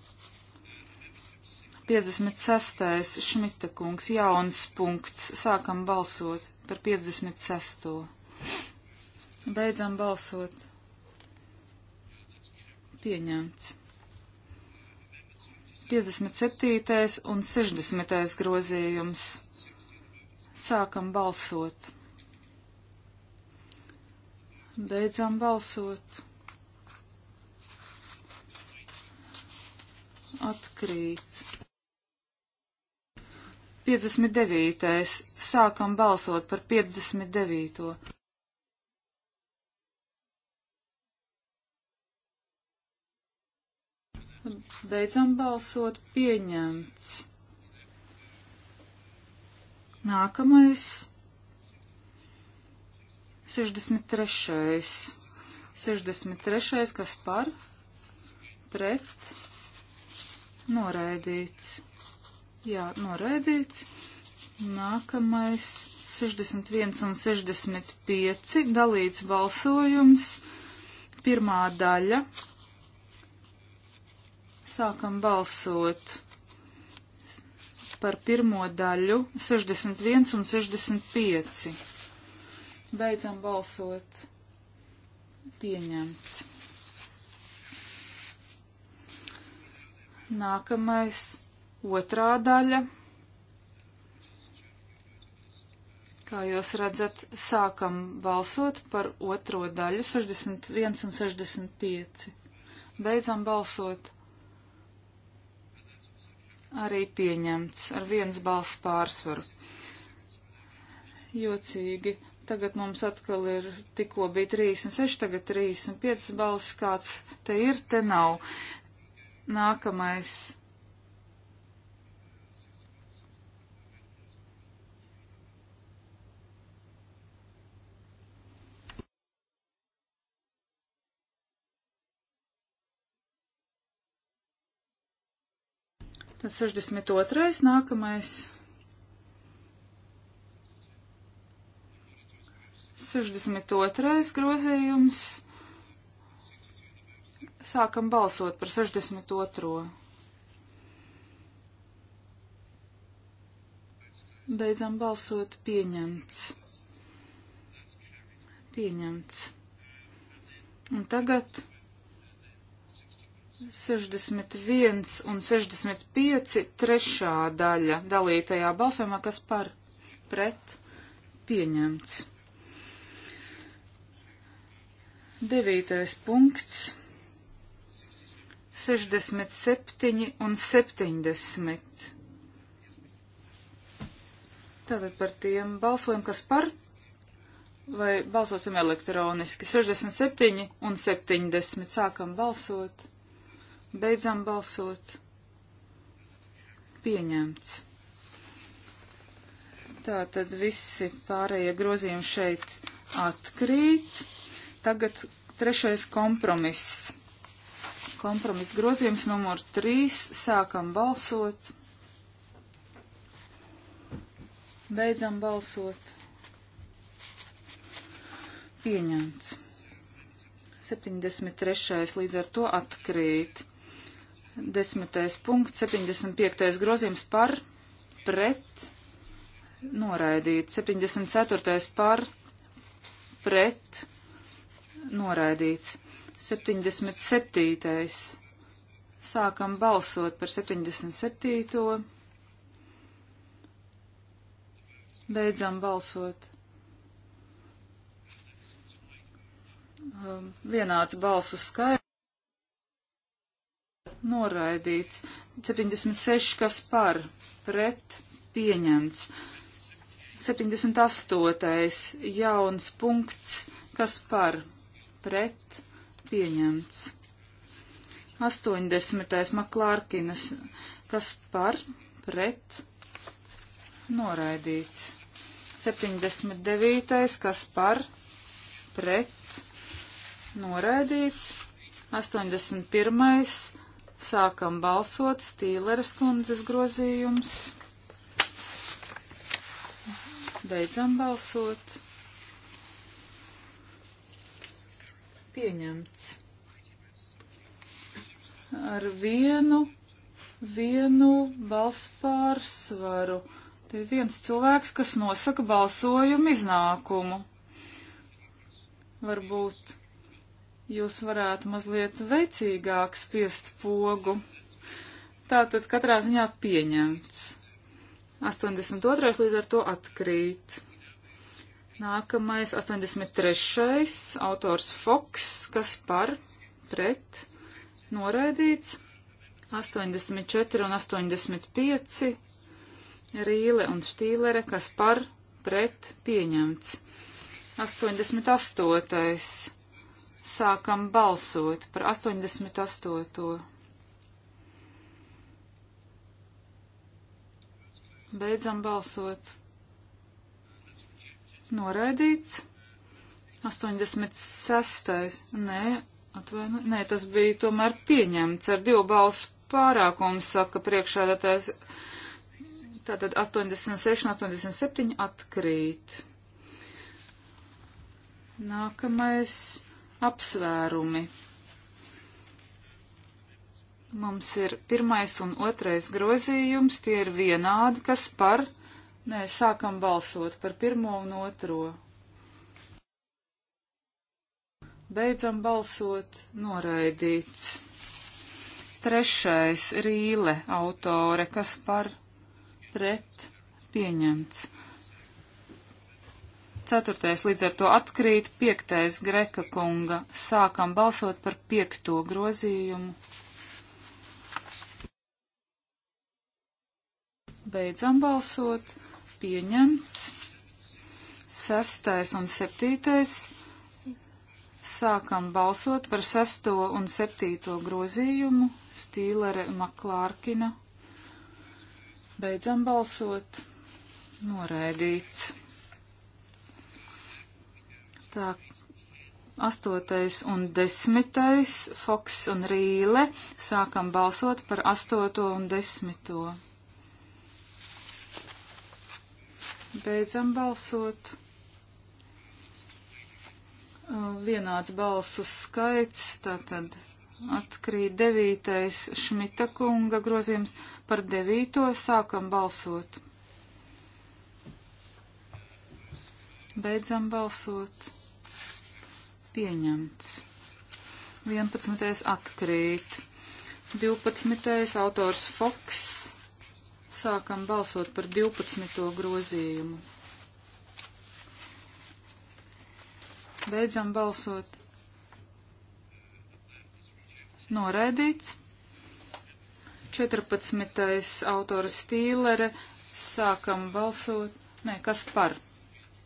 56. Šmita kungs, jauns punkts. Sākam balsot par 56. Beidzam balsot. Pieņemts. 57. un 60. grozījums. Sākam balsot. Beidzam balsot. Atkrīt. 59. Sākam balsot par 59. Beidzam balsot pieņemts. Nākamais. 63. 63. kas par? Pret. Noraidīts. Jā, noraidīts. Nākamais 61 un 65 dalīts balsojums. Pirmā daļa. Sākam balsot par pirmo daļu 61 un 65. Beidzam balsot. Pieņemts. Nākamais Otrā daļa. Kā jūs redzat, sākam balsot par otro daļu 61 un 65. Beidzam balsot. Arī pieņemts ar viens balss pārsvaru. Jocīgi. Tagad mums atkal ir tikko bija 36, tagad 35 balss kāds te ir, te nav. Nākamais Tad 62. nākamais. 62. grozījums. Sākam balsot par 62. Beidzam balsot pieņemts. Pieņemts. Un tagad 61 un 65 trešā daļa dalītajā balsojumā, kas par pret pieņemts. Devītais punkts. 67 un 70. Tātad par tiem balsojumiem, kas par vai balsosim elektroniski. 67 un 70 sākam balsot. Beidzam balsot. Pieņemts. Tā tad visi pārējie grozījumi šeit atkrīt. Tagad trešais kompromiss. Kompromiss grozījums numur 3. Sākam balsot. Beidzam balsot. Pieņemts. 73. līdz ar to atkrīt. Desmitais punkts, 75. grozījums par, pret, noraidīt. 74. par, pret, noraidīts. 77. Sākam balsot par 77. Beidzam balsot. Um, vienāds balsu skaits noraidīts. 76, kas par, pret, pieņemts. 78. jauns punkts, kas par, pret, pieņemts. 80. Maklārkinas, kas par, pret, noraidīts. 79. kas par, pret, noraidīts. 81. Sākam balsot Stīleres kundzes grozījums. Beidzam balsot. Pieņemts. Ar vienu, vienu balss pārsvaru. Te ir viens cilvēks, kas nosaka balsojumu iznākumu. Varbūt jūs varētu mazliet veicīgāk spiest pogu. Tātad katrā ziņā pieņemts. 82. līdz ar to atkrīt. Nākamais 83. autors Foks, kas par pret noraidīts. 84 un 85. Rīle un Štīlere, kas par pret pieņemts. 88. Sākam balsot par 88. Beidzam balsot. Noraidīts. 86. Nē, atvainu. Nē, tas bija tomēr pieņemts ar divu balsu pārākumu, saka priekšādātājs. Tātad 86 un 87 atkrīt. Nākamais apsvērumi. Mums ir pirmais un otrais grozījums, tie ir vienādi, kas par, nē, sākam balsot par pirmo un otro. Beidzam balsot, noraidīts. Trešais rīle autore, kas par, pret, pieņemts ceturtais līdz ar to atkrīt, piektais Greka kunga. Sākam balsot par piekto grozījumu. Beidzam balsot. Pieņemts. Sestais un septītais. Sākam balsot par sesto un septīto grozījumu. Stīlere Maklārkina. Beidzam balsot. Noraidīts. Tā astotais un desmitais, Foks un Rīle, sākam balsot par astoto un desmito. Beidzam balsot. Vienāds balsu skaits, tātad atkrīt devītais Šmita kunga grozījums par devīto, sākam balsot. Beidzam balsot pieņemts. 11. atkrīt. 12. autors Foks. Sākam balsot par 12. grozījumu. Beidzam balsot. Noraidīts. 14. autora stīlere. Sākam balsot. Nē, kas par?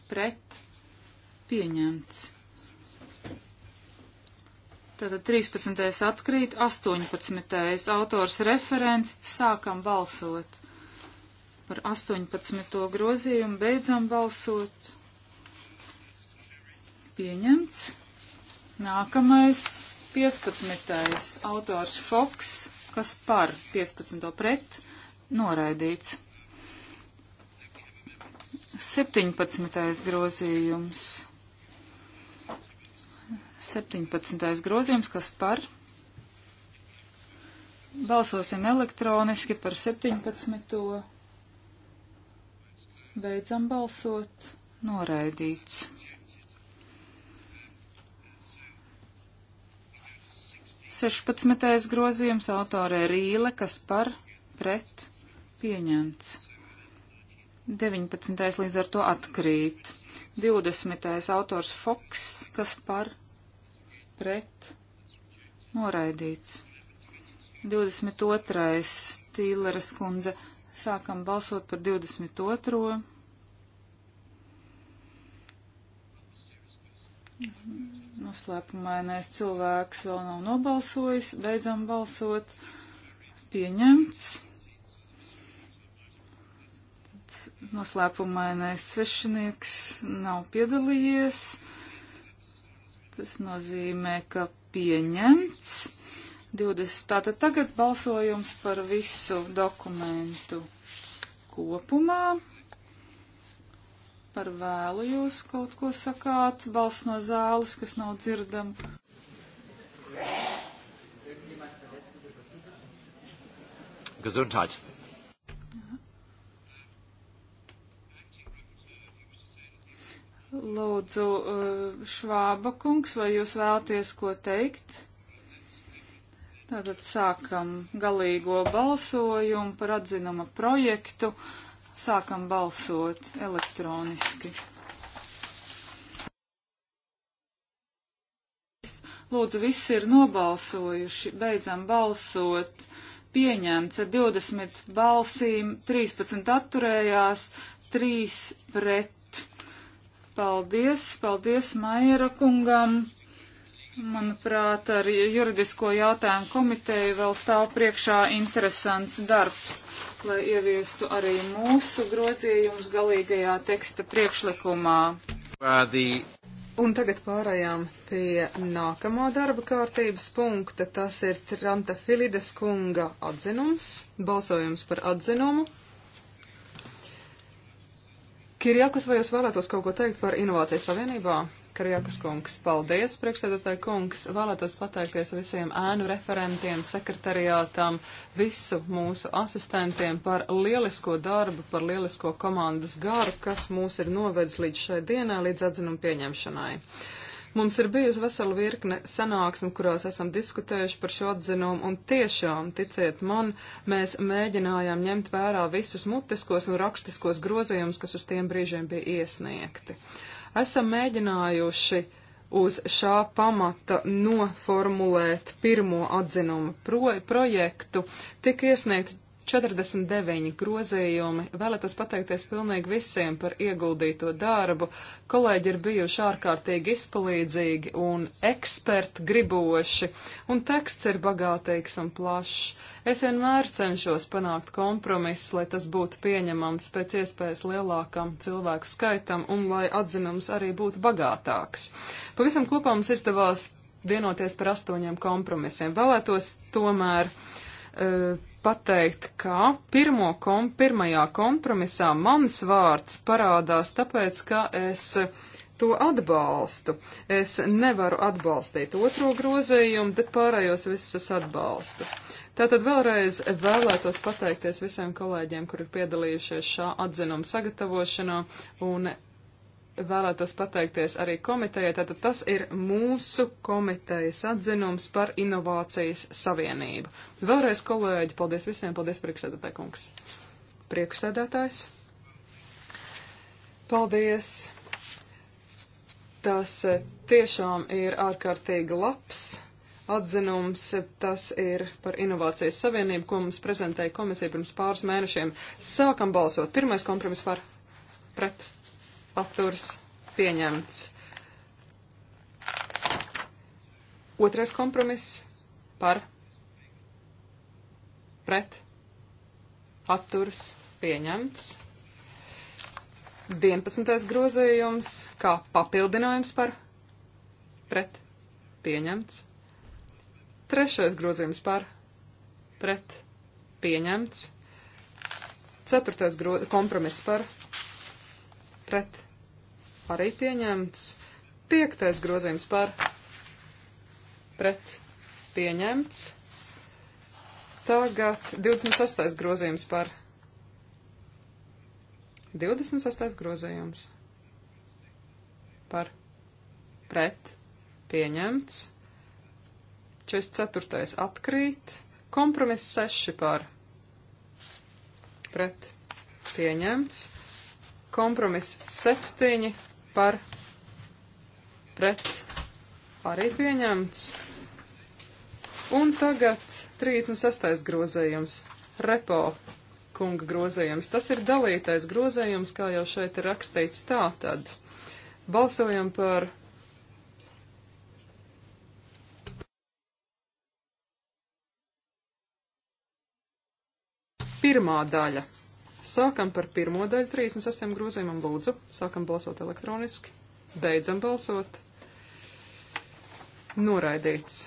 Pret. Pieņemts. Tātad 13. atkrīt, 18. autors referents, sākam balsot. Par 18. grozījumu beidzam balsot. Pieņemts. Nākamais 15. autors Foks, kas par 15. pret noraidīts. 17. grozījums 17. grozījums, kas par. Balsosim elektroniski par 17. Beidzam balsot. Noraidīts. 16. grozījums autorē Rīle, kas par pret pieņemts. 19. līdz ar to atkrīt. 20. autors Foks, kas par pret pret noraidīts. 22. Stīleres kundze. Sākam balsot par 22. Noslēpumainais cilvēks vēl nav nobalsojis. Beidzam balsot. Pieņemts. Noslēpumainais svešinieks nav piedalījies. Tas nozīmē, ka pieņemts. 20. Tātad tagad balsojums par visu dokumentu kopumā. Par vēlu jūs kaut ko sakāt, balss no zāles, kas nav dzirdama. Gesundheit. Lūdzu, uh, Švāba kungs, vai jūs vēlties ko teikt? Tātad sākam galīgo balsojumu par atzinuma projektu. Sākam balsot elektroniski. Lūdzu, viss ir nobalsojuši, beidzam balsot. Pieņemts ar 20 balsīm, 13 atturējās, 3 pret Paldies, paldies Maiera kungam. Manuprāt, ar juridisko jautājumu komiteju vēl stāv priekšā interesants darbs, lai ieviestu arī mūsu grozījumus galīgajā teksta priekšlikumā. Vādī. Un tagad pārējām pie nākamā darba kārtības punkta. Tas ir Tranta Filides kunga atzinums, balsojums par atzinumu. Kirjakas, vai jūs vēlētos kaut ko teikt par Inovācijas Savienībā? Kirjakas kungs, paldies, priekšsēdētāji kungs, vēlētos pateikties visiem ēnu referentiem, sekretariātam, visu mūsu asistentiem par lielisko darbu, par lielisko komandas garu, kas mūs ir novedis līdz šai dienai, līdz atzinumu pieņemšanai. Mums ir bijusi vesela virkne sanāksmi, kurās esam diskutējuši par šo atzinumu, un tiešām, ticiet man, mēs mēģinājām ņemt vērā visus mutiskos un rakstiskos grozījumus, kas uz tiem brīžiem bija iesniegti. Esam mēģinājuši uz šā pamata noformulēt pirmo atzinumu pro projektu, tika iesniegti 49 grozījumi. Vēlētos pateikties pilnīgi visiem par ieguldīto darbu. Kolēģi ir bijuši ārkārtīgi izpalīdzīgi un eksperti griboši, un teksts ir bagātīgs un plašs. Es vienmēr cenšos panākt kompromisus, lai tas būtu pieņemams pēc iespējas lielākam cilvēku skaitam un lai atzinums arī būtu bagātāks. Pavisam kopā mums izdevās vienoties par astoņiem kompromisiem. Vēlētos tomēr E, pateikt, ka pirmo kom, pirmajā kompromisā mans vārds parādās tāpēc, ka es to atbalstu. Es nevaru atbalstīt otro grozījumu, bet pārējos visus es atbalstu. Tātad vēlreiz vēlētos pateikties visiem kolēģiem, kuri ir piedalījušies šā atzinuma sagatavošanā, un vēlētos pateikties arī komitejai. Tātad tas ir mūsu komitejas atzinums par inovācijas savienību. Vēlreiz, kolēģi, paldies visiem, paldies priekšsēdētāj kungs. Priekšsēdētājs. Paldies. Tas e, tiešām ir ārkārtīgi labs atzinums, tas ir par inovācijas savienību, ko mums prezentēja komisija pirms pāris mēnešiem. Sākam balsot. Pirmais kompromiss var pret atturs pieņemts. Otrais kompromiss par pret atturs pieņemts. 11. grozījums kā papildinājums par pret pieņemts. Trešais grozījums par pret pieņemts. Ceturtais kompromiss par pret arī pieņemts. Piektais grozījums par pret pieņemts. Tagad 26. grozījums par 26. grozījums par pret pieņemts. 44. atkrīt. Kompromiss 6 par pret pieņemts. Kompromiss 7 par pret arī pieņemts. Un tagad 36. grozējums. Repo kunga grozējums. Tas ir dalītais grozējums, kā jau šeit ir rakstīts tātad. Balsojam par. Pirmā daļa Sākam par pirmo daļu 36. grozījumam lūdzu. Sākam balsot elektroniski. Beidzam balsot. Noraidīts.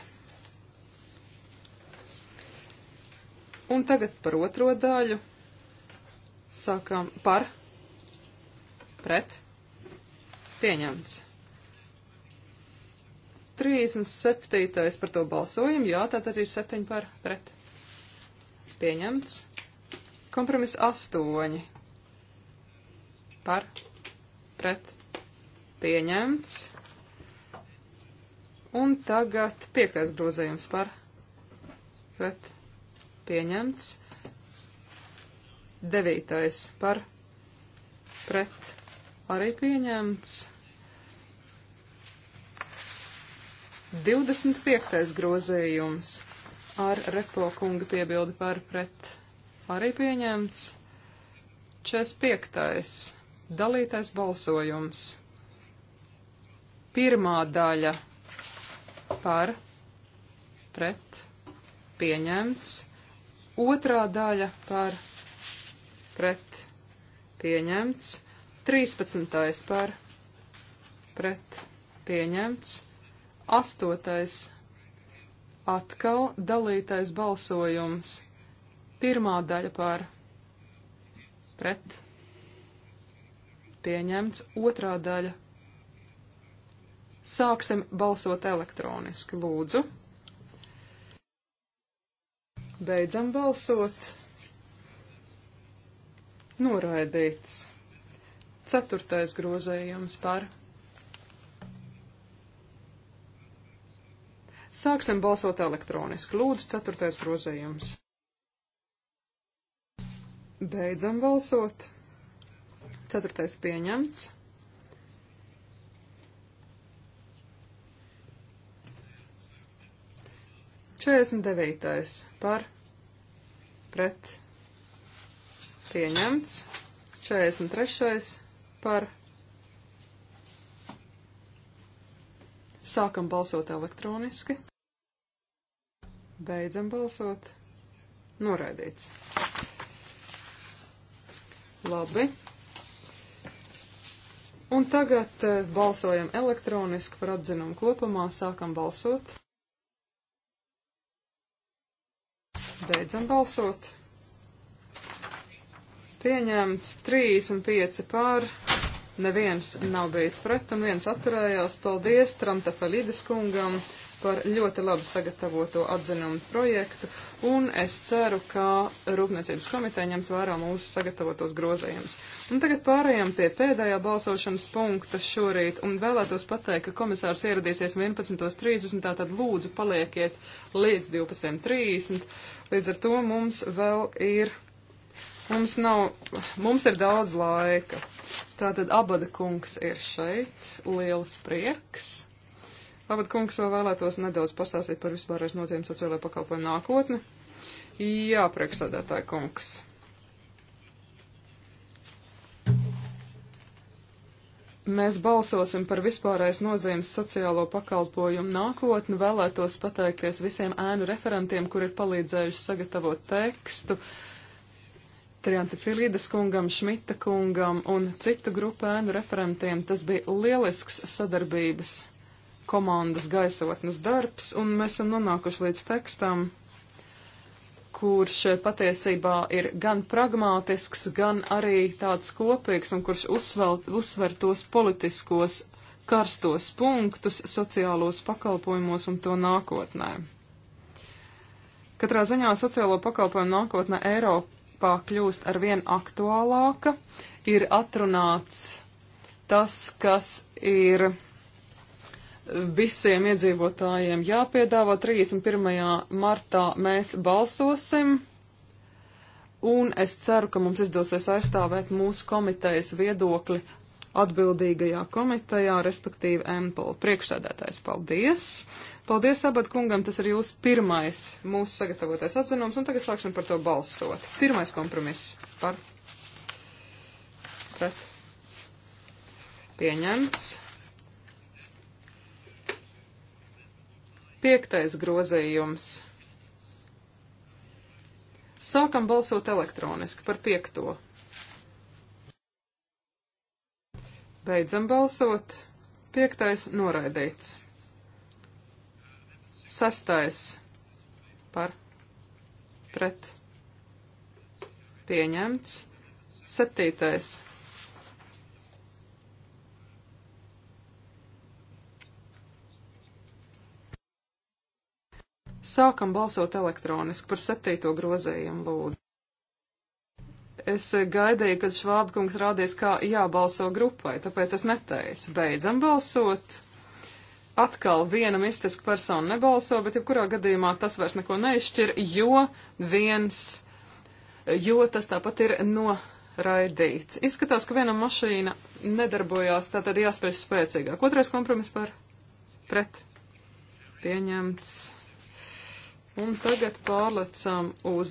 Un tagad par otro daļu. Sākam par. Pret. Pieņemts. 37. par to balsojumu. Jā, tātad ir 7 par. Pret. Pieņemts. Kompromis 8 par pret pieņemts. Un tagad piektais grozējums par pret pieņemts. Devītais par pret arī pieņemts. 25. grozējums ar repo kunga piebildi par pret arī pieņemts. 45. dalītais balsojums. Pirmā daļa par, pret, pieņemts. Otrā daļa par, pret, pieņemts. 13. par, pret, pieņemts. 8. atkal dalītais balsojums Pirmā daļa par pret pieņemts, otrā daļa. Sāksim balsot elektroniski, lūdzu. Beidzam balsot. Noraidīts. Ceturtais grozējums par. Sāksim balsot elektroniski. Lūdzu, ceturtais grozējums. Beidzam balsot. Ceturtais pieņemts. Četrdesmit devītais par pret pieņemts. Četrdesmit trešais par. Sākam balsot elektroniski. Beidzam balsot. Noraidīts. Labi. Un tagad e, balsojam elektroniski par atzinumu kopumā, sākam balsot. Beidzam balsot. Pieņemts 35 pār, neviens nav bijis pret un viens atturējās. Paldies Tramtafalidis kungam par ļoti labi sagatavoto atzinumu projektu, un es ceru, ka Rūpniecības komiteja ņems vērā mūsu sagatavotos grozējumus. Un tagad pārējām pie pēdējā balsošanas punkta šorīt, un vēlētos pateikt, ka komisārs ieradīsies 11.30, tātad lūdzu palieciet līdz 12.30. Līdz ar to mums vēl ir. Mums nav, mums ir daudz laika. Tātad abada kungs ir šeit, liels prieks. Labad kungs vēl vēlētos nedaudz pastāstīt par vispārreiz nozīmi sociālajā pakalpojumu nākotni. Jā, priekšsādātāja kungs. Mēs balsosim par vispārreiz nozīmes sociālo pakalpojumu nākotni. Vēlētos pateikties visiem ēnu referentiem, kur ir palīdzējuši sagatavot tekstu. Trianti Filīdas kungam, Šmita kungam un citu grupu ēnu referentiem. Tas bija lielisks sadarbības komandas gaisotnes darbs, un mēs esam nonākuši līdz tekstam, kurš patiesībā ir gan pragmātisks, gan arī tāds kopīgs, un kurš uzsver, uzsver tos politiskos karstos punktus sociālos pakalpojumos un to nākotnē. Katrā ziņā sociālo pakalpojumu nākotne Eiropā kļūst arvien aktuālāka, ir atrunāts tas, kas ir visiem iedzīvotājiem jāpiedāvā. 31. martā mēs balsosim, un es ceru, ka mums izdosies aizstāvēt mūsu komitejas viedokli atbildīgajā komitejā, respektīvi MPL priekšsēdētājs. Paldies! Paldies, abat kungam, tas ir jūsu pirmais mūsu sagatavotais atzinums, un tagad sāksim par to balsot. Pirmais kompromiss par pret pieņemts. Piektais grozījums. Sākam balsot elektroniski par piekto. Beidzam balsot. Piektais noraidīts. Sastais par pret pieņemts. Septītais Sākam balsot elektroniski par septīto grozījumu lūdzu. Es gaidīju, kad Švābkungs rādīs, kā jābalso grupai, tāpēc es neteicu. Beidzam balsot. Atkal viena mistiska persona nebalso, bet jebkurā gadījumā tas vairs neko neizšķir, jo viens, jo tas tāpat ir no raidīts. Izskatās, ka viena mašīna nedarbojās, tātad jāspēj spēcīgāk. Otrais kompromiss par pret. Pieņemts. Un tagad pārlecam uz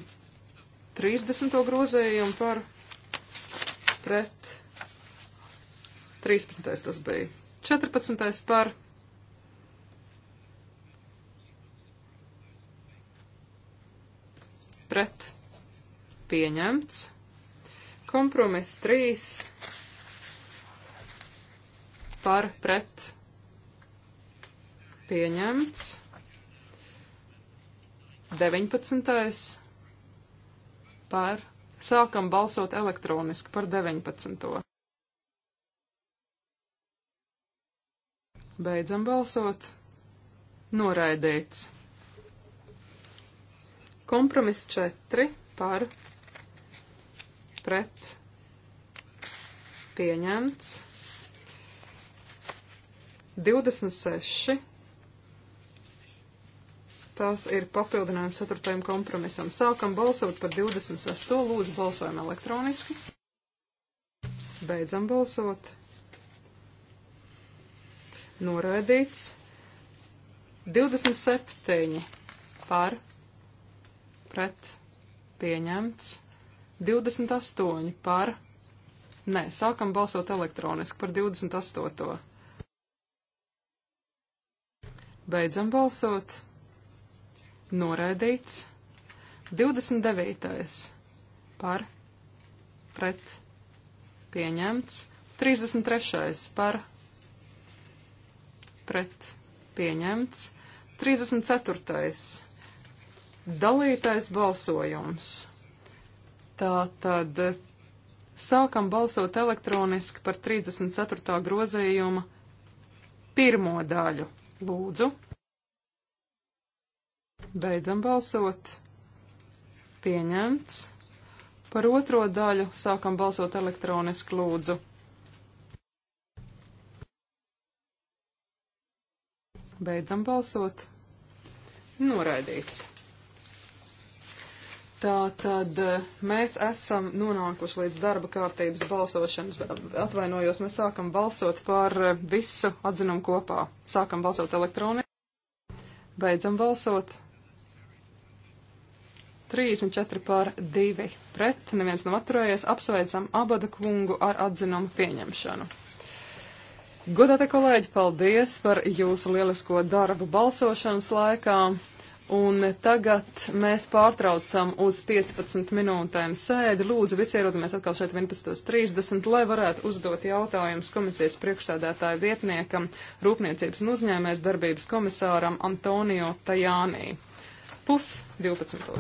30. grozējumu par pret 13. tas bija. 14. par pret pieņemts. Kompromiss 3 par pret pieņemts. 19. par. Sākam balsot elektroniski par 19. Beidzam balsot. Noraidīts. Kompromiss 4 par pret pieņemts. 26 Tas ir papildinājums 4. kompromisam. Sākam balsot par 26. lūdzu balsojam elektroniski. Beidzam balsot. Noraidīts. 27 par pret pieņemts. 28 par. Nē, sākam balsot elektroniski par 28. Beidzam balsot noraidīts. 29. par pret pieņemts. 33. par pret pieņemts. 34. dalītais balsojums. Tā tad sākam balsot elektroniski par 34. grozījuma pirmo daļu. Lūdzu! Beidzam balsot. Pieņemts. Par otro daļu sākam balsot elektroniski lūdzu. Beidzam balsot. Noraidīts. Tā tad eh, mēs esam nonākuši līdz darba kārtības balsošanas. Atvainojos, mēs sākam balsot par eh, visu atzinumu kopā. Sākam balsot elektroniski. Beidzam balsot. 34 pār 2 pret, neviens nav atturējies, apsveicam abada kungu ar atzinumu pieņemšanu. Godāte kolēģi, paldies par jūsu lielisko darbu balsošanas laikā, un tagad mēs pārtraucam uz 15 minūtēm sēdi. Lūdzu, visi ierodamies atkal šeit 11.30, lai varētu uzdot jautājumus komisijas priekšsēdētāja vietniekam, rūpniecības un uzņēmēs darbības komisāram Antonio Tajānī. Pus 12.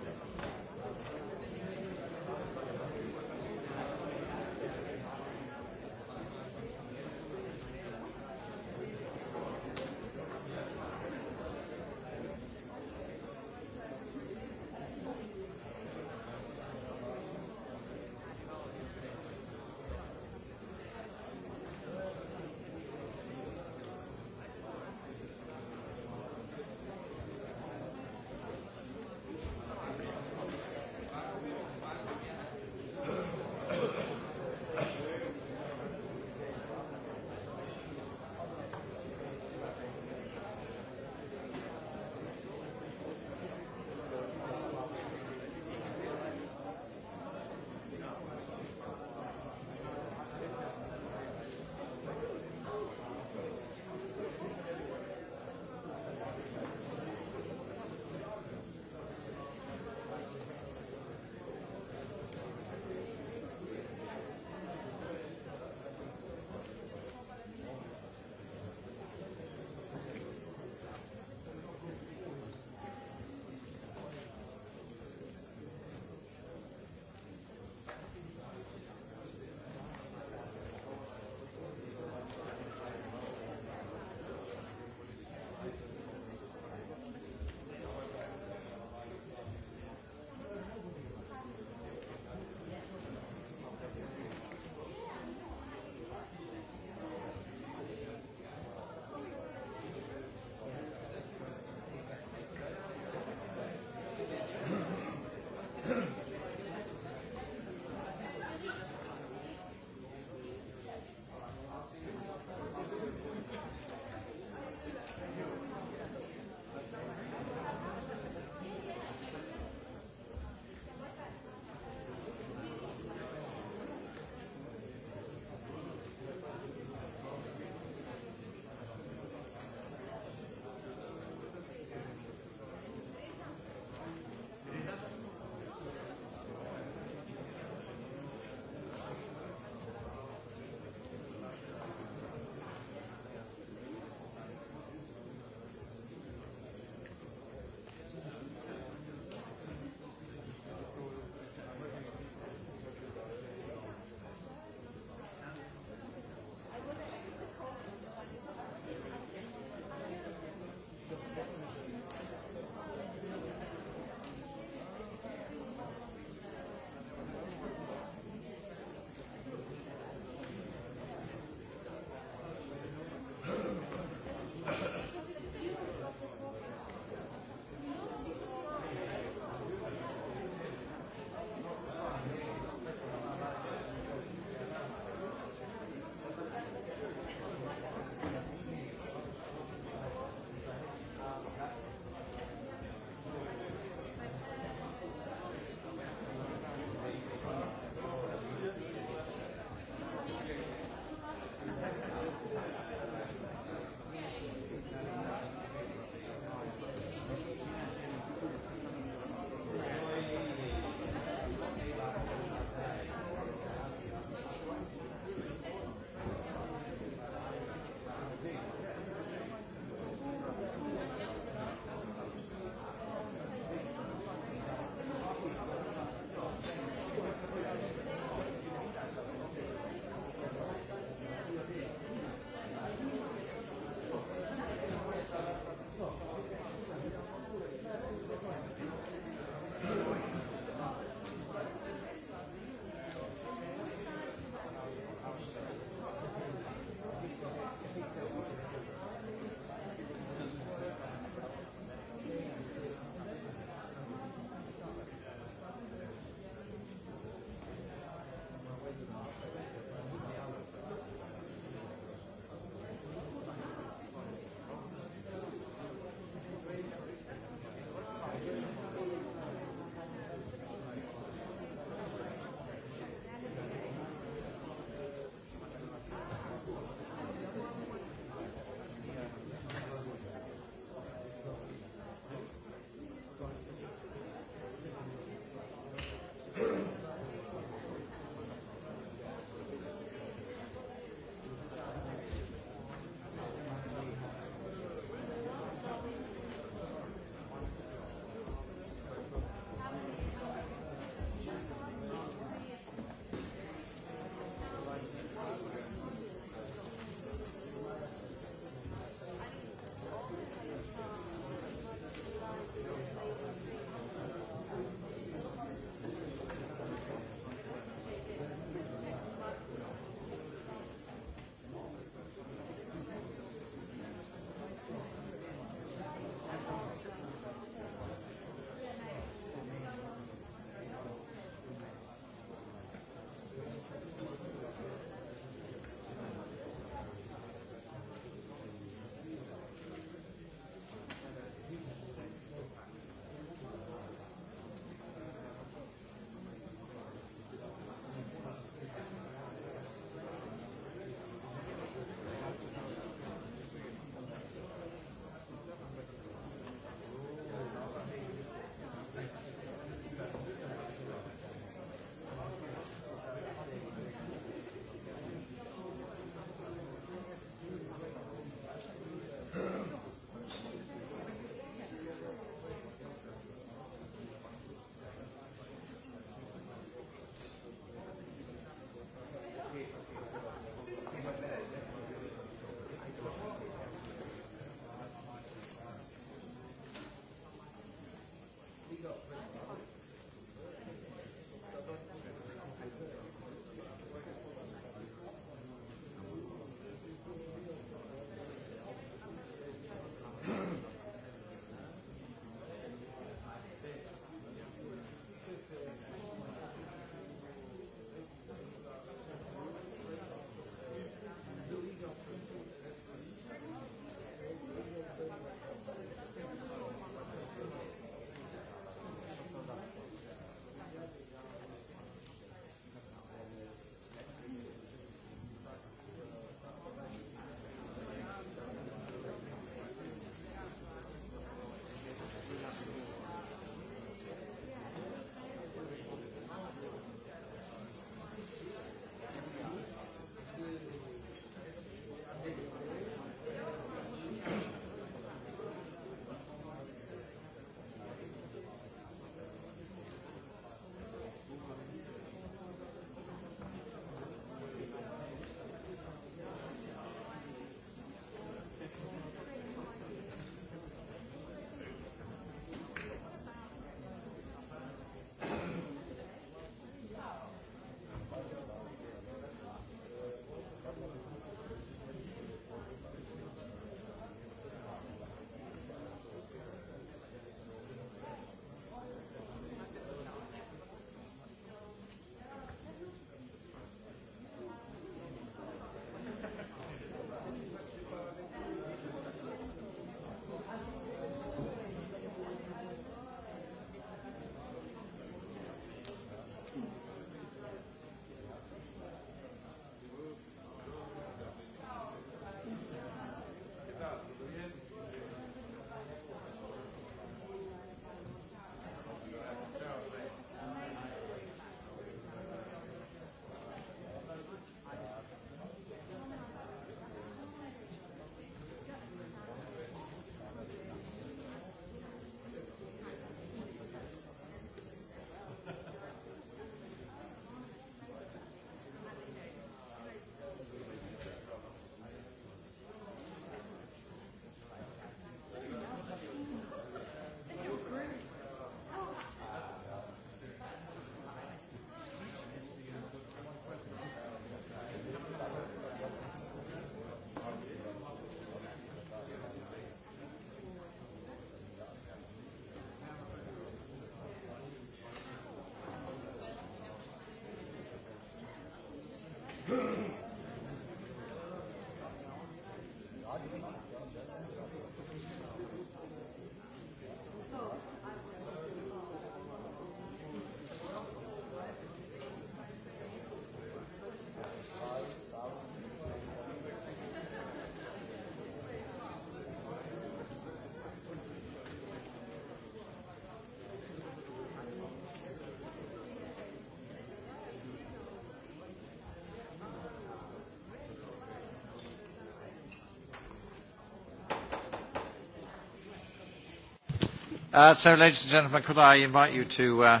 Uh, so, ladies and gentlemen, could I invite you to... Uh...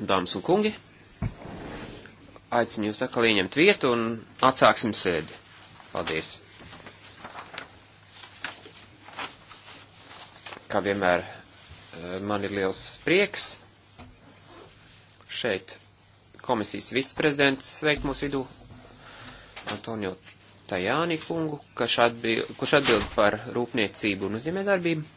Dāmas un kungi, aicinu jūs atkal ieņemt vietu un atsāksim sēdi. Paldies. Kā vienmēr, uh, man ir liels prieks šeit komisijas viceprezidents sveikt mūsu vidū Antonio Tajāni kungu, atbild, kurš atbild par rūpniecību un uzņēmējdarbību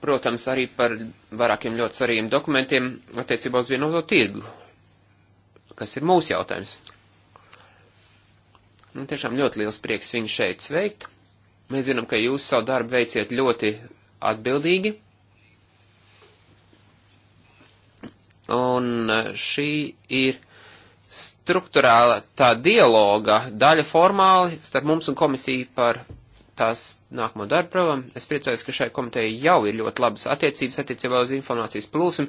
protams, arī par vairākiem ļoti svarīgiem dokumentiem attiecībā uz vienoto tirgu, kas ir mūsu jautājums. Un nu, tiešām ļoti liels prieks viņu šeit sveikt. Mēs zinām, ka jūs savu darbu veiciet ļoti atbildīgi. Un eh, šī ir struktūrāla tā dialoga daļa formāli starp mums un komisiju par tās nākamo darbu program. Es priecājos, ka šai komitejai jau ir ļoti labas attiecības attiecībā uz informācijas plūsmu.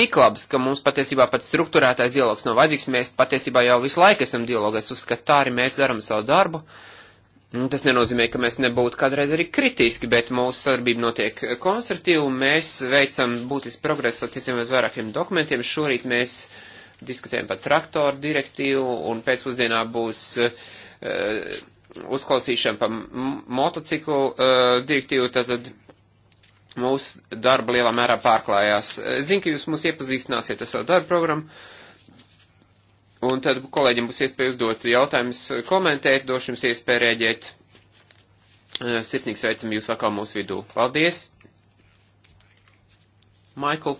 Tik labas, ka mums patiesībā pat struktūrētais dialogs nav vajadzīgs. Mēs patiesībā jau visu laiku esam dialogā. Es uzskatu, tā arī mēs darām savu darbu. Nu, tas nenozīmē, ka mēs nebūtu kādreiz arī kritiski, bet mūsu sadarbība notiek konstruktīvi. Mēs veicam būtisku progresu attiecībā uz vairākiem dokumentiem. Šorīt mēs diskutējam par traktoru direktīvu un pēcpusdienā būs uh, uzklausīšanu par motociklu uh, direktīvu, tad, tad mūsu darba lielā mērā pārklājās. Zinu, ka jūs mūs iepazīstināsiet ar savu darbu programmu. Un tad kolēģiem būs iespēja uzdot jautājumus, komentēt, došu jums iespēju rēģēt. Uh, sirsnīgi sveicam jūs atkal mūsu vidū. Paldies! Michael.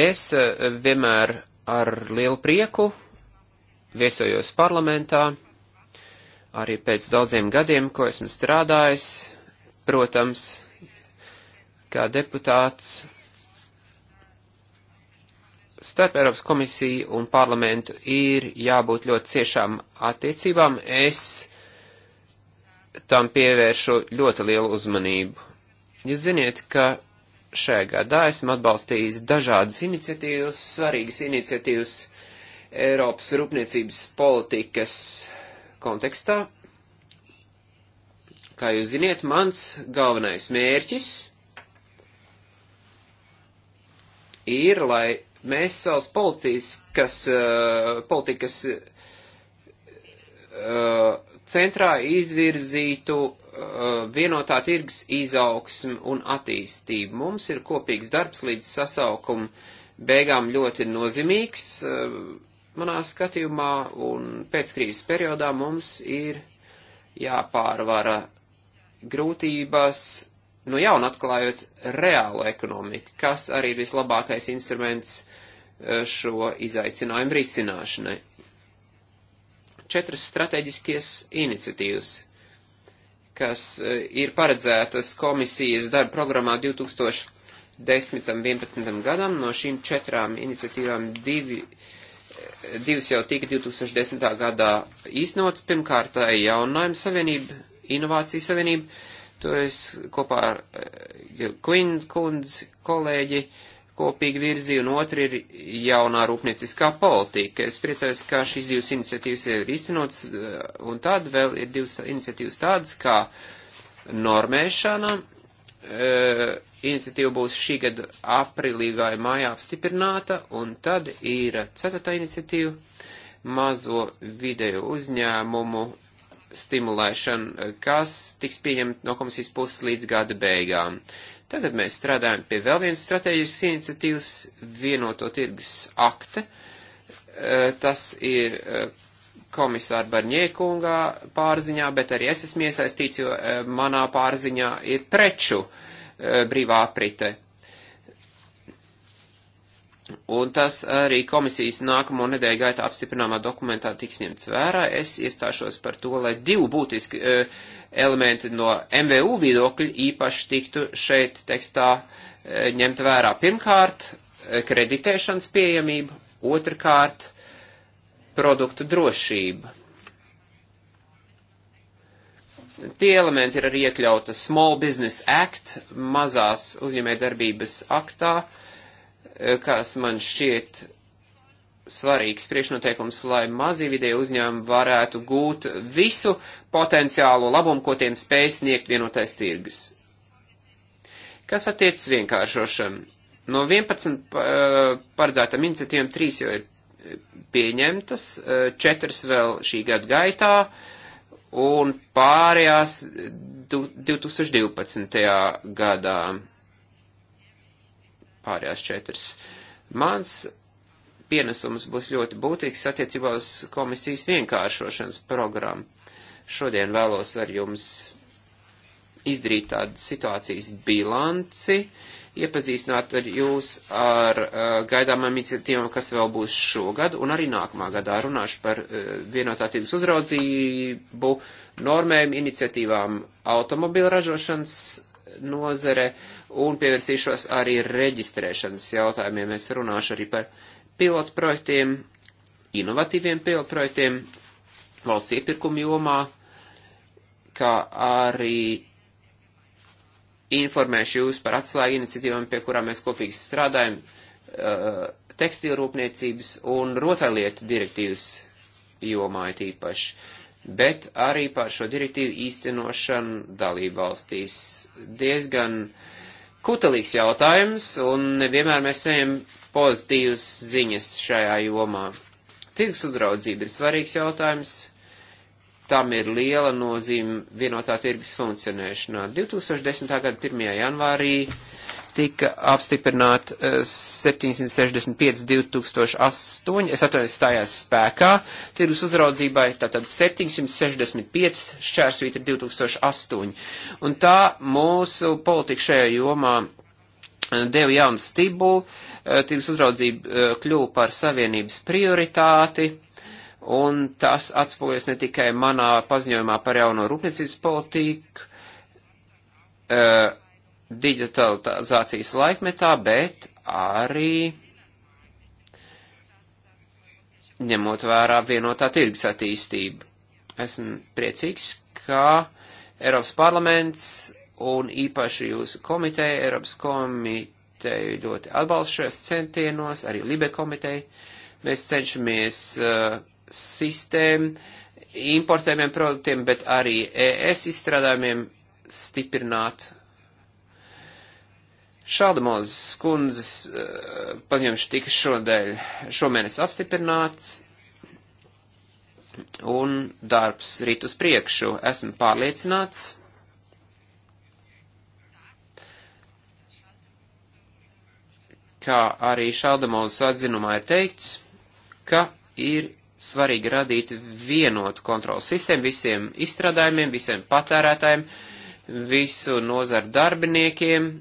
Es eh, vienmēr ar lielu prieku viesojos parlamentā, arī pēc daudziem gadiem, ko esmu strādājis, protams, kā deputāts starp Eiropas komisiju un parlamentu ir jābūt ļoti ciešām attiecībām, es tam pievēršu ļoti lielu uzmanību. Jūs ziniet, ka šajā gadā esmu atbalstījis dažādas iniciatīvas, svarīgas iniciatīvas Eiropas rūpniecības politikas kontekstā. Kā jūs ziniet, mans galvenais mērķis ir, lai mēs savas politiskas, eh, politikas eh, centrā izvirzītu Uh, vienotā tirgus izaugsmu un attīstību. Mums ir kopīgs darbs līdz sasaukuma beigām ļoti nozīmīgs uh, manā skatījumā, un pēc krīzes periodā mums ir jāpārvara grūtības, no nu, jauna atklājot reālu ekonomiku, kas arī ir vislabākais instruments uh, šo izaicinājumu risināšanai. Četras strateģiskies iniciatīvas kas e, ir paredzētas komisijas darba programmā 2010. un 2011. gadam. No šīm četrām iniciatīvām divi, e, divas jau tika 2010. gadā īstenotas. Pirmkārt, tā ir jaunājuma savienība, inovācija savienība. To es kopā ar e, Quinn kundzi kolēģi uh, kopīgi virzīja, un otra ir jaunā rūpnieciskā politika. Es priecājos, ka šīs divas iniciatīvas jau ir īstenotas, eh, un tad vēl ir divas iniciatīvas tādas kā normēšana. Eh, iniciatīva būs šī gada aprīlī vai mājā apstiprināta, un tad ir ceturtā iniciatīva mazo video uzņēmumu stimulēšana, kas tiks pieņemta no komisijas puses līdz gada beigām. Uh, Tagad mēs strādājam pie vēl vienas strateģiskas iniciatīvas, vienoto tirgus akta. E, tas ir e, komisāra Barņiekungā pārziņā, bet arī es esmu iesaistīts, jo e, manā pārziņā ir preču brīvā aprite. Un tas arī komisijas nākamo nedēļu gaitā apstiprināmā dokumentā tiks ņemts vērā. Es iestāšos par to, lai divi būtiski e, elementi no MVU viedokļa īpaši tiktu šeit tekstā e, ņemt vērā. Pirmkārt, e, kreditēšanas pieejamība, otrkārt, produktu drošība. Tie elementi ir arī iekļauta Small Business Act, mazās uzņēmē darbības aktā Eh, kas man šķiet svarīgs priekšnoteikums, lai mazi vidēji uzņēmumi varētu gūt visu potenciālo labumu, ko tiem spēj sniegt vienotais tirgus. Kas attiecas vienkāršošam? No 11 eh, paredzētam iniciatīviem 3 jau ir pieņemtas, 4 eh, vēl šī gada gaitā un pārējās 2012. gadā pārējās četras. Mans pienesums būs ļoti būtīgs attiecībā uz komisijas vienkāršošanas programmu. Šodien vēlos ar jums izdarīt tādu situācijas bilanci, iepazīstināt ar jūs ar uh, gaidāmām iniciatīvām, kas vēl būs šogad, un arī nākamā gadā runāšu par uh, vienotā tirgus uzraudzību, normēm, iniciatīvām automobilražošanas nozare un pievērsīšos arī reģistrēšanas jautājumiem. Es runāšu arī par pilotprojektiem, inovatīviem pilotprojektiem valsts iepirkuma jomā, kā arī informēšu jūs par atslēgu iniciatīvām, pie kurām mēs kopīgi strādājam, uh, tekstilrūpniecības un rotaļlietu direktīvas jomā tīpaši bet arī par šo direktīvu īstenošanu dalībvalstīs. Diezgan kutelīgs jautājums, un nevienmēr mēs saņem pozitīvas ziņas šajā jomā. Tirgus uzraudzība ir svarīgs jautājums. Tam ir liela nozīme vienotā tirgus funkcionēšanā. 2010. gada 1. janvārī tika apstiprināta 765 2008, es atvainojos, stājās spēkā tirgus uzraudzībai, tātad 765 šķērsvīta 2008. Un tā mūsu politika šajā jomā eh, deva jaunu stimulu, eh, tirgus uzraudzība eh, kļuva par savienības prioritāti. Un tas atspoguļas ne tikai manā paziņojumā par jauno rūpniecības politiku, digitalizācijas laikmetā, bet arī ņemot vērā vienotā tirgus attīstību. Esmu priecīgs, ka Eiropas parlaments un īpaši jūsu komiteja, Eiropas komiteja ļoti atbalsta šajos centienos, arī Libe komiteja. Mēs cenšamies uh, sistēmu importējumiem produktiem, bet arī ES izstrādājumiem stiprināt Šaldamozes kundzes eh, paņemšu tika šodēļ, šomēnes apstiprināts, un darbs rīt uz priekšu. Esmu pārliecināts, kā arī Šaldamozes atzinumā ir teikts, ka ir svarīgi radīt vienotu kontrolas sistēmu visiem izstrādājumiem, visiem patērētājiem, visu nozaru darbiniekiem,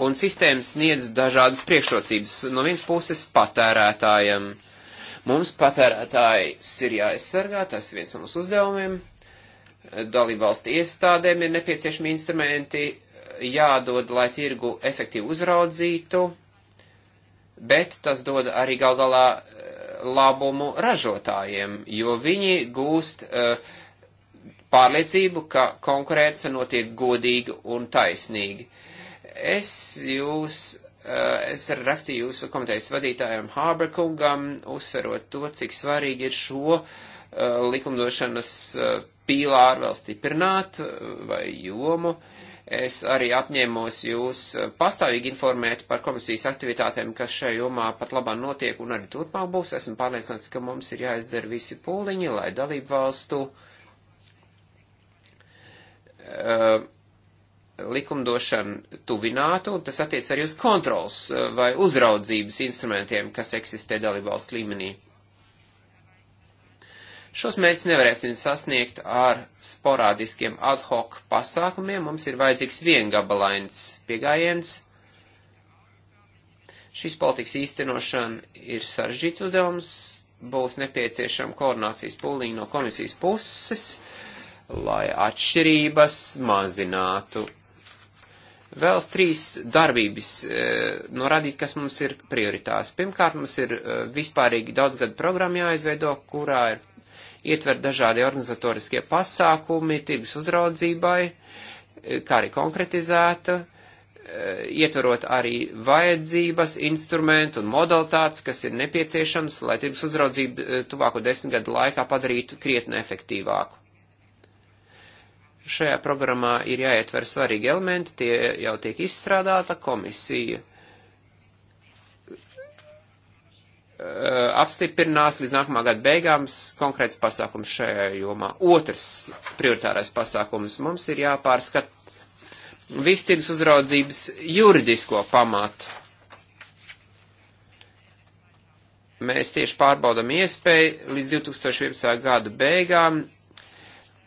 un sistēmas sniedz dažādas priekšrocības. No vienas puses patērētājiem. Mums patērētājs ir jāaizsargā, tas ir viens no mūsu uzdevumiem. Dalībvalstu iestādēm ir nepieciešami instrumenti jādod, lai tirgu efektīvi uzraudzītu, bet tas dod arī gal galā eh, labumu ražotājiem, jo viņi gūst uh, pārliecību, ka konkurence notiek godīgi un taisnīgi. Uh, Es jūs, eh, es rakstīju jūsu komitejas vadītājiem Hāberkungam, uzsverot to, cik svarīgi ir šo eh, likumdošanas eh, pīlāru vēl stiprināt vai jomu. Es arī apņēmos jūs pastāvīgi informēt par komisijas aktivitātēm, kas šajā jomā pat labā notiek un arī turpmāk būs. Esmu pārliecināts, ka mums ir jāizdara visi pūliņi, lai dalību valstu uh, likumdošanu tuvinātu, un tas attiec arī uz kontrols eh, vai uzraudzības instrumentiem, kas eksistē dalībvalsts līmenī. Šos mērķus nevarēsim sasniegt ar sporādiskiem ad hoc pasākumiem, mums ir vajadzīgs viengabalains pieejams. Šīs politikas īstenošana ir sarežģīts uzdevums, būs nepieciešama koordinācijas pūliņa no komisijas puses, lai atšķirības mazinātu vēlas trīs darbības e, norādīt, kas mums ir prioritārs. Pirmkārt, mums ir e, vispārīgi daudzgada programma jāizveido, kurā ir ietver dažādi organizatoriskie pasākumi, tirgus uzraudzībai, e, kā arī konkretizēta, e, ietverot arī vajadzības, instrumentu un modalitātes, kas ir nepieciešams, lai tirgus uzraudzību e, tuvāko desmit gadu laikā padarītu krietni efektīvāku. Šajā programmā ir jāietver svarīgi elementi, tie jau tiek izstrādāta komisija. Eh, apstiprinās līdz nākamā gada beigām konkrēts pasākums šajā jomā. Otrs prioritārais pasākums mums ir jāpārskata vistirgus uzraudzības juridisko pamatu. Mēs tieši pārbaudam iespēju līdz 2011. gadu beigām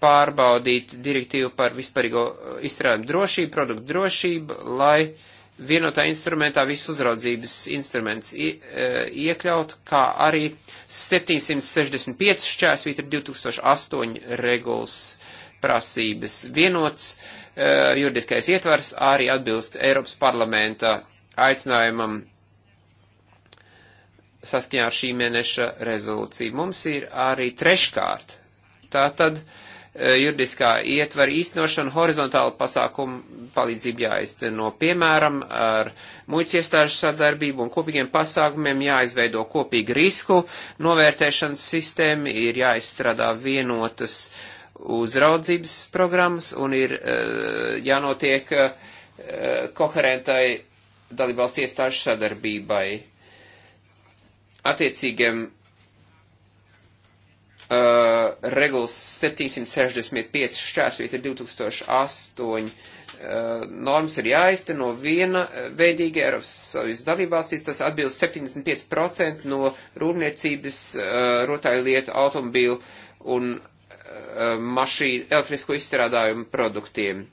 pārbaudīt direktīvu par vispārīgo uh, izstrādājumu drošību, produktu drošību, lai vienotā instrumentā visu uzraudzības instruments uh, iekļaut, kā arī 765 šķērsvīt ir 2008 regulas prasības vienots, uh, juridiskais ietvars arī atbilst Eiropas parlamenta aicinājumam saskaņā ar šī mēneša rezolūciju. Mums ir arī treškārt. Tātad uh, Eh, juridiskā ietvara īstenošana horizontāla pasākuma palīdzība jāizteno, piemēram, ar muļķu iestāžu sadarbību un kopīgiem pasākumiem jāizveido kopīgi risku novērtēšanas sistēma, ir jāizstrādā vienotas uzraudzības programmas un ir eh, jānotiek eh, koherentai dalībvalstu iestāžu sadarbībai. Attiecīgiem Uh, regulas 765 šķērsvieta ir 2008 uh, normas ir jāizteno viena uh, veidīgi Eiropas Savienības dalībvalstīs, tas atbilst 75% no rūpniecības uh, rotāju lietu automobīlu un uh, mašīnu elektrisko izstrādājumu produktiem.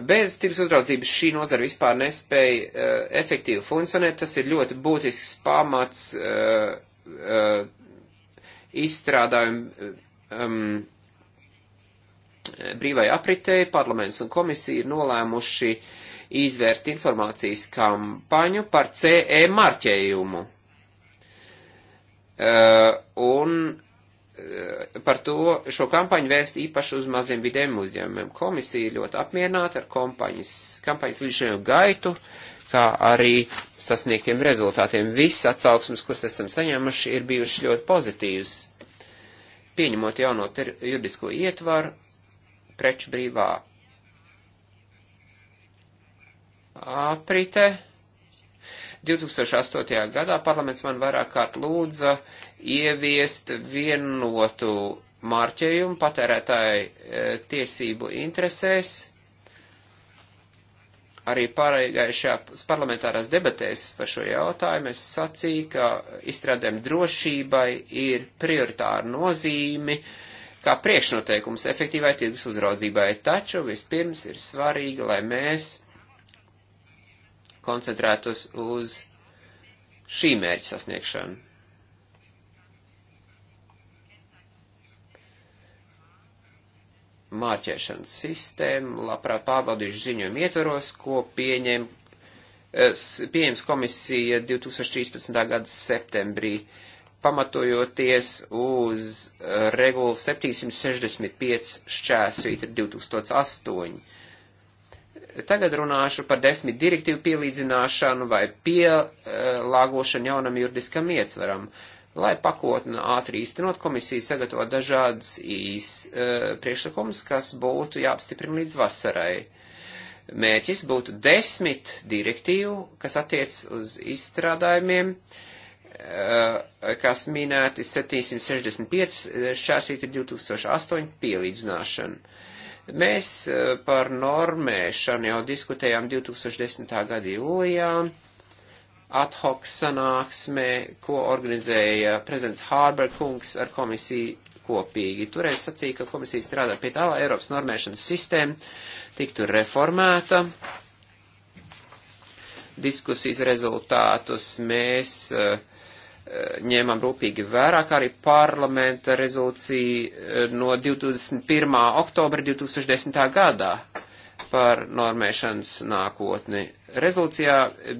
Bez tirgus uzraudzības šī nozara vispār nespēja uh, efektīvi funkcionēt, tas ir ļoti būtisks pamats uh, uh, izstrādājumu um, brīvai apritei parlaments un komisija ir nolēmuši izvērst informācijas kampaņu par CE marķējumu. Uh, un uh, par to šo kampaņu vēst īpaši uz maziem vidiem uzņēmumiem. Komisija ļoti apmierināta ar kampaņas, kampaņas līdzinējo gaitu, kā arī sasniegtiem rezultātiem. Viss atsauksmes, kuras esam saņēmuši, ir bijušas ļoti pozitīvas. Pieņemot jauno juridisko ietvaru, preču brīvā aprite. 2008. gadā parlaments man vairāk kārt lūdza ieviest vienotu mārķējumu patērētāju e, tiesību interesēs arī pārējais parlamentārās debatēs par šo jautājumu es sacīju, ka izstrādēm drošībai ir prioritāra nozīme kā priekšnoteikums efektīvai tirgus uzraudzībai, taču vispirms ir svarīgi, lai mēs koncentrētos uz šī mērķa sasniegšanu. mārķēšanas sistēmu, labprāt pārbaudīšu ziņojumu ietvaros, ko pieņem, eh, pieņems komisija 2013. gada septembrī, pamatojoties uz eh, regulu 765 šķērsvītra 2008. Tagad runāšu par desmit direktīvu pielīdzināšanu vai pielāgošanu jaunam juridiskam ietvaram. Uh, Lai pakotni ātri īstenot, komisija sagatavo dažādas īs e, priekšlikumus, kas būtu jāapstiprina līdz vasarai. Mēķis būtu desmit direktīvu, kas attiec uz izstrādājumiem, e, kas minēti 765, šās rīt ir 2008 pielīdzināšana. Mēs e, par normēšanu jau diskutējām 2010. gada jūlijā ad hoc sanāksmē, ko organizēja prezidents Hārber kungs ar komisiju kopīgi. Toreiz sacīja, ka komisija strādā pie tā, lai Eiropas normēšanas sistēma tiktu reformēta. Diskusijas rezultātus mēs uh, ņēmām rūpīgi vērā, kā arī parlamenta rezolūcija eh, no 21. oktobra 2010. gadā par normēšanas nākotni. Rezolūcijā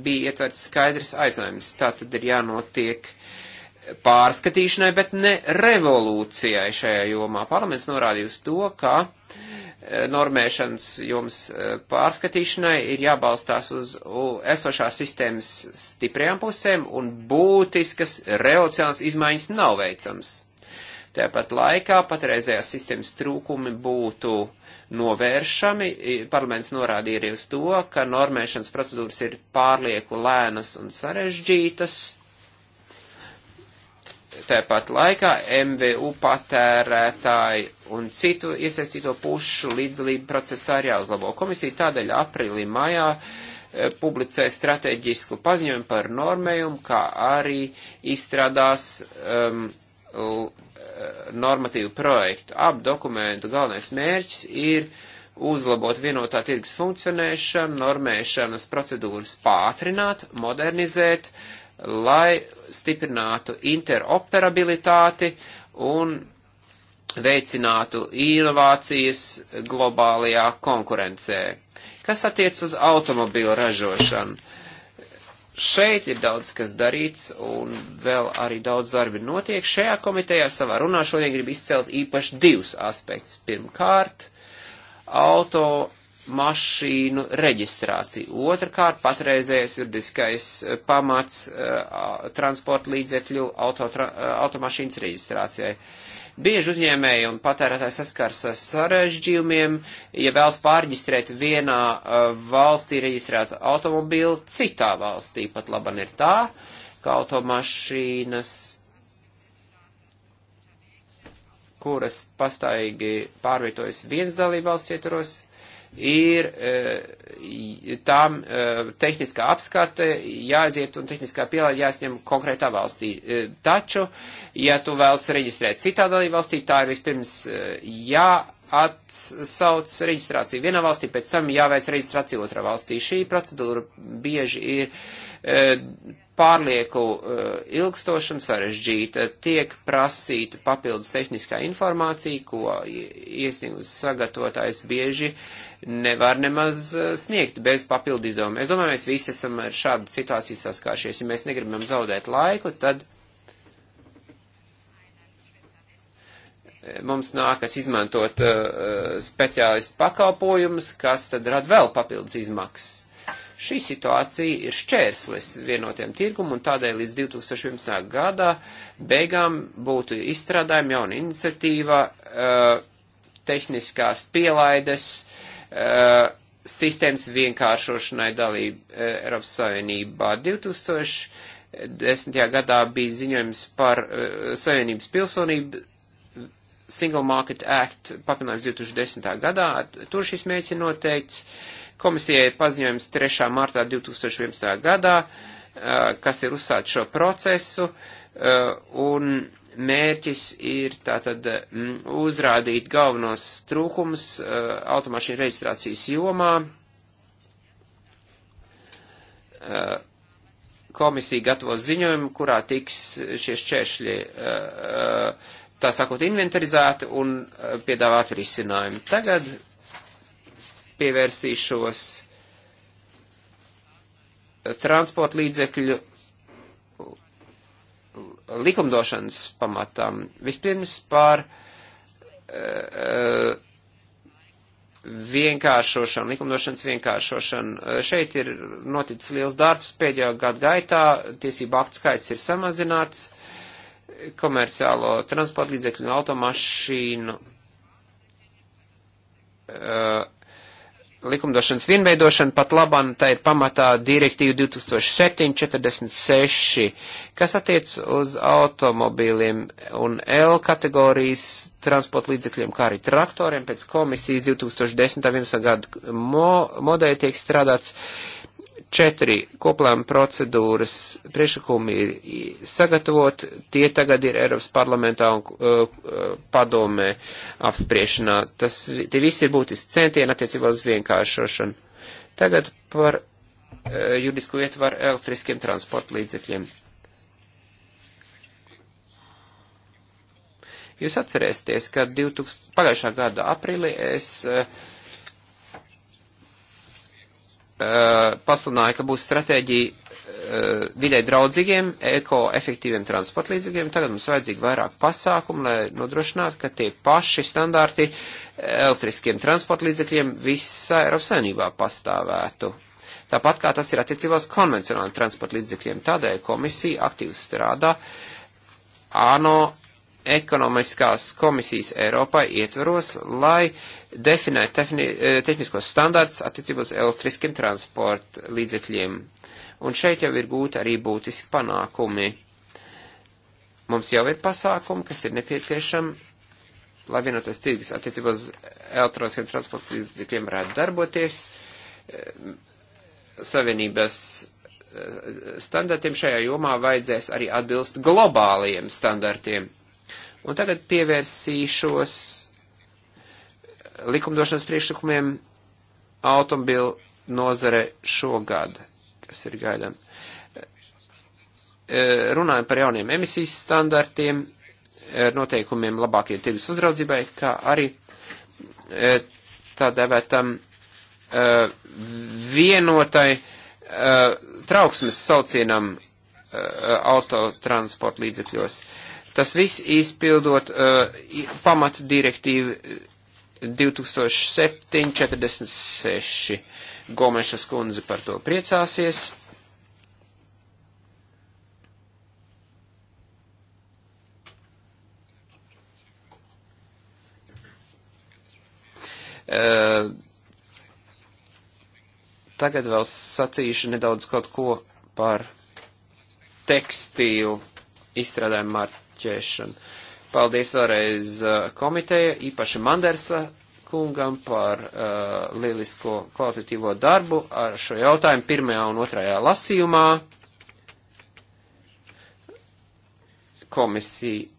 bija ietverts skaidrs aicinājums. Tā tad ir jānotiek pārskatīšanai, bet ne revolūcijai šajā jomā. Parlaments norādīja uz to, ka e, normēšanas jums e, pārskatīšanai ir jābalstās uz esošās sistēmas stiprajām pusēm un būtiskas revolucionālas izmaiņas nav veicams. Tāpat laikā patreizējās sistēmas trūkumi būtu uh, novēršami. Parlaments norādīja arī uz to, ka normēšanas procedūras ir pārlieku lēnas un sarežģītas. Tāpat laikā MVU patērētāji un citu iesaistīto pušu līdzdalību procesā ir jāuzlabo. Komisija tādēļ aprīlī maijā e, publicē strateģisku paziņojumu par normējumu, kā arī izstrādās um, Eh, normatīvu projektu. Ap dokumentu galvenais mērķis ir uzlabot vienotā tirgus funkcionēšanu, normēšanas procedūras pātrināt, modernizēt, lai stiprinātu interoperabilitāti un veicinātu inovācijas globālajā konkurencē. Kas attiec uz automobīlu ražošanu? šeit ir daudz kas darīts un vēl arī daudz darbi notiek. Šajā komitejā savā runā šodien grib izcelt īpaši divus aspektus. Pirmkārt, auto mašīnu reģistrāciju. Otrakārt, patreizējais juridiskais eh, pamats uh, transporta līdzekļu auto, tra, eh, automašīnas reģistrācijai. Uh, Bieži uzņēmēji un patērētāji saskars ar sarežģījumiem, ja vēlas pārģistrēt vienā uh, valstī reģistrētu automobili, citā valstī pat laban ir tā, ka automašīnas, kuras pastāvīgi pārvietojas viens dalībvalsts ietvaros, ir eh, tām eh, tehniskā apskate jāaiziet un tehniskā pielāde jāsņem konkrētā valstī. Eh, taču, ja tu vēlas reģistrēt citā dalībvalstī, tā ir vispirms jāatsauc reģistrācija vienā valstī, pēc tam jāveic reģistrācija otrā valstī. Šī procedūra bieži ir pārlieku ilgstošana sarežģīta, tiek prasīta papildus tehniskā informācija, ko iesniegums sagatavotājs bieži uh, nevar nemaz eh, sniegt bez papildu izdevuma. Es domāju, mēs visi esam ar šādu situāciju saskāršies. Ja mēs negribam zaudēt laiku, tad eh, mums nākas izmantot uh, speciālistu pakalpojumus, kas tad rada vēl papildus izmaksas. Šī situācija ir šķērslis vienotiem tirgumu un tādēļ līdz 2011. gadā beigām būtu izstrādājama jauna iniciatīva, uh, tehniskās pielaides, uh, Uh, sistēmas vienkāršošanai dalību uh, Eiropas Savienībā. 2010. gadā bija ziņojums par uh, Savienības pilsonību Single Market Act papildinājums 2010. gadā. Tur šis mērķis ir noteikts. Komisijai paziņojums 3. martā 2011. gadā, kas ir uzsākt šo procesu. Un mērķis ir tātad mm, uzrādīt galvenos trūkumus eh, automašīnu reģistrācijas jomā. Eh, komisija gatavos ziņojumu, kurā tiks šie šķēršļi, eh, tā sakot, inventarizēti un piedāvāt risinājumu. Tagad pievērsīšos transporta līdzekļu likumdošanas pamatam. Vispirms par uh, vienkāršošanu, likumdošanas vienkāršošanu. E, šeit ir noticis liels darbs pēdējo gadu gaitā, tiesību aktu skaits ir samazināts, komerciālo transporta līdzekļu un automašīnu uh, likumdošanas vienveidošana pat laban, tā ir pamatā direktīva 2007-46, kas attiec uz automobīliem un L kategorijas transporta līdzekļiem, kā arī traktoriem. Pēc komisijas 2010-2011 gadu mo modeļa tiek strādāts četri koplēma procedūras priekšlikumi ir sagatavot, tie tagad ir Eiropas parlamentā un uh, padomē apspriešanā. Tas, tie visi ir būtiski centieni attiecībā uz vienkāršošanu. Tagad par uh, juridisko ietvaru elektriskiem transporta līdzekļiem. Jūs atcerēsieties, ka 2000, pagājušā gada aprīlī es uh, pasludināja, ka būs stratēģija vidē draudzīgiem, ekoefektīviem transportlīdzekļiem. Tagad mums vajadzīgi vairāk pasākumu, lai nodrošinātu, ka tie paši standarti elektriskiem transportlīdzekļiem visā Eiropas saimnībā pastāvētu. Tāpat kā tas ir attiecībās konvencionāliem transportlīdzekļiem. Tādēļ komisija aktīvi strādā ANO ekonomiskās komisijas Eiropai ietveros, lai definētu tehni, eh, tehniskos standartus attiecībos elektriskiem transporta līdzekļiem. Un šeit jau ir gūti arī būtiski panākumi. Mums jau ir pasākumi, kas ir nepieciešami, lai vienotas tirgus attiecībos elektroskiem transporta līdzekļiem varētu darboties. Eh, Savienības eh, standartiem šajā jomā vajadzēs arī atbilst globāliem standartiem. Un tagad pievērsīšos likumdošanas priekšlikumiem automobilu nozare šogad, kas ir gaidām. Runājam par jauniem emisijas standartiem, noteikumiem labākajai tirgus uzraudzībai, kā arī e, tādā vētam e, vienotai e, trauksmes saucienam autotransporta līdzekļos. Uh, Tas viss izpildot uh, pamata direktīvu 2007-46. Gomešas kundze par to priecāsies. Uh, tagad vēl sacīšu nedaudz kaut ko par tekstīlu izstrādājumu ar bloķēšanu. Paldies vēlreiz uh, komiteja, īpaši Mandersa kungam par uh, lielisko kvalitatīvo darbu ar šo jautājumu pirmajā un otrajā lasījumā. Komisija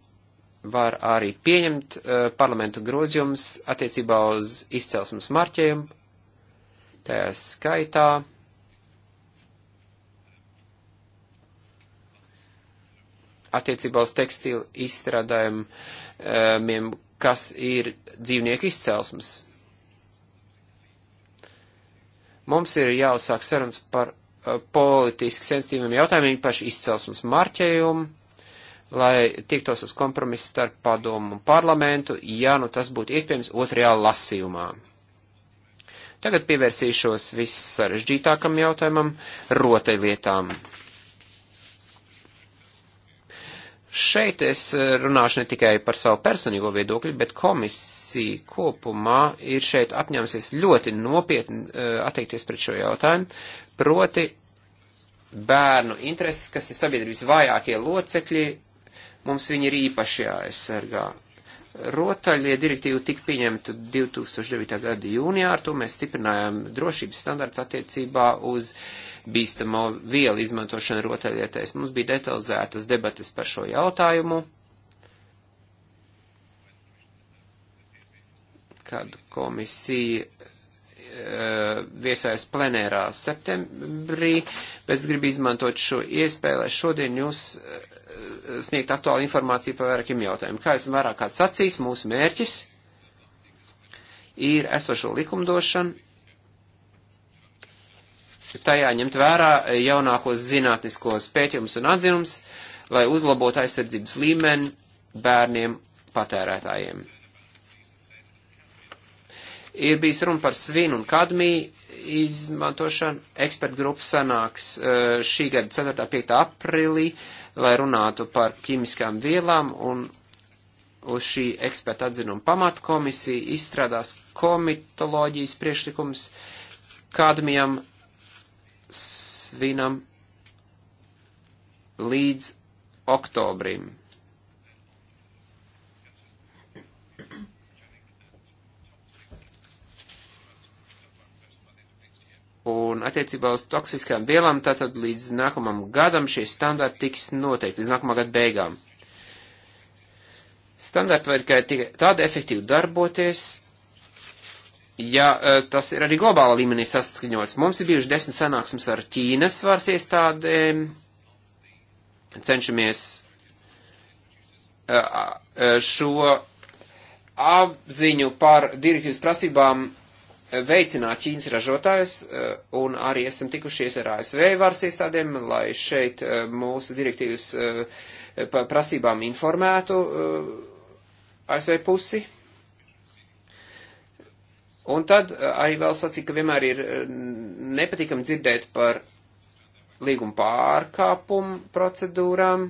var arī pieņemt uh, parlamentu grozījumus attiecībā uz izcelsmes marķējumu, tā skaitā. attiecībā uz tekstilu izstrādājumiem, kas ir dzīvnieku izcelsmes. Mums ir jāuzsāk sarunas par uh, politiski sensitīviem jautājumiem, īpaši izcelsmes marķējumu, lai tiktos uz kompromisu starp padomu un parlamentu, ja nu tas būtu iespējams otrajā lasījumā. Tagad pievērsīšos viss sarežģītākam jautājumam - rotaļlietām. lietām Šeit es eh, runāšu ne tikai par savu personīgo viedokļu, bet komisija kopumā ir šeit apņēmusies ļoti nopietni eh, attiekties pret šo jautājumu, proti bērnu intereses, kas ir sabiedrības vājākie locekļi, mums viņi ir īpaši jāaizsargā. Rotaļie direktīva tika pieņemta 2009. gada jūnijā, ar to mēs stiprinājām drošības standarts attiecībā uz bīstamo vielu izmantošanu rotaļietēs. Mums bija detalizētas debatas par šo jautājumu. Kad komisija eh, viesojas plenērā septembrī, bet es gribu izmantot šo iespēju, lai šodien jūs uh, sniegt aktuālu informāciju par vairākiem jautājumiem. Kā esmu vairāk kāds sacījis, mūsu mērķis ir esošo likumdošanu, tajā ņemt vērā jaunākos zinātniskos pētījumus un atzinums, lai uzlabotu aizsardzības līmeni bērniem patērētājiem. Ir bijis runa par svinu un kadmiju izmantošanu. Ekspertgrupas sanāks eh, šī gada 4. 5. aprīlī lai runātu par ķīmiskām vielām un uz šī eksperta atzinuma pamata komisija izstrādās komitoloģijas priekšlikums kādmijam svinam līdz oktobrim. Un attiecībā uz toksiskām vielām tātad līdz nākamam gadam šie standarti tiks noteikti, līdz nākamā gada beigām. Standarti var tikai tāda efektīvi darboties, ja e, tas ir arī globāla līmenī saskaņots. Mums ir bijuši desmit sanāksmes ar Ķīnas varas iestādēm, cenšamies e, e, šo apziņu par direktīvas prasībām veicināt Ķīnas ražotājus, eh, un arī esam tikušies ar ASV varas iestādēm, lai šeit eh, mūsu direktīvas eh, prasībām informētu ASV pusi. Un tad arī vēl sacīja, ka vienmēr ir nepatīkam dzirdēt par līguma pārkāpumu procedūrām.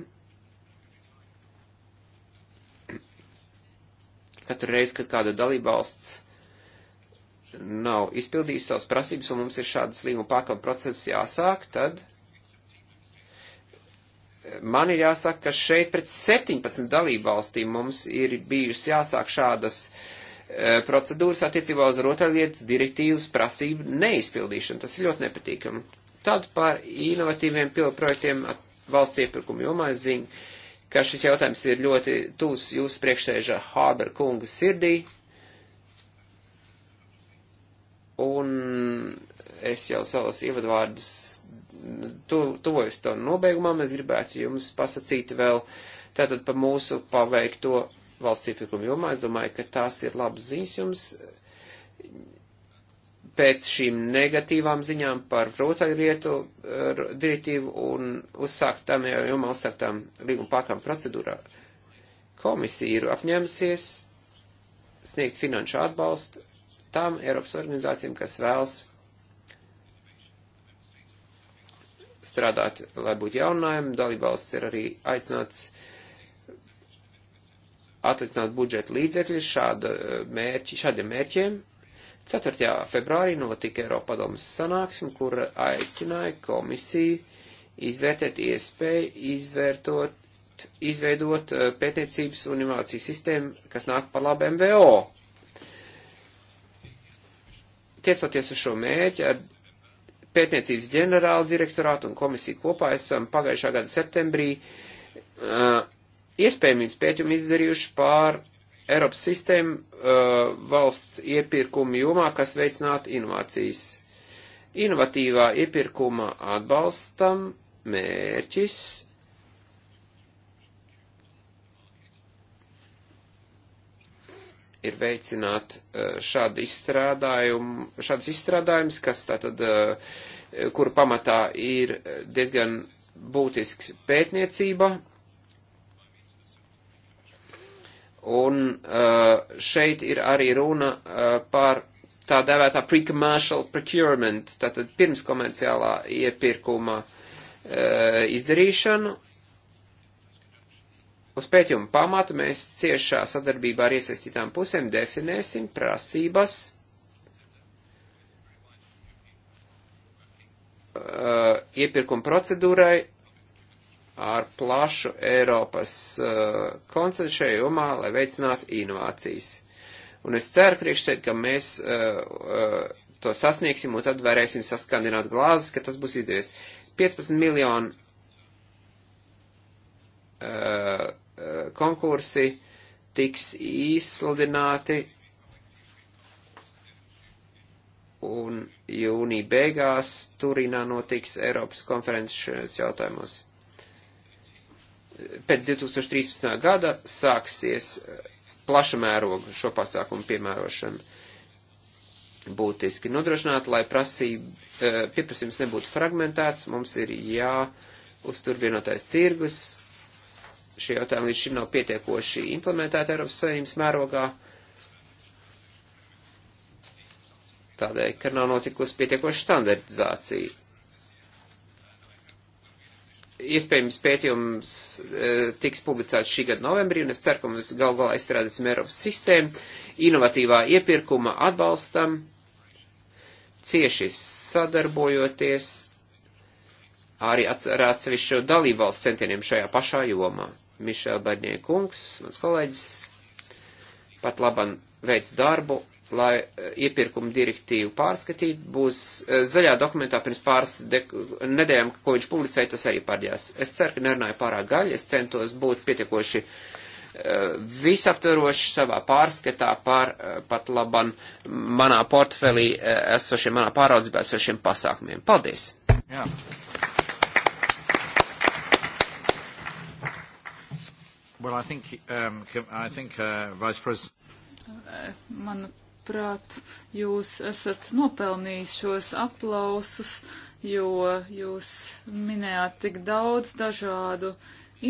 Katru reizi, kad kāda dalībvalsts nav izpildījis savas prasības un mums ir šādas līguma pārkāpuma procesas jāsāk, tad man ir jāsaka, ka šeit pret 17 dalību valstīm mums ir bijusi jāsāk šādas e, procedūras attiecībā uz rotaļlietas direktīvas prasību neizpildīšanu. Tas ir ļoti nepatīkami. Tad par inovatīviem pilotprojektiem valsts iepirkumu jomā es zinu, ka šis jautājums ir ļoti tūs jūsu priekšsēža Hāber kunga sirdī. Un es jau savus ievadvārdus tu, tuvojas to nobeigumam, es gribētu jums pasacīt vēl tātad par mūsu paveikto valsts iepirkuma jomā. Es domāju, ka tās ir labas ziņas jums. Pēc šīm negatīvām ziņām par rotaļlietu eh, direktīvu un uzsāktām, jau jomā uzsāktām līguma pārkām procedūrā, komisija ir apņēmusies sniegt finanšu atbalstu tām Eiropas organizācijām, kas vēlas strādāt, lai būtu jauninājumi. Dalībvalsts ir arī aicināts atlicināt budžeta līdzekļus šāda eh, mērķi, šādiem mērķiem. 4. februārī notika Eiropa padomas sanāksme, kur aicināja komisiju izvērtēt iespēju izvērtot, izveidot eh, pētniecības un inovāciju sistēmu, kas nāk par labu MVO tiecoties uz šo mērķi, ar pētniecības ģenerāla direktorātu un komisiju kopā esam pagājušā gada septembrī uh, iespējamības pētījumu izdarījuši pār Eiropas sistēmu uh, valsts iepirkumu jomā, kas veicinātu inovācijas. Inovatīvā iepirkuma atbalstam mērķis ir veicināt eh, šādu izstrādājumu, šādas izstrādājumus, kas tātad, eh, kur pamatā ir eh, diezgan būtisks pētniecība. Un šeit ir arī runa par tā dēvētā pre-commercial procurement, tātad pirmskomerciālā iepirkuma izdarīšanu, Uz pētījumu pamata mēs ciešā sadarbībā ar iesaistītām pusēm definēsim prasības uh, iepirkuma procedūrai ar plašu Eiropas uh, koncentrējumu šajomā, lai veicinātu inovācijas. Un es ceru priekšsēd, ka mēs uh, uh, to sasniegsim un tad varēsim saskandināt glāzes, ka tas būs izdevies. 15 miljonu uh, Eh, konkursi tiks izsludināti un jūnija beigās Turīnā notiks Eiropas konferences šajos jautājumos. Pēc 2013. gada sāksies eh, plaša mēroga šo pasākumu piemērošana būtiski nodrošināt, lai prasība, eh, pieprasījums nebūtu fragmentēts, mums ir jāuztur vienotais tirgus, šie jautājumi līdz šim nav pietiekoši implementēti Eiropas Savienības mērogā. Tādēļ, ka nav notikusi pietiekoša standartizācija. Iespējams, pētījums e, tiks publicēts šī gada novembrī, un es ceru, ka mēs gal galā izstrādāsim Eiropas sistēmu inovatīvā iepirkuma atbalstam, cieši sadarbojoties arī ar atsevišķu dalībvalsts centieniem šajā pašā jomā. Mišēla Barņē kungs, mans kolēģis, pat laban veids darbu, lai eh, iepirkuma direktīvu pārskatītu. Būs eh, zaļā dokumentā pirms pāris nedēļām, ko viņš publicēja, tas arī parādījās. Es ceru, ka nerunāju pārāk gaļi, es centos būt pietiekoši eh, visaptveroši savā pārskatā par pat laban manā portfelī esošiem, manā pāraudzībā esošiem pasākumiem. Paldies! Jā. Well, I think, um, I think, uh, Vice President. Uh, manuprāt, jūs esat nopelnījis šos aplausus, jo jūs minējāt tik daudz dažādu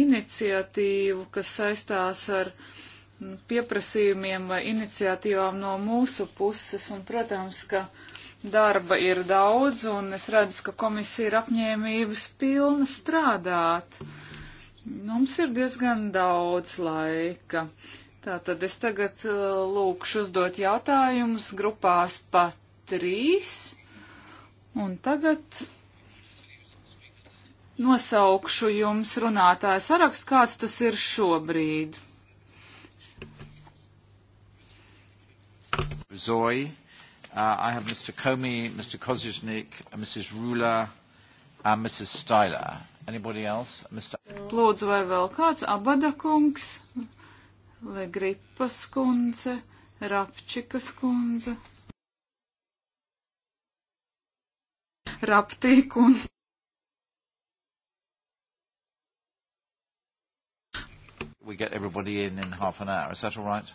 iniciatīvu, kas saistās ar mm, pieprasījumiem vai iniciatīvām no mūsu puses. Un, protams, ka darba ir daudz, un es redzu, ka komisija ir apņēmības pilna strādāt. Uh, Mums ir diezgan daudz laika. Tātad es tagad uh, lūkšu uzdot jautājumus grupās pa trīs. Un tagad nosaukšu jums runātāju sarakstu, kāds tas ir šobrīd. Zoe, uh, I have Mr. Comey, Mr. Kozuznik, Mrs. Ruler, and Mrs. Styler. Lūdzu, vai vēl kāds abada kungs, Legripas kundze, Rapčikas kundze, Raptī kundze. We get everybody in in half an hour. Is that all right?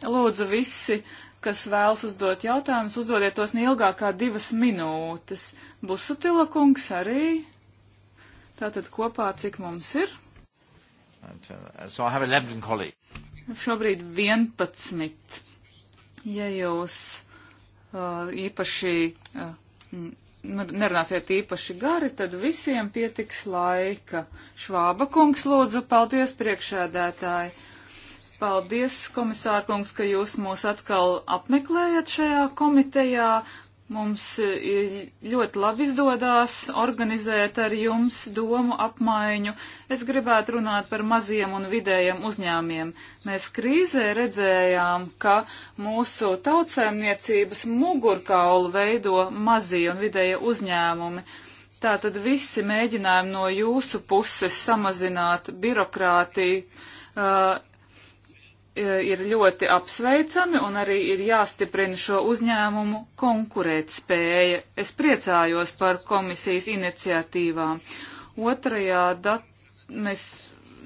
Lūdzu, visi, kas vēlas uzdot jautājumus, uzdodiet tos neilgāk kā divas minūtes. Busatila kungs arī. Tātad kopā, cik mums ir? Uh, so I have 11 colleagues. Šobrīd 11. Ja jūs uh, īpaši uh, nu, nerunāsiet īpaši gari, tad visiem pietiks laika. Švāba kungs lūdzu, paldies priekšēdētāji. Paldies, komisārkungs, ka jūs mūs atkal apmeklējat šajā komitejā. Mums e, ļoti labi izdodas organizēt ar jums domu apmaiņu. Es gribētu runāt par maziem un vidējiem uzņēmiem. Mēs krīzē redzējām, ka mūsu tautsēmniecības mugurkaulu veido mazie un vidējie uzņēmumi. Tātad visi mēģinājumi no jūsu puses samazināt birokrātiju uh, Eh, ir ļoti apsveicami un arī ir jāstiprina šo uzņēmumu konkurētspēja. Es priecājos par komisijas iniciatīvām. Otrajā dat, mēs,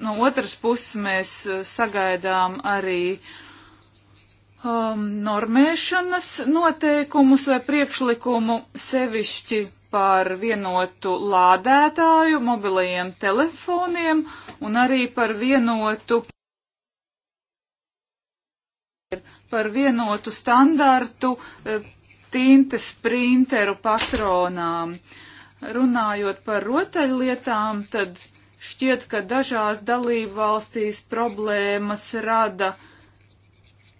no otras puses mēs eh, sagaidām arī um, normēšanas noteikumus vai priekšlikumu sevišķi par vienotu lādētāju mobilajiem telefoniem un arī par vienotu ir par vienotu standartu e, tintes printeru patronām. Runājot par rotaļlietām, tad šķiet, ka dažās dalību valstīs problēmas rada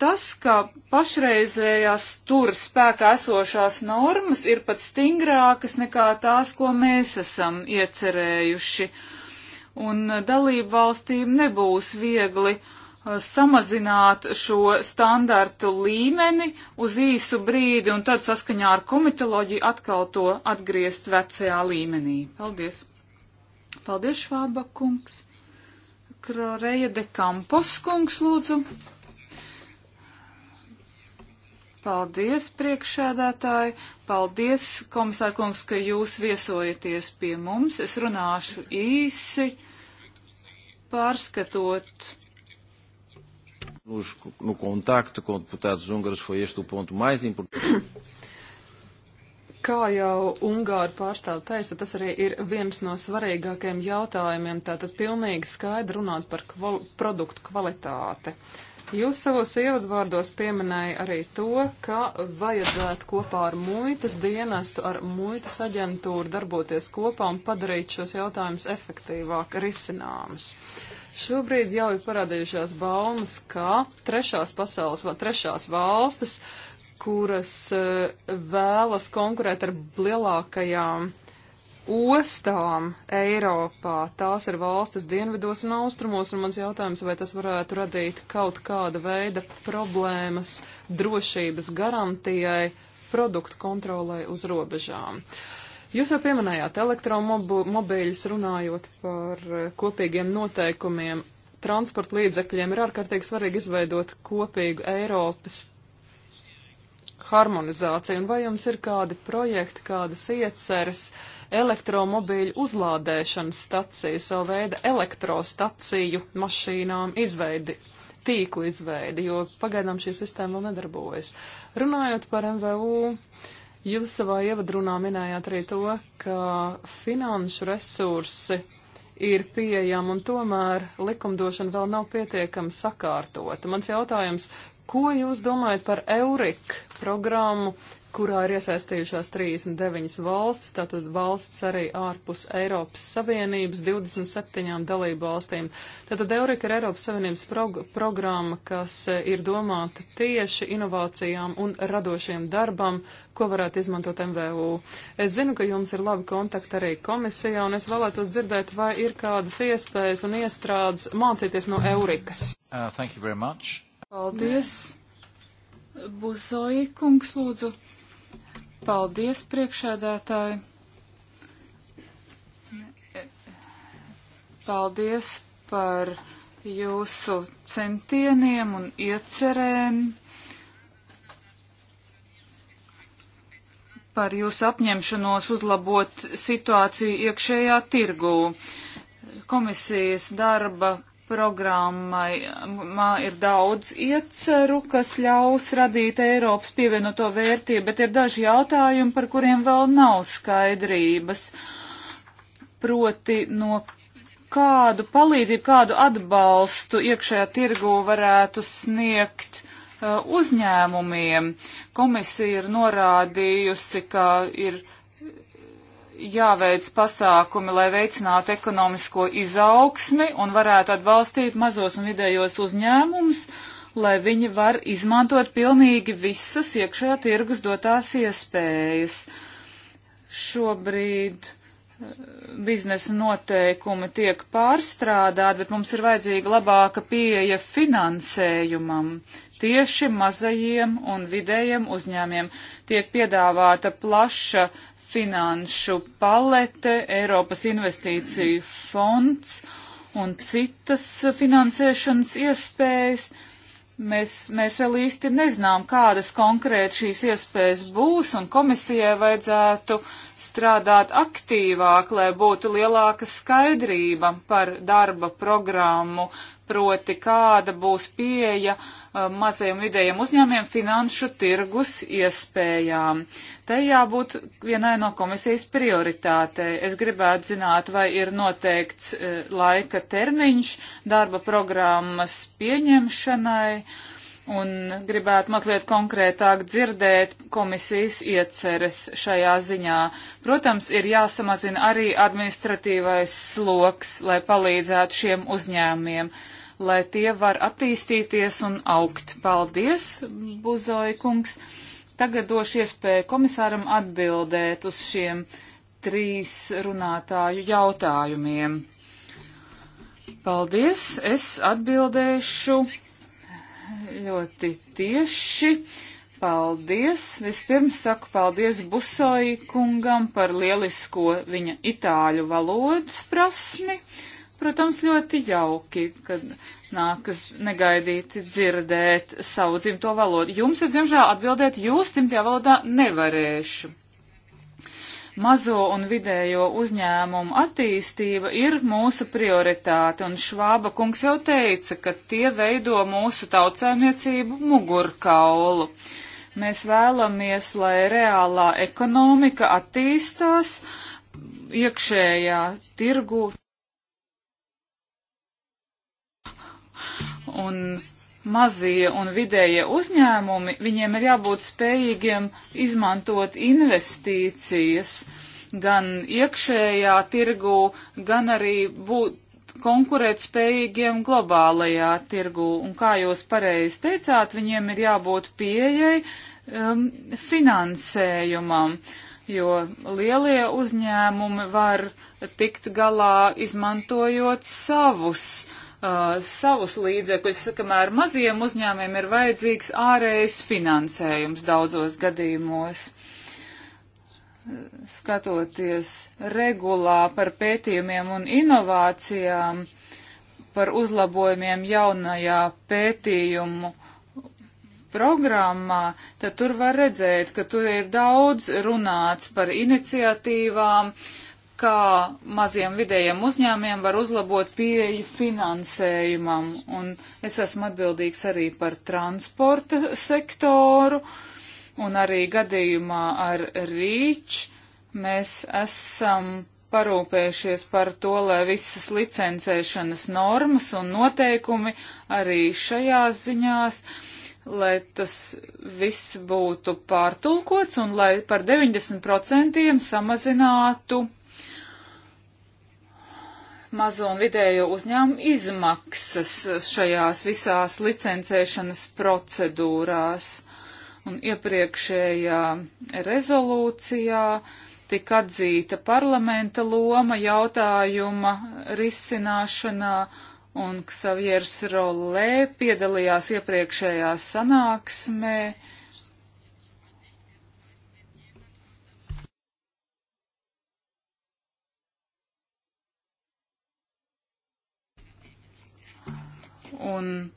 tas, ka pašreizējās tur spēkā esošās normas ir pat stingrākas nekā tās, ko mēs esam iecerējuši. Un dalību valstīm nebūs viegli uh, Uh, samazināt šo standartu līmeni uz īsu brīdi un tad saskaņā ar komitoloģiju atkal to atgriezt vecajā līmenī. Paldies! Paldies, Švāba kungs! Kroreja de Kampos kungs, lūdzu! Paldies, priekšēdētāji! Paldies, komisārkungs, ka jūs viesojaties pie mums. Es runāšu īsi, pārskatot Nos, no contacto com deputados húngaros foi este o ponto mais importante. Kā jau Ungāra pārstāv teica, tas arī ir viens no svarīgākajiem jautājumiem, tātad pilnīgi skaidri runāt par kval produktu kvalitāti. Jūs savos ievadvārdos pieminēja arī to, ka vajadzētu kopā ar muitas dienestu, ar muitas aģentūru darboties kopā un padarīt šos jautājumus efektīvāk risināmus. Uh, Šobrīd jau ir parādījušās baumas, ka trešās pasaules vai trešās valstis, kuras eh, vēlas konkurēt ar lielākajām ostām Eiropā, tās ir valstis dienvidos un austrumos, un mans jautājums, vai tas varētu radīt kaut kāda veida problēmas drošības garantijai produktu kontrolai uz robežām. Uh, Jūs jau pieminējāt elektromobīļus runājot par eh, kopīgiem noteikumiem. Transporta līdzekļiem ir ārkārtīgi svarīgi izveidot kopīgu Eiropas harmonizāciju. Un vai jums ir kādi projekti, kādas ieceres elektromobīļu uzlādēšanas staciju, savu veidu elektrostaciju mašīnām izveidi? tīklu izveidi, jo pagaidām šī sistēma vēl nedarbojas. Runājot par MVU Jūs savā ievadrunā minējāt arī to, ka finanšu resursi ir pieejami un tomēr likumdošana vēl nav pietiekami sakārtota. Mans jautājums, ko jūs domājat par EURIK programmu, kurā ir iesaistījušās 39 valstis, tātad valsts arī ārpus Eiropas Savienības 27 dalību valstīm. Tātad Eurika ir Eiropas Savienības prog programma, kas e, ir domāta tieši inovācijām un radošiem darbam, ko varētu izmantot MVU. Es zinu, ka jums ir labi kontakti arī komisijā, un es vēlētos dzirdēt, vai ir kādas iespējas un iestrādes mācīties no Eurikas. Uh, Paldies! Buzoji kungs, lūdzu. Paldies, priekšēdētāji. Paldies par jūsu centieniem un iecerēm, par jūsu apņemšanos uzlabot situāciju iekšējā tirgū. Komisijas darba programmai ir daudz ieceru, kas ļaus radīt Eiropas pievienoto vērtību, bet ir daži jautājumi, par kuriem vēl nav skaidrības. Proti, no kādu palīdzību, kādu atbalstu iekšējā tirgū varētu sniegt uh, uzņēmumiem. Komisija ir norādījusi, ka ir jāveic pasākumi, lai veicinātu ekonomisko izaugsmi un varētu atbalstīt mazos un vidējos uzņēmumus, lai viņi var izmantot pilnīgi visas iekšējā tirgus dotās iespējas. Šobrīd eh, biznesa noteikumi tiek pārstrādāti, bet mums ir vajadzīga labāka pieeja finansējumam. Tieši mazajiem un vidējiem uzņēmiem tiek piedāvāta plaša finanšu palete, Eiropas investīciju fonds un citas finansēšanas iespējas. Mēs, mēs vēl īsti nezinām, kādas konkrēti šīs iespējas būs, un komisijai vajadzētu uh, strādāt aktīvāk, lai būtu lielāka skaidrība par darba programmu, proti kāda būs pieeja eh, mazajiem vidējiem uzņēmiem finanšu tirgus iespējām. Te jābūt vienai no komisijas prioritātei. Es gribētu zināt, vai ir noteikts eh, laika termiņš darba programmas pieņemšanai un gribētu mazliet konkrētāk dzirdēt komisijas ieceres šajā ziņā. Protams, ir jāsamazina arī administratīvais sloks, lai palīdzētu šiem uzņēmiem, lai tie var attīstīties un augt. Paldies, Buzoja kungs! Tagad došu iespēju komisāram atbildēt uz šiem trīs runātāju jautājumiem. Paldies, es atbildēšu ļoti tieši. Paldies! Vispirms saku paldies Busoji kungam par lielisko viņa itāļu valodas prasmi. Protams, ļoti jauki, kad nākas negaidīti dzirdēt savu dzimto valodu. Jums es, diemžēl, atbildēt jūs dzimtajā valodā nevarēšu mazo un vidējo uzņēmumu attīstība ir mūsu prioritāte, un Švāba kungs jau teica, ka tie veido mūsu tautsēmniecību mugurkaulu. Mēs vēlamies, lai reālā ekonomika attīstās iekšējā tirgu. Un mazie un vidējie uzņēmumi, viņiem ir jābūt spējīgiem izmantot investīcijas gan iekšējā tirgū, gan arī būt konkurēt spējīgiem globālajā tirgū. Un kā jūs pareizi teicāt, viņiem ir jābūt pieejai um, finansējumam, jo lielie uzņēmumi var tikt galā izmantojot savus uh, uh, savus līdzekļus, kamēr maziem uzņēmiem ir vajadzīgs ārējs finansējums daudzos gadījumos. Skatoties regulā par pētījumiem un inovācijām, par uzlabojumiem jaunajā pētījumu programmā, tad tur var redzēt, ka tur ir daudz runāts par iniciatīvām, uh, kā maziem vidējiem uzņēmiem var uzlabot pieeju finansējumam. Un es esmu atbildīgs arī par transporta sektoru un arī gadījumā ar Rīč. Mēs esam parūpējušies par to, lai visas licencēšanas normas un noteikumi arī šajās ziņās lai tas viss būtu pārtulkots un lai par 90% samazinātu mazo un vidējo uzņēmumu izmaksas šajās visās licencēšanas procedūrās. Un iepriekšējā rezolūcijā tika atzīta parlamenta loma jautājuma risināšanā, un Ksavjers Rolē piedalījās iepriekšējā sanāksmē. Uh, un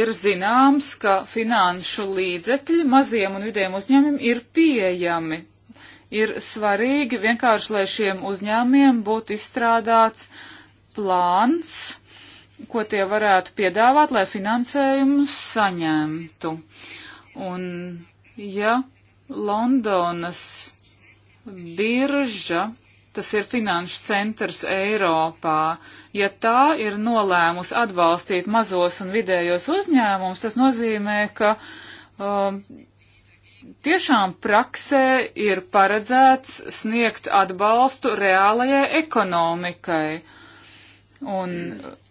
ir zināms, ka finanšu līdzekļi maziem un vidiem uzņēmumiem ir pieejami. Ir svarīgi vienkārši, lai šiem uzņēmumiem būtu izstrādāts plāns, ko tie varētu piedāvāt, lai finansējumu saņemtu. Un ja Londonas birža tas ir finanšu centrs Eiropā. Ja tā ir nolēmusi atbalstīt mazos un vidējos uzņēmumus, tas nozīmē, ka um, tiešām praksē ir paredzēts sniegt atbalstu reālajai ekonomikai. Un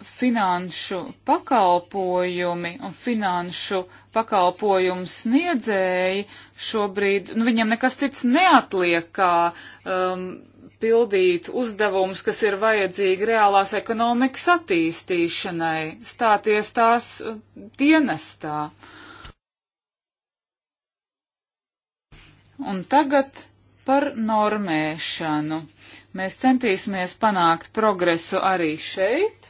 finanšu pakalpojumi un finanšu pakalpojumu sniedzēji šobrīd, nu viņiem nekas cits neatliek, kā um, pildīt uzdevumus, kas ir vajadzīgi reālās ekonomikas attīstīšanai, stāties tās uh, dienestā. Un tagad par normēšanu. Mēs centīsimies panākt progresu arī šeit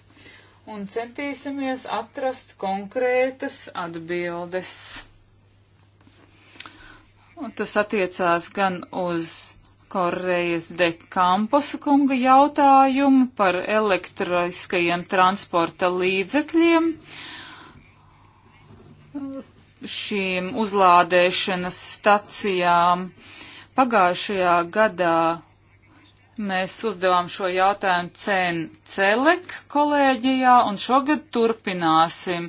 un centīsimies atrast konkrētas atbildes. Un tas attiecās gan uz Korejas de Kamposa kunga jautājumu par elektriskajiem transporta līdzekļiem, šīm uzlādēšanas stacijām. Pagājušajā gadā mēs uzdevām šo jautājumu CEN CELEK kolēģijā un šogad turpināsim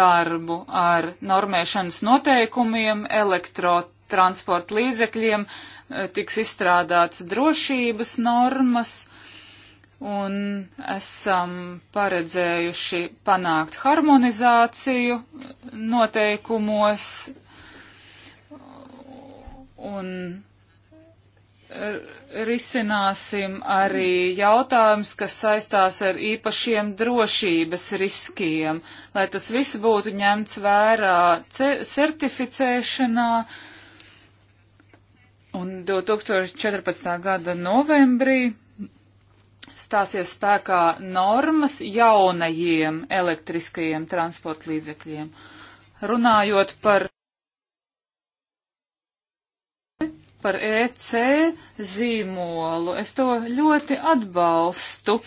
darbu ar normēšanas noteikumiem elektrotīklos transporta līdzekļiem eh, tiks izstrādāts drošības normas un esam paredzējuši panākt harmonizāciju noteikumos un risināsim arī jautājums, kas saistās ar īpašiem drošības riskiem, lai tas viss būtu ņemts vērā certificēšanā. Uh, Un 2014. gada novembrī stāsies spēkā normas jaunajiem elektriskajiem transporta līdzekļiem. Runājot par, par EC zīmolu, es to ļoti atbalstu.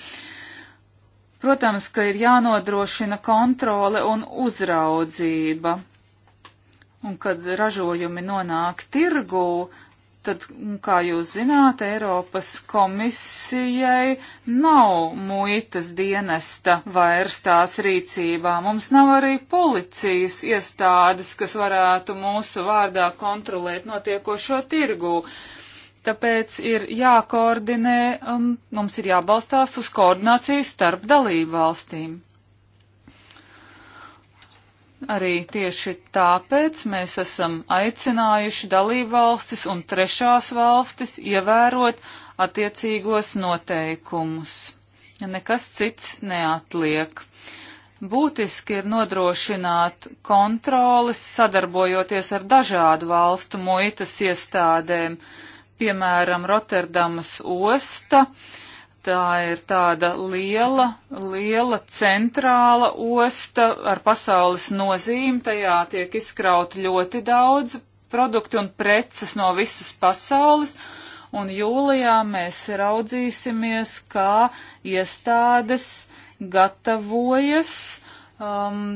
Protams, ka ir jānodrošina kontrole un uzraudzība. Un kad ražojumi nonāk tirgū, Tad, kā jūs zināt, Eiropas komisijai nav muitas dienesta vairs tās rīcībā. Mums nav arī policijas iestādes, kas varētu mūsu vārdā kontrolēt notiekošo tirgu. Tāpēc ir jākoordinē, um, mums ir jābalstās uz koordināciju starp dalību valstīm. Arī tieši tāpēc mēs esam aicinājuši dalībvalstis un trešās valstis ievērot attiecīgos noteikumus. Nekas cits neatliek. Būtiski ir nodrošināt kontroles, sadarbojoties ar dažādu valstu muitas iestādēm, piemēram, Rotterdamas osta. Uh, tā ir tāda liela, liela centrāla osta ar pasaules nozīmi. Tajā tiek izkrauti ļoti daudz produktu un preces no visas pasaules. Un jūlijā mēs raudzīsimies, kā iestādes gatavojas. Um,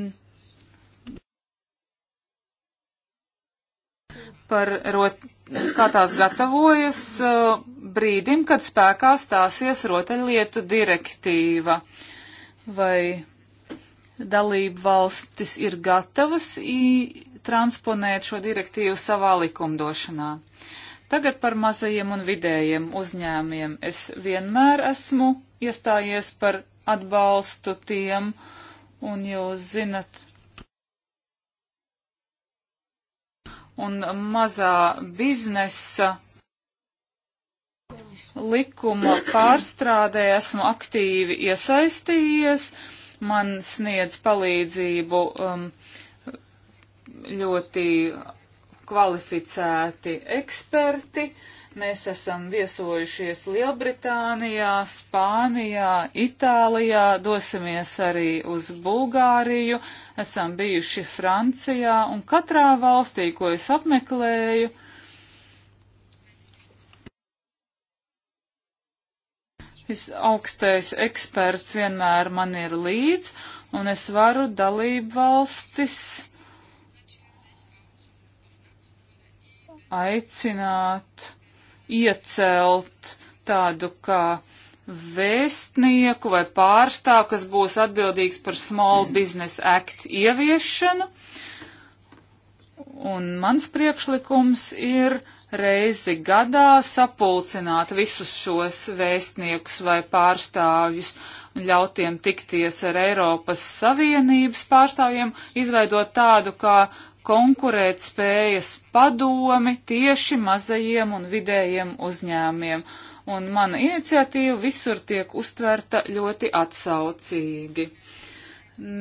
par rot, kā tās gatavojas eh, brīdim, kad spēkā stāsies rotaļlietu direktīva. Vai dalību valstis ir gatavas transponēt šo direktīvu savā likumdošanā? Tagad par mazajiem un vidējiem uzņēmiem. Es vienmēr esmu iestājies par atbalstu tiem, un jūs zinat, un mazā biznesa likuma pārstrādē esmu aktīvi iesaistījies. Man sniedz palīdzību um, ļoti kvalificēti eksperti. Uh, Mēs esam viesojušies Lielbritānijā, Spānijā, Itālijā, dosimies arī uz Bulgāriju, esam bijuši Francijā un katrā valstī, ko es apmeklēju, Šis augstais eksperts vienmēr man ir līdz, un es varu dalību valstis aicināt iecelt tādu kā vēstnieku vai pārstāvu, kas būs atbildīgs par Small Business Act ieviešanu. Un mans priekšlikums ir reizi gadā sapulcināt visus šos vēstniekus vai pārstāvjus un ļautiem tikties ar Eiropas Savienības pārstāvjiem, izveidot tādu kā konkurēt spējas padomi tieši mazajiem un vidējiem uzņēmiem, un mana iniciatīva visur tiek uztverta ļoti atsaucīgi.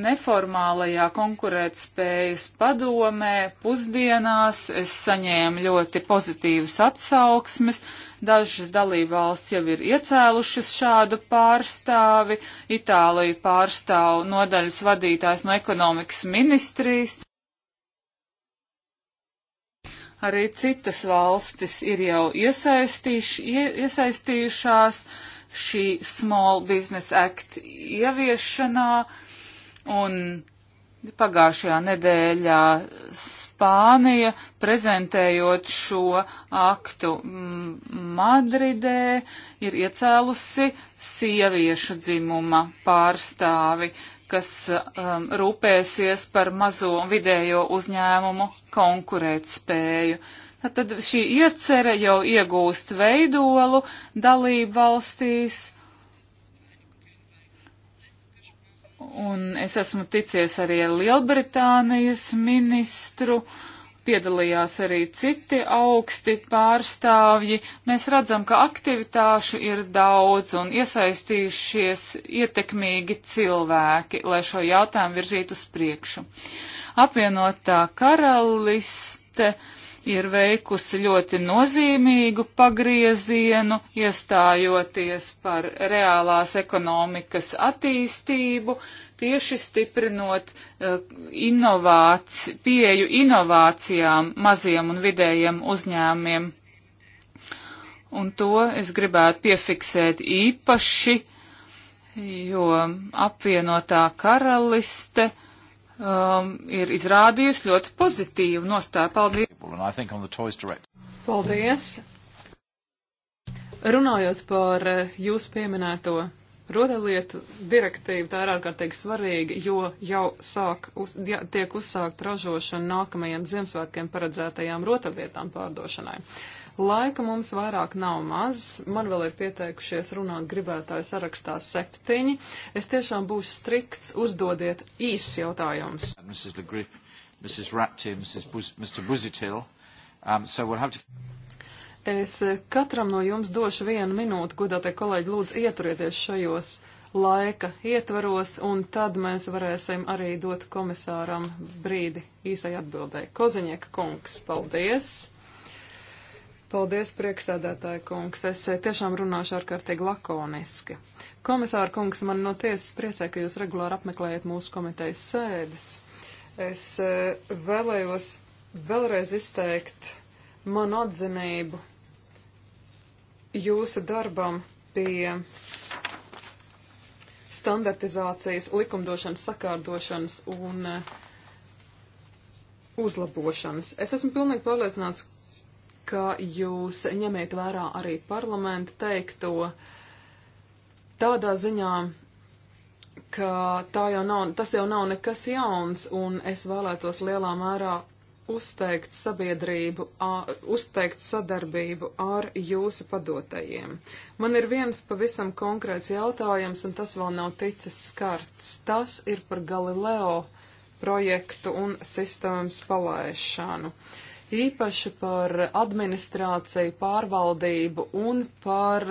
Neformālajā konkurētspējas padomē pusdienās es saņēmu ļoti pozitīvas atsauksmes. Dažas dalībvalsts jau ir iecēlušas šādu pārstāvi. Itālija pārstāv nodaļas vadītājs no ekonomikas ministrijas. Arī citas valstis ir jau iesaistījušās šī Small Business Act ieviešanā, un pagājušajā nedēļā Spānija prezentējot šo aktu Madridē ir iecēlusi sieviešu dzimuma pārstāvi kas um, rūpēsies par mazo un vidējo uzņēmumu konkurētspēju. Tad šī iecere jau iegūst veidolu dalību valstīs. Un es esmu ticies arī ar Lielbritānijas ministru. Uh, piedalījās arī citi augsti pārstāvji. Mēs redzam, ka aktivitāšu ir daudz un iesaistījušies ietekmīgi cilvēki, lai šo jautājumu virzītu uz priekšu. Apvienotā karaliste ir veikusi ļoti nozīmīgu pagriezienu, iestājoties par reālās ekonomikas attīstību, tieši stiprinot uh, eh, inovāc, pieju inovācijām maziem un vidējiem uzņēmiem. Un to es gribētu piefiksēt īpaši, jo apvienotā karaliste uh, um, ir izrādījusi ļoti pozitīvu nostāju. Paldies! Paldies! Runājot par eh, jūsu pieminēto rotaļlietu direktīvu, tā ir ārkārtīgi svarīga, jo jau sāk, uz, ja, tiek uzsākt ražošana nākamajiem Ziemassvētkiem paredzētajām rotaļlietām pārdošanai. Uh, Laika mums vairāk nav maz. Man vēl ir pieteikušies runāt gribētāju sarakstā septiņi. Es tiešām būšu strikts, uzdodiet īsus jautājumus. Uh, Mrs. Legrip, Mrs. Rapti, Mrs. Buz, Mr. Buzitil. Um, so we'll have to... Es eh, katram no jums došu vienu minūti, godātie kolēģi, lūdzu ieturieties šajos laika ietvaros, un tad mēs varēsim arī dot komisāram brīdi īsai atbildēji. Koziņieka kungs, paldies! Paldies, priekšsēdētāja kungs. Es eh, tiešām runāšu ārkārtīgi lakoniski. Komisāra kungs, man no tiesas priecē, ka jūs regulāri apmeklējat mūsu komitejas sēdes. Es eh, vēlējos vēlreiz izteikt manu atzinību jūsu darbam pie standartizācijas, likumdošanas, sakārdošanas un eh, uzlabošanas. Es esmu pilnīgi pārliecināts, ka jūs ņemiet vērā arī parlamenta teikto tādā ziņā, ka tā jau nav, tas jau nav nekas jauns, un es vēlētos lielā mērā uzteikt sabiedrību, a, uzteikt sadarbību ar jūsu padotajiem. Man ir viens pavisam konkrēts jautājums, un tas vēl nav ticis skarts. Tas ir par Galileo projektu un sistēmas palaišanu. Uh, īpaši par administrāciju, pārvaldību un par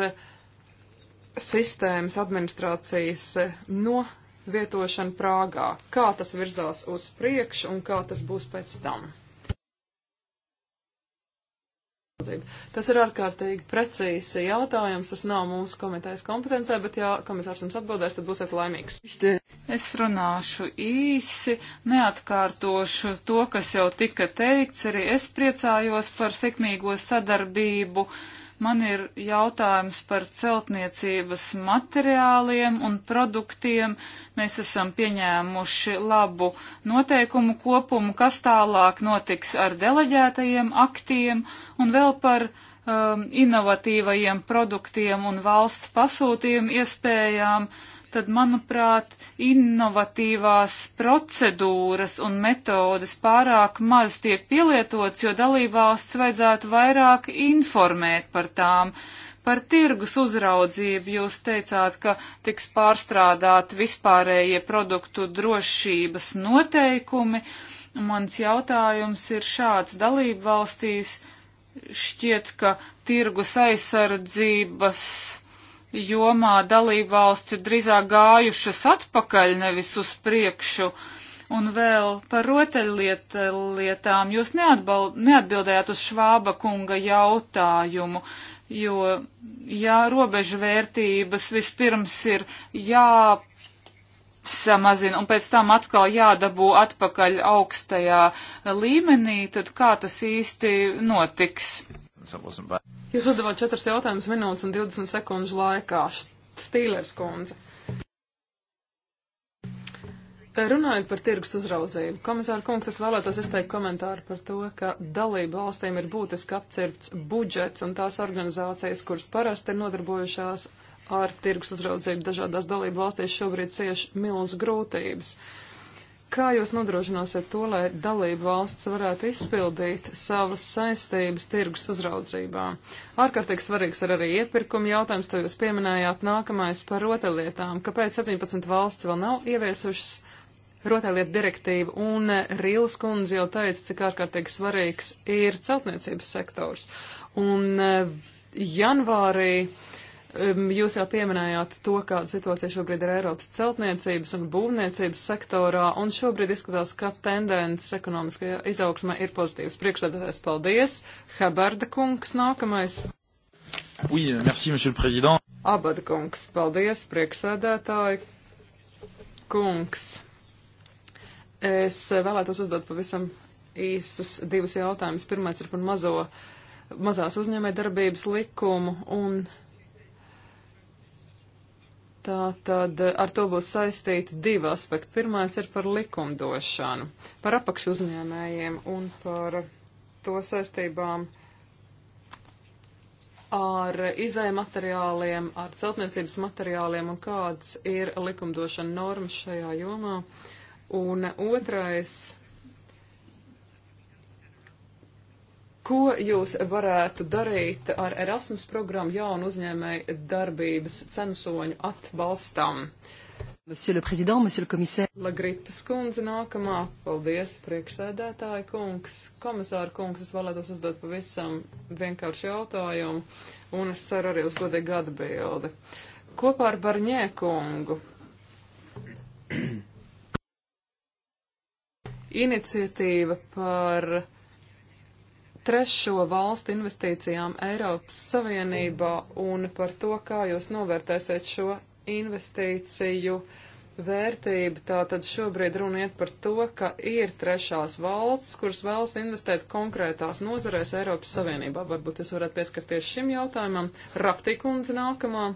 sistēmas administrācijas eh, novietošanu Prāgā. Kā tas virzās uz priekšu un kā tas būs pēc tam? Tas ir ārkārtīgi precīzi jautājums, tas nav mūsu komitejas kompetencē, bet ja komisārs jums atbildēs, tad būsiet laimīgs. Es runāšu īsi, neatkārtošu to, kas jau tika teikts, arī es priecājos par sekmīgo sadarbību. Uh, Man ir jautājums par celtniecības materiāliem un produktiem. Mēs esam pieņēmuši labu noteikumu kopumu, kas tālāk notiks ar deleģētajiem aktiem un vēl par um, inovatīvajiem produktiem un valsts pasūtījumu iespējām tad, manuprāt, innovatīvās procedūras un metodas pārāk maz tiek pielietots, jo dalībvalsts vajadzētu vairāk informēt par tām. Par tirgus uzraudzību jūs teicāt, ka tiks pārstrādāt vispārējie produktu drošības noteikumi. Mans jautājums ir šāds dalībvalstīs. Šķiet, ka tirgus aizsardzības jomā dalībvalsts ir drīzāk gājušas atpakaļ nevis uz priekšu. Un vēl par rotaļlietām jūs neatbald, neatbildējāt uz Švāba kunga jautājumu, jo, ja robežu vērtības vispirms ir jā samazina un pēc tam atkal jādabū atpakaļ augstajā līmenī, tad kā tas īsti notiks? Jūs uzdevāt četras jautājumas minūtes un 20 sekundžu laikā. Stīlers kundze. Runājot par tirgus uzraudzību, komisāra kungs, es vēlētos izteikt komentāru par to, ka dalību valstīm ir būtiski apcirpts budžets un tās organizācijas, kuras parasti ir nodarbojušās ar tirgus uzraudzību dažādās dalību valstīs, šobrīd cieš milz grūtības. Uh, Kā jūs nodrošināsiet to, lai dalību valsts varētu izpildīt savas saistības tirgus uzraudzībā? Ārkārtīgi svarīgs ir arī iepirkuma jautājums, to jūs pieminējāt nākamais par rotaļlietām. Kāpēc 17 valsts vēl nav ieviesušas rotaļlietu direktīvu? Un Rīles kundze jau teica, cik ārkārtīgi svarīgs ir celtniecības sektors. Un eh, janvārī Jūs jau pieminējāt to, kāda situācija šobrīd ir Eiropas celtniecības un būvniecības sektorā, un šobrīd izskatās, ka tendence ekonomiskajā izaugsmē ir pozitīvas. Priekšsēdētājs paldies. Habarda kungs nākamais. Oui, merci, monsieur le président. Abada kungs, paldies, priekšsēdētāji kungs. Es vēlētos uzdot pavisam īsus divus jautājumus. Pirmais ir par mazo, mazās uzņēmē darbības likumu un Tā tad eh, ar to būs saistīti divi aspekti. Pirmais ir par likumdošanu, par apakšu uzņēmējiem un par to saistībām ar izējiem materiāliem, ar celtniecības materiāliem un kāds ir likumdošana normas šajā jomā. Un otrais Ko jūs varētu darīt ar Erasmus programmu jaunu uzņēmēju darbības censoņu atbalstam? Monsieur le Président, Monsieur le Commissaire. Lagripas kundze nākamā. Paldies, priekšsēdētāja kungs. Komisāra kungs, es vēlētos uzdot pavisam vienkāršu jautājumu, un es ceru arī uz godīgu atbildi. Kopā ar Barņē kungu. Iniciatīva par trešo valstu investīcijām Eiropas Savienībā un par to, kā jūs novērtēsiet šo investīciju vērtību. Tātad šobrīd runa iet par to, ka ir trešās valsts, kuras vēlas investēt konkrētās nozarēs Eiropas Savienībā. Varbūt jūs varat pieskarties šim jautājumam. Raptikundze nākamā.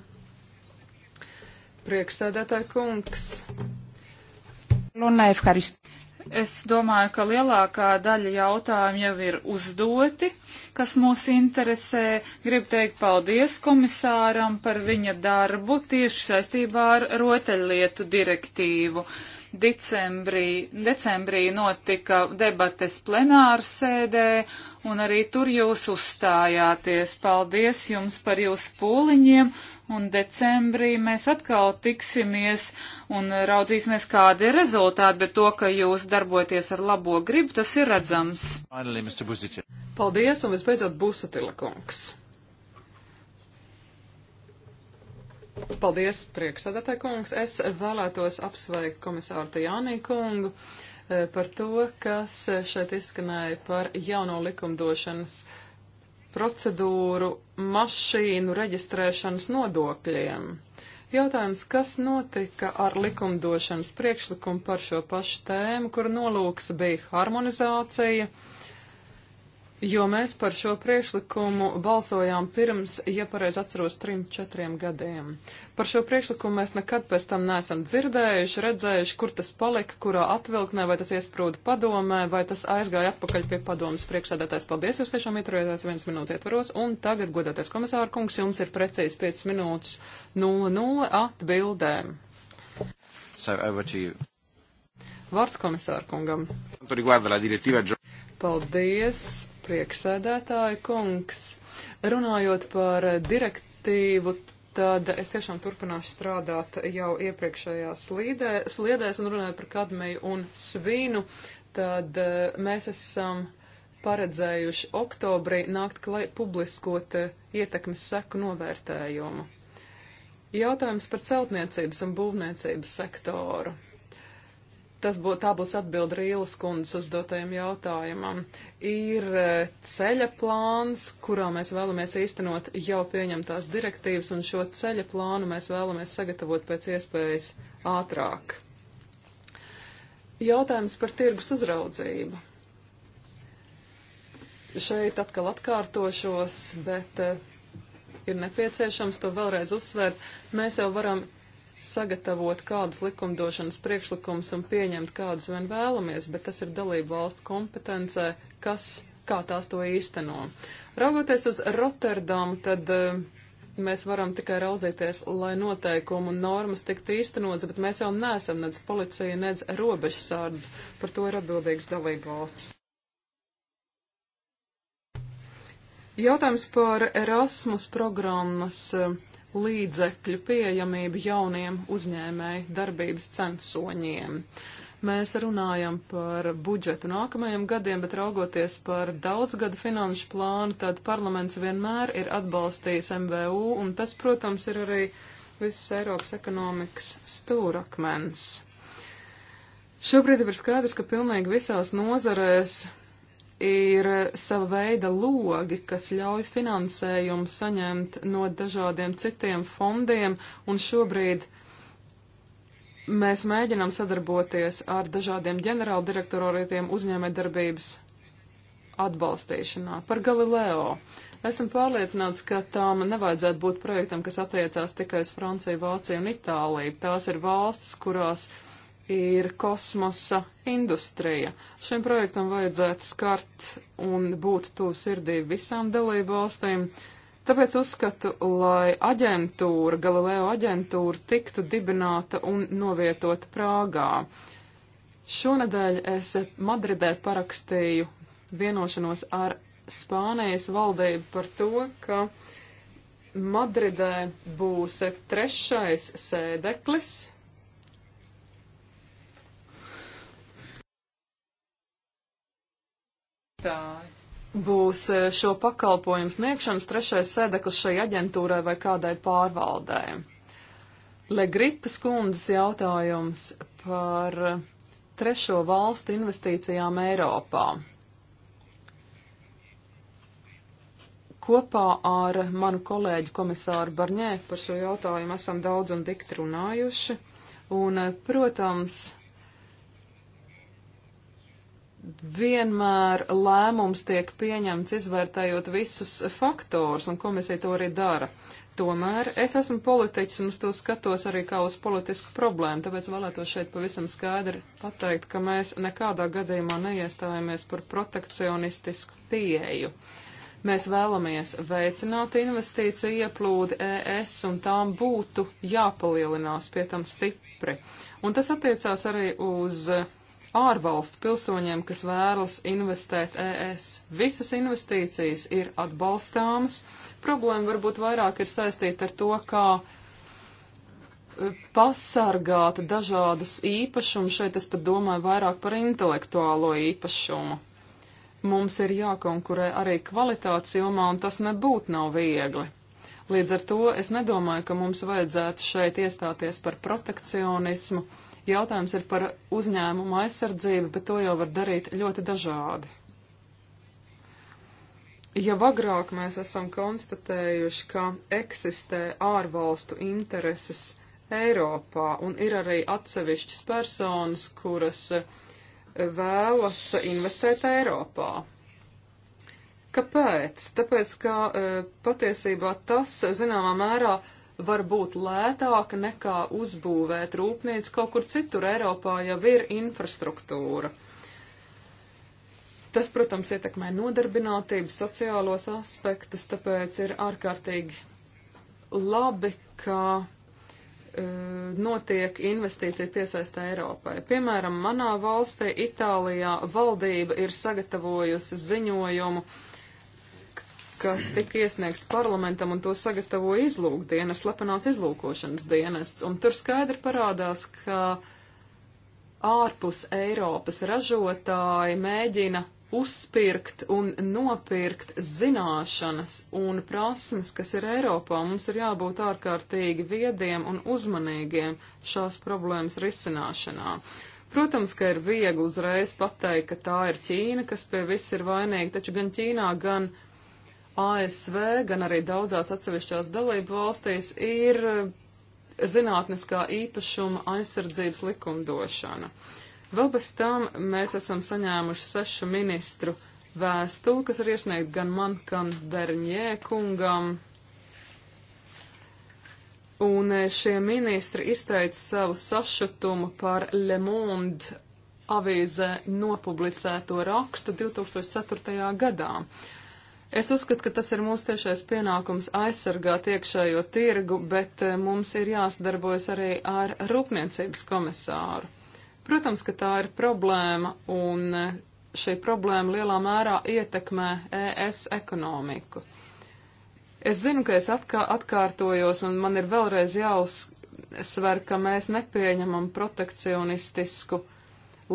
Priekšsēdētāja kungs. Luna, ευχαριστώ. Es domāju, ka lielākā daļa jautājumu jau ir uzdoti, kas mūs interesē. Gribu teikt paldies komisāram par viņa darbu tieši saistībā ar rotaļlietu direktīvu. Decembrī, decembrī notika debates plenārsēdē, un arī tur jūs uzstājāties. Paldies jums par jūsu pūliņiem un decembrī mēs atkal tiksimies un raudzīsimies, kādi ir rezultāti, bet to, ka jūs darboties ar labo gribu, tas ir redzams. Paldies, un visbeidzot Busatila kungs. Paldies, priekšsēdētāj kungs. Es vēlētos apsveikt komisāru Tajānī kungu eh, par to, kas eh, šeit izskanēja par jauno likumdošanas uh, procedūru mašīnu reģistrēšanas nodokļiem. Jautājums, kas notika ar likumdošanas priekšlikumu par šo pašu tēmu, kur nolūks bija harmonizācija, uh, Jo mēs par šo priekšlikumu balsojām pirms, ja pareizi atceros, trim, četriem gadiem. Par šo priekšlikumu mēs nekad pēc tam neesam dzirdējuši, redzējuši, kur tas palika, kurā atvilknē, vai tas iesprūda padomē, vai tas aizgāja atpakaļ pie padomas priekšsēdētājs. Paldies, jūs tiešām ieturējāties viens minūtes ietvaros, un tagad, godātais komisāra kungs, jums ir precīzi 5 minūtes no nulle atbildēm. So, Vārds komisāra kungam. Paldies! Prieksēdētāja kungs, runājot par direktīvu, tad es tiešām turpināšu strādāt jau iepriekšējās slīdē, sliedēs un runājot par kadmeju un svinu, tad eh, mēs esam paredzējuši oktobrī nākt klai publiskot eh, ietekmes seku novērtējumu. Jautājums par celtniecības un būvniecības sektoru. Tas būtu, tā būs atbilda Rīlas kundas uzdotajam jautājumam. Ir e, ceļa plāns, kurā mēs vēlamies īstenot jau pieņemtās direktīvas, un šo ceļa plānu mēs vēlamies sagatavot pēc iespējas ātrāk. Jautājums par tirgus uzraudzību. Šeit atkal atkārtošos, bet e, ir nepieciešams to vēlreiz uzsvērt. Mēs jau varam sagatavot kādus likumdošanas priekšlikumus un pieņemt kādus vien vēlamies, bet tas ir dalību valstu kompetencē, kas, kā tās to īsteno. Raugoties uz Rotterdamu, tad uh, mēs varam tikai raudzīties, lai noteikumi un normas tiktu īstenotas, bet mēs jau neesam nedz policija, nedz robežsārdz. Par to ir atbildīgs dalību valsts. Jautājums par Erasmus programmas eh, līdzekļu pieejamību jauniem uzņēmēju darbības censoņiem. Mēs runājam par budžetu nākamajiem gadiem, bet raugoties par daudzgadu finanšu plānu, tad parlaments vienmēr ir atbalstījis MVU, un tas, protams, ir arī visas Eiropas ekonomikas stūrakmens. Šobrīd ir skaidrs, ka pilnīgi visās nozarēs ir sava veida logi, kas ļauj finansējumu saņemt no dažādiem citiem fondiem, un šobrīd mēs mēģinām sadarboties ar dažādiem ģenerāldirektororietiem uzņēmējdarbības atbalstīšanā. Par Galileo. Esmu pārliecināts, ka tam nevajadzētu būt projektam, kas attiecās tikai uz Franciju, Vāciju un Itāliju. Tās ir valstis, kurās uh, ir kosmosa industrija. Šim projektam vajadzētu skart un būt tuvu sirdī visām dalību valstīm. Tāpēc uzskatu, lai aģentūra, Galileo aģentūra tiktu dibināta un novietota Prāgā. Šonadēļ es Madridē parakstīju vienošanos ar Spānijas valdību par to, ka Madridē būs trešais sēdeklis vadītāji. Būs eh, šo pakalpojumu sniegšanas trešais sēdeklis šai aģentūrai vai kādai pārvaldē. Legripas kundzes jautājums par trešo valstu investīcijām Eiropā. Kopā ar manu kolēģi komisāru Barņē par šo jautājumu esam daudz un dikti runājuši. Un, eh, protams, vienmēr lēmums tiek pieņemts izvērtējot visus faktors, un komisija to arī dara. Tomēr es esmu politiķis un uz to skatos arī kā uz politisku problēmu, tāpēc vēlētos šeit pavisam skaidri pateikt, ka mēs nekādā gadījumā neiestājamies par protekcionistisku pieeju. Mēs vēlamies veicināt investīciju ieplūdi ES un tām būtu jāpalielinās pie tam stipri. Un tas attiecās arī uz uh, ārvalstu pilsoņiem, kas vēlas investēt ES. Visas investīcijas ir atbalstāmas. Problēma varbūt vairāk ir saistīta ar to, kā e, pasargāt dažādus īpašumus. Šeit es pat domāju vairāk par intelektuālo īpašumu. Mums ir jākonkurē arī kvalitātes jomā, un tas nebūtu nav viegli. Līdz ar to es nedomāju, ka mums vajadzētu šeit iestāties par protekcionismu Jautājums ir par uzņēmumu aizsardzību, bet to jau var darīt ļoti dažādi. Ja agrāk mēs esam konstatējuši, ka eksistē ārvalstu intereses Eiropā un ir arī atsevišķas personas, kuras vēlas investēt Eiropā, Kāpēc? Tāpēc, ka e, patiesībā tas, zināmā mērā, var būt lētāka nekā uzbūvēt rūpnīcu kaut kur citur Eiropā, jau ir infrastruktūra. Tas, protams, ietekmē nodarbinātību, sociālos aspektus, tāpēc ir ārkārtīgi labi, ka e, notiek investīcija piesaista Eiropai. Piemēram, manā valstī, Itālijā, valdība ir sagatavojusi ziņojumu kas tika iesniegts parlamentam un to sagatavo izlūkdienas, slepenās izlūkošanas dienests. Un tur skaidri parādās, ka ārpus Eiropas ražotāji mēģina uzpirkt un nopirkt zināšanas un prasmes, kas ir Eiropā. Mums ir jābūt ārkārtīgi viediem un uzmanīgiem šās problēmas risināšanā. Protams, ka ir viegli uzreiz pateikt, ka tā ir Ķīna, kas pie viss ir vainīga, taču gan Ķīnā, gan ASV, gan arī daudzās atsevišķās dalību valstīs ir eh, zinātniskā īpašuma aizsardzības likumdošana. Vēl bez tam mēs esam saņēmuši sešu ministru vēstuli, kas ir iesniegt gan man, gan Derņē kungam. Un eh, šie ministri izteica savu sašutumu par Le Monde avīzē nopublicēto rakstu 2004. gadā. Es uzskatu, ka tas ir mūsu tiešais pienākums aizsargāt iekšējo tirgu, bet eh, mums ir jāsadarbojas arī ar rūpniecības komisāru. Protams, ka tā ir problēma, un eh, šī problēma lielā mērā ietekmē eh, ES ekonomiku. Es zinu, ka es atkā, atkārtojos, un man ir vēlreiz jāuzsver, ka mēs nepieņemam protekcionistisku uh,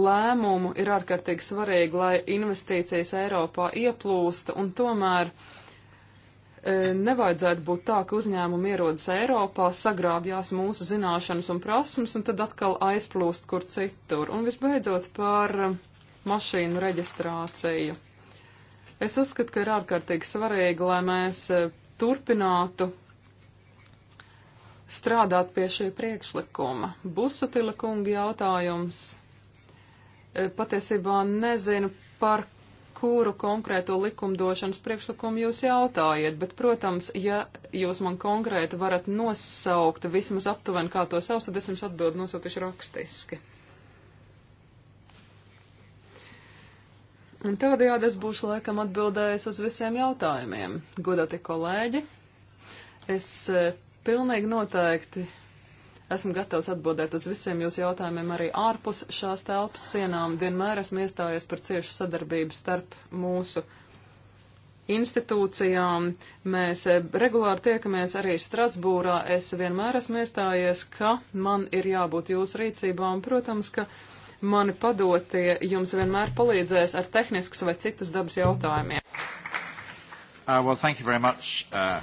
lēmumu, ir ārkārtīgi svarīgi, lai investīcijas Eiropā ieplūsta un tomēr e, nevajadzētu būt tā, ka uzņēmumi ierodas Eiropā, sagrābjās mūsu zināšanas un prasmes un tad atkal aizplūst kur citur. Un visbeidzot par mašīnu reģistrāciju. Es uzskatu, ka ir ārkārtīgi svarīgi, lai mēs e, turpinātu strādāt pie šī priekšlikuma. Busatila kunga jautājums Eh, patiesībā nezinu, par kuru konkrēto likumdošanas priekšlikumu jūs jautājiet, bet, protams, ja jūs man konkrēti varat nosaukt vismaz aptuveni kā to savs, tad es jums atbildu nosaukšu rakstiski. Un tādējādi es būšu laikam atbildējis uz visiem jautājumiem. Godāti kolēģi, es eh, pilnīgi noteikti Esmu gatavs atbildēt uz visiem jūsu jautājumiem arī ārpus šās telpas sienām. Vienmēr esmu iestājies par ciešu sadarbību starp mūsu institūcijām. Mēs eh, regulāri tiekamies arī Strasbūrā. Es vienmēr esmu iestājies, ka man ir jābūt jūsu rīcībā un, protams, ka mani padotie jums vienmēr palīdzēs ar tehniskas vai citas dabas jautājumiem. Uh, well, thank you very much. Uh...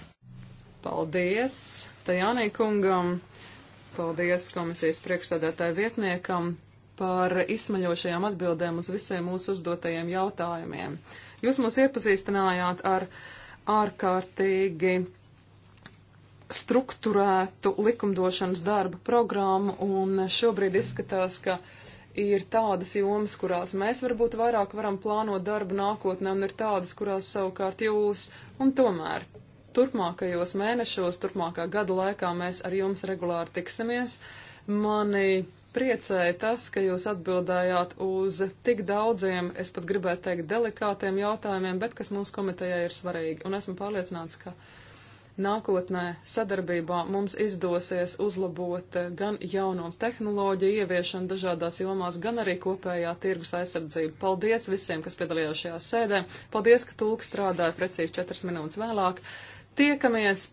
Paldies Tajānī kungam paldies komisijas priekšstādātāju vietniekam par izsmaļošajām atbildēm uz visiem mūsu uzdotajiem jautājumiem. Jūs mūs iepazīstinājāt ar ārkārtīgi strukturētu likumdošanas darba programmu, un šobrīd izskatās, ka ir tādas jomas, kurās mēs varbūt vairāk varam plānot darbu nākotnē, un ir tādas, kurās savukārt jūs, un tomēr turpmākajos mēnešos, turpmākā gada laikā mēs ar jums regulāri tiksimies. Mani priecēja tas, ka jūs atbildējāt uz tik daudziem, es pat gribētu teikt, delikātiem jautājumiem, bet kas mūsu komitejai ir svarīgi. Un esmu pārliecināts, ka nākotnē sadarbībā mums izdosies uzlabot gan jauno tehnoloģiju ieviešanu dažādās jomās, gan arī kopējā tirgus aizsardzību. Paldies visiem, kas piedalījās šajā sēdē. Paldies, ka tulks strādāja precīzi četras minūtes vēlāk. Tiekamies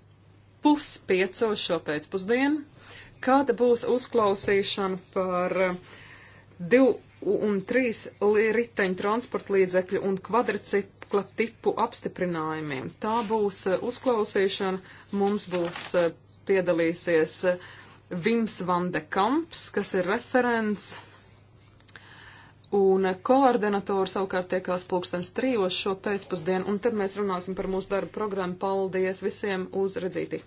puspiecos šo pēcpusdienu, kad būs uzklausīšana par eh, divu un trīs riteņu transporta līdzekļu un kvadricikla tipu apstiprinājumiem. Tā būs eh, uzklausīšana, mums būs eh, piedalīsies Vims Vandekamps, kas ir referents Un koordinatori savukārt tiekās pulkstens trijos šo pēcpusdienu, un tad mēs runāsim par mūsu darbu programmu. Paldies visiem uz redzīti!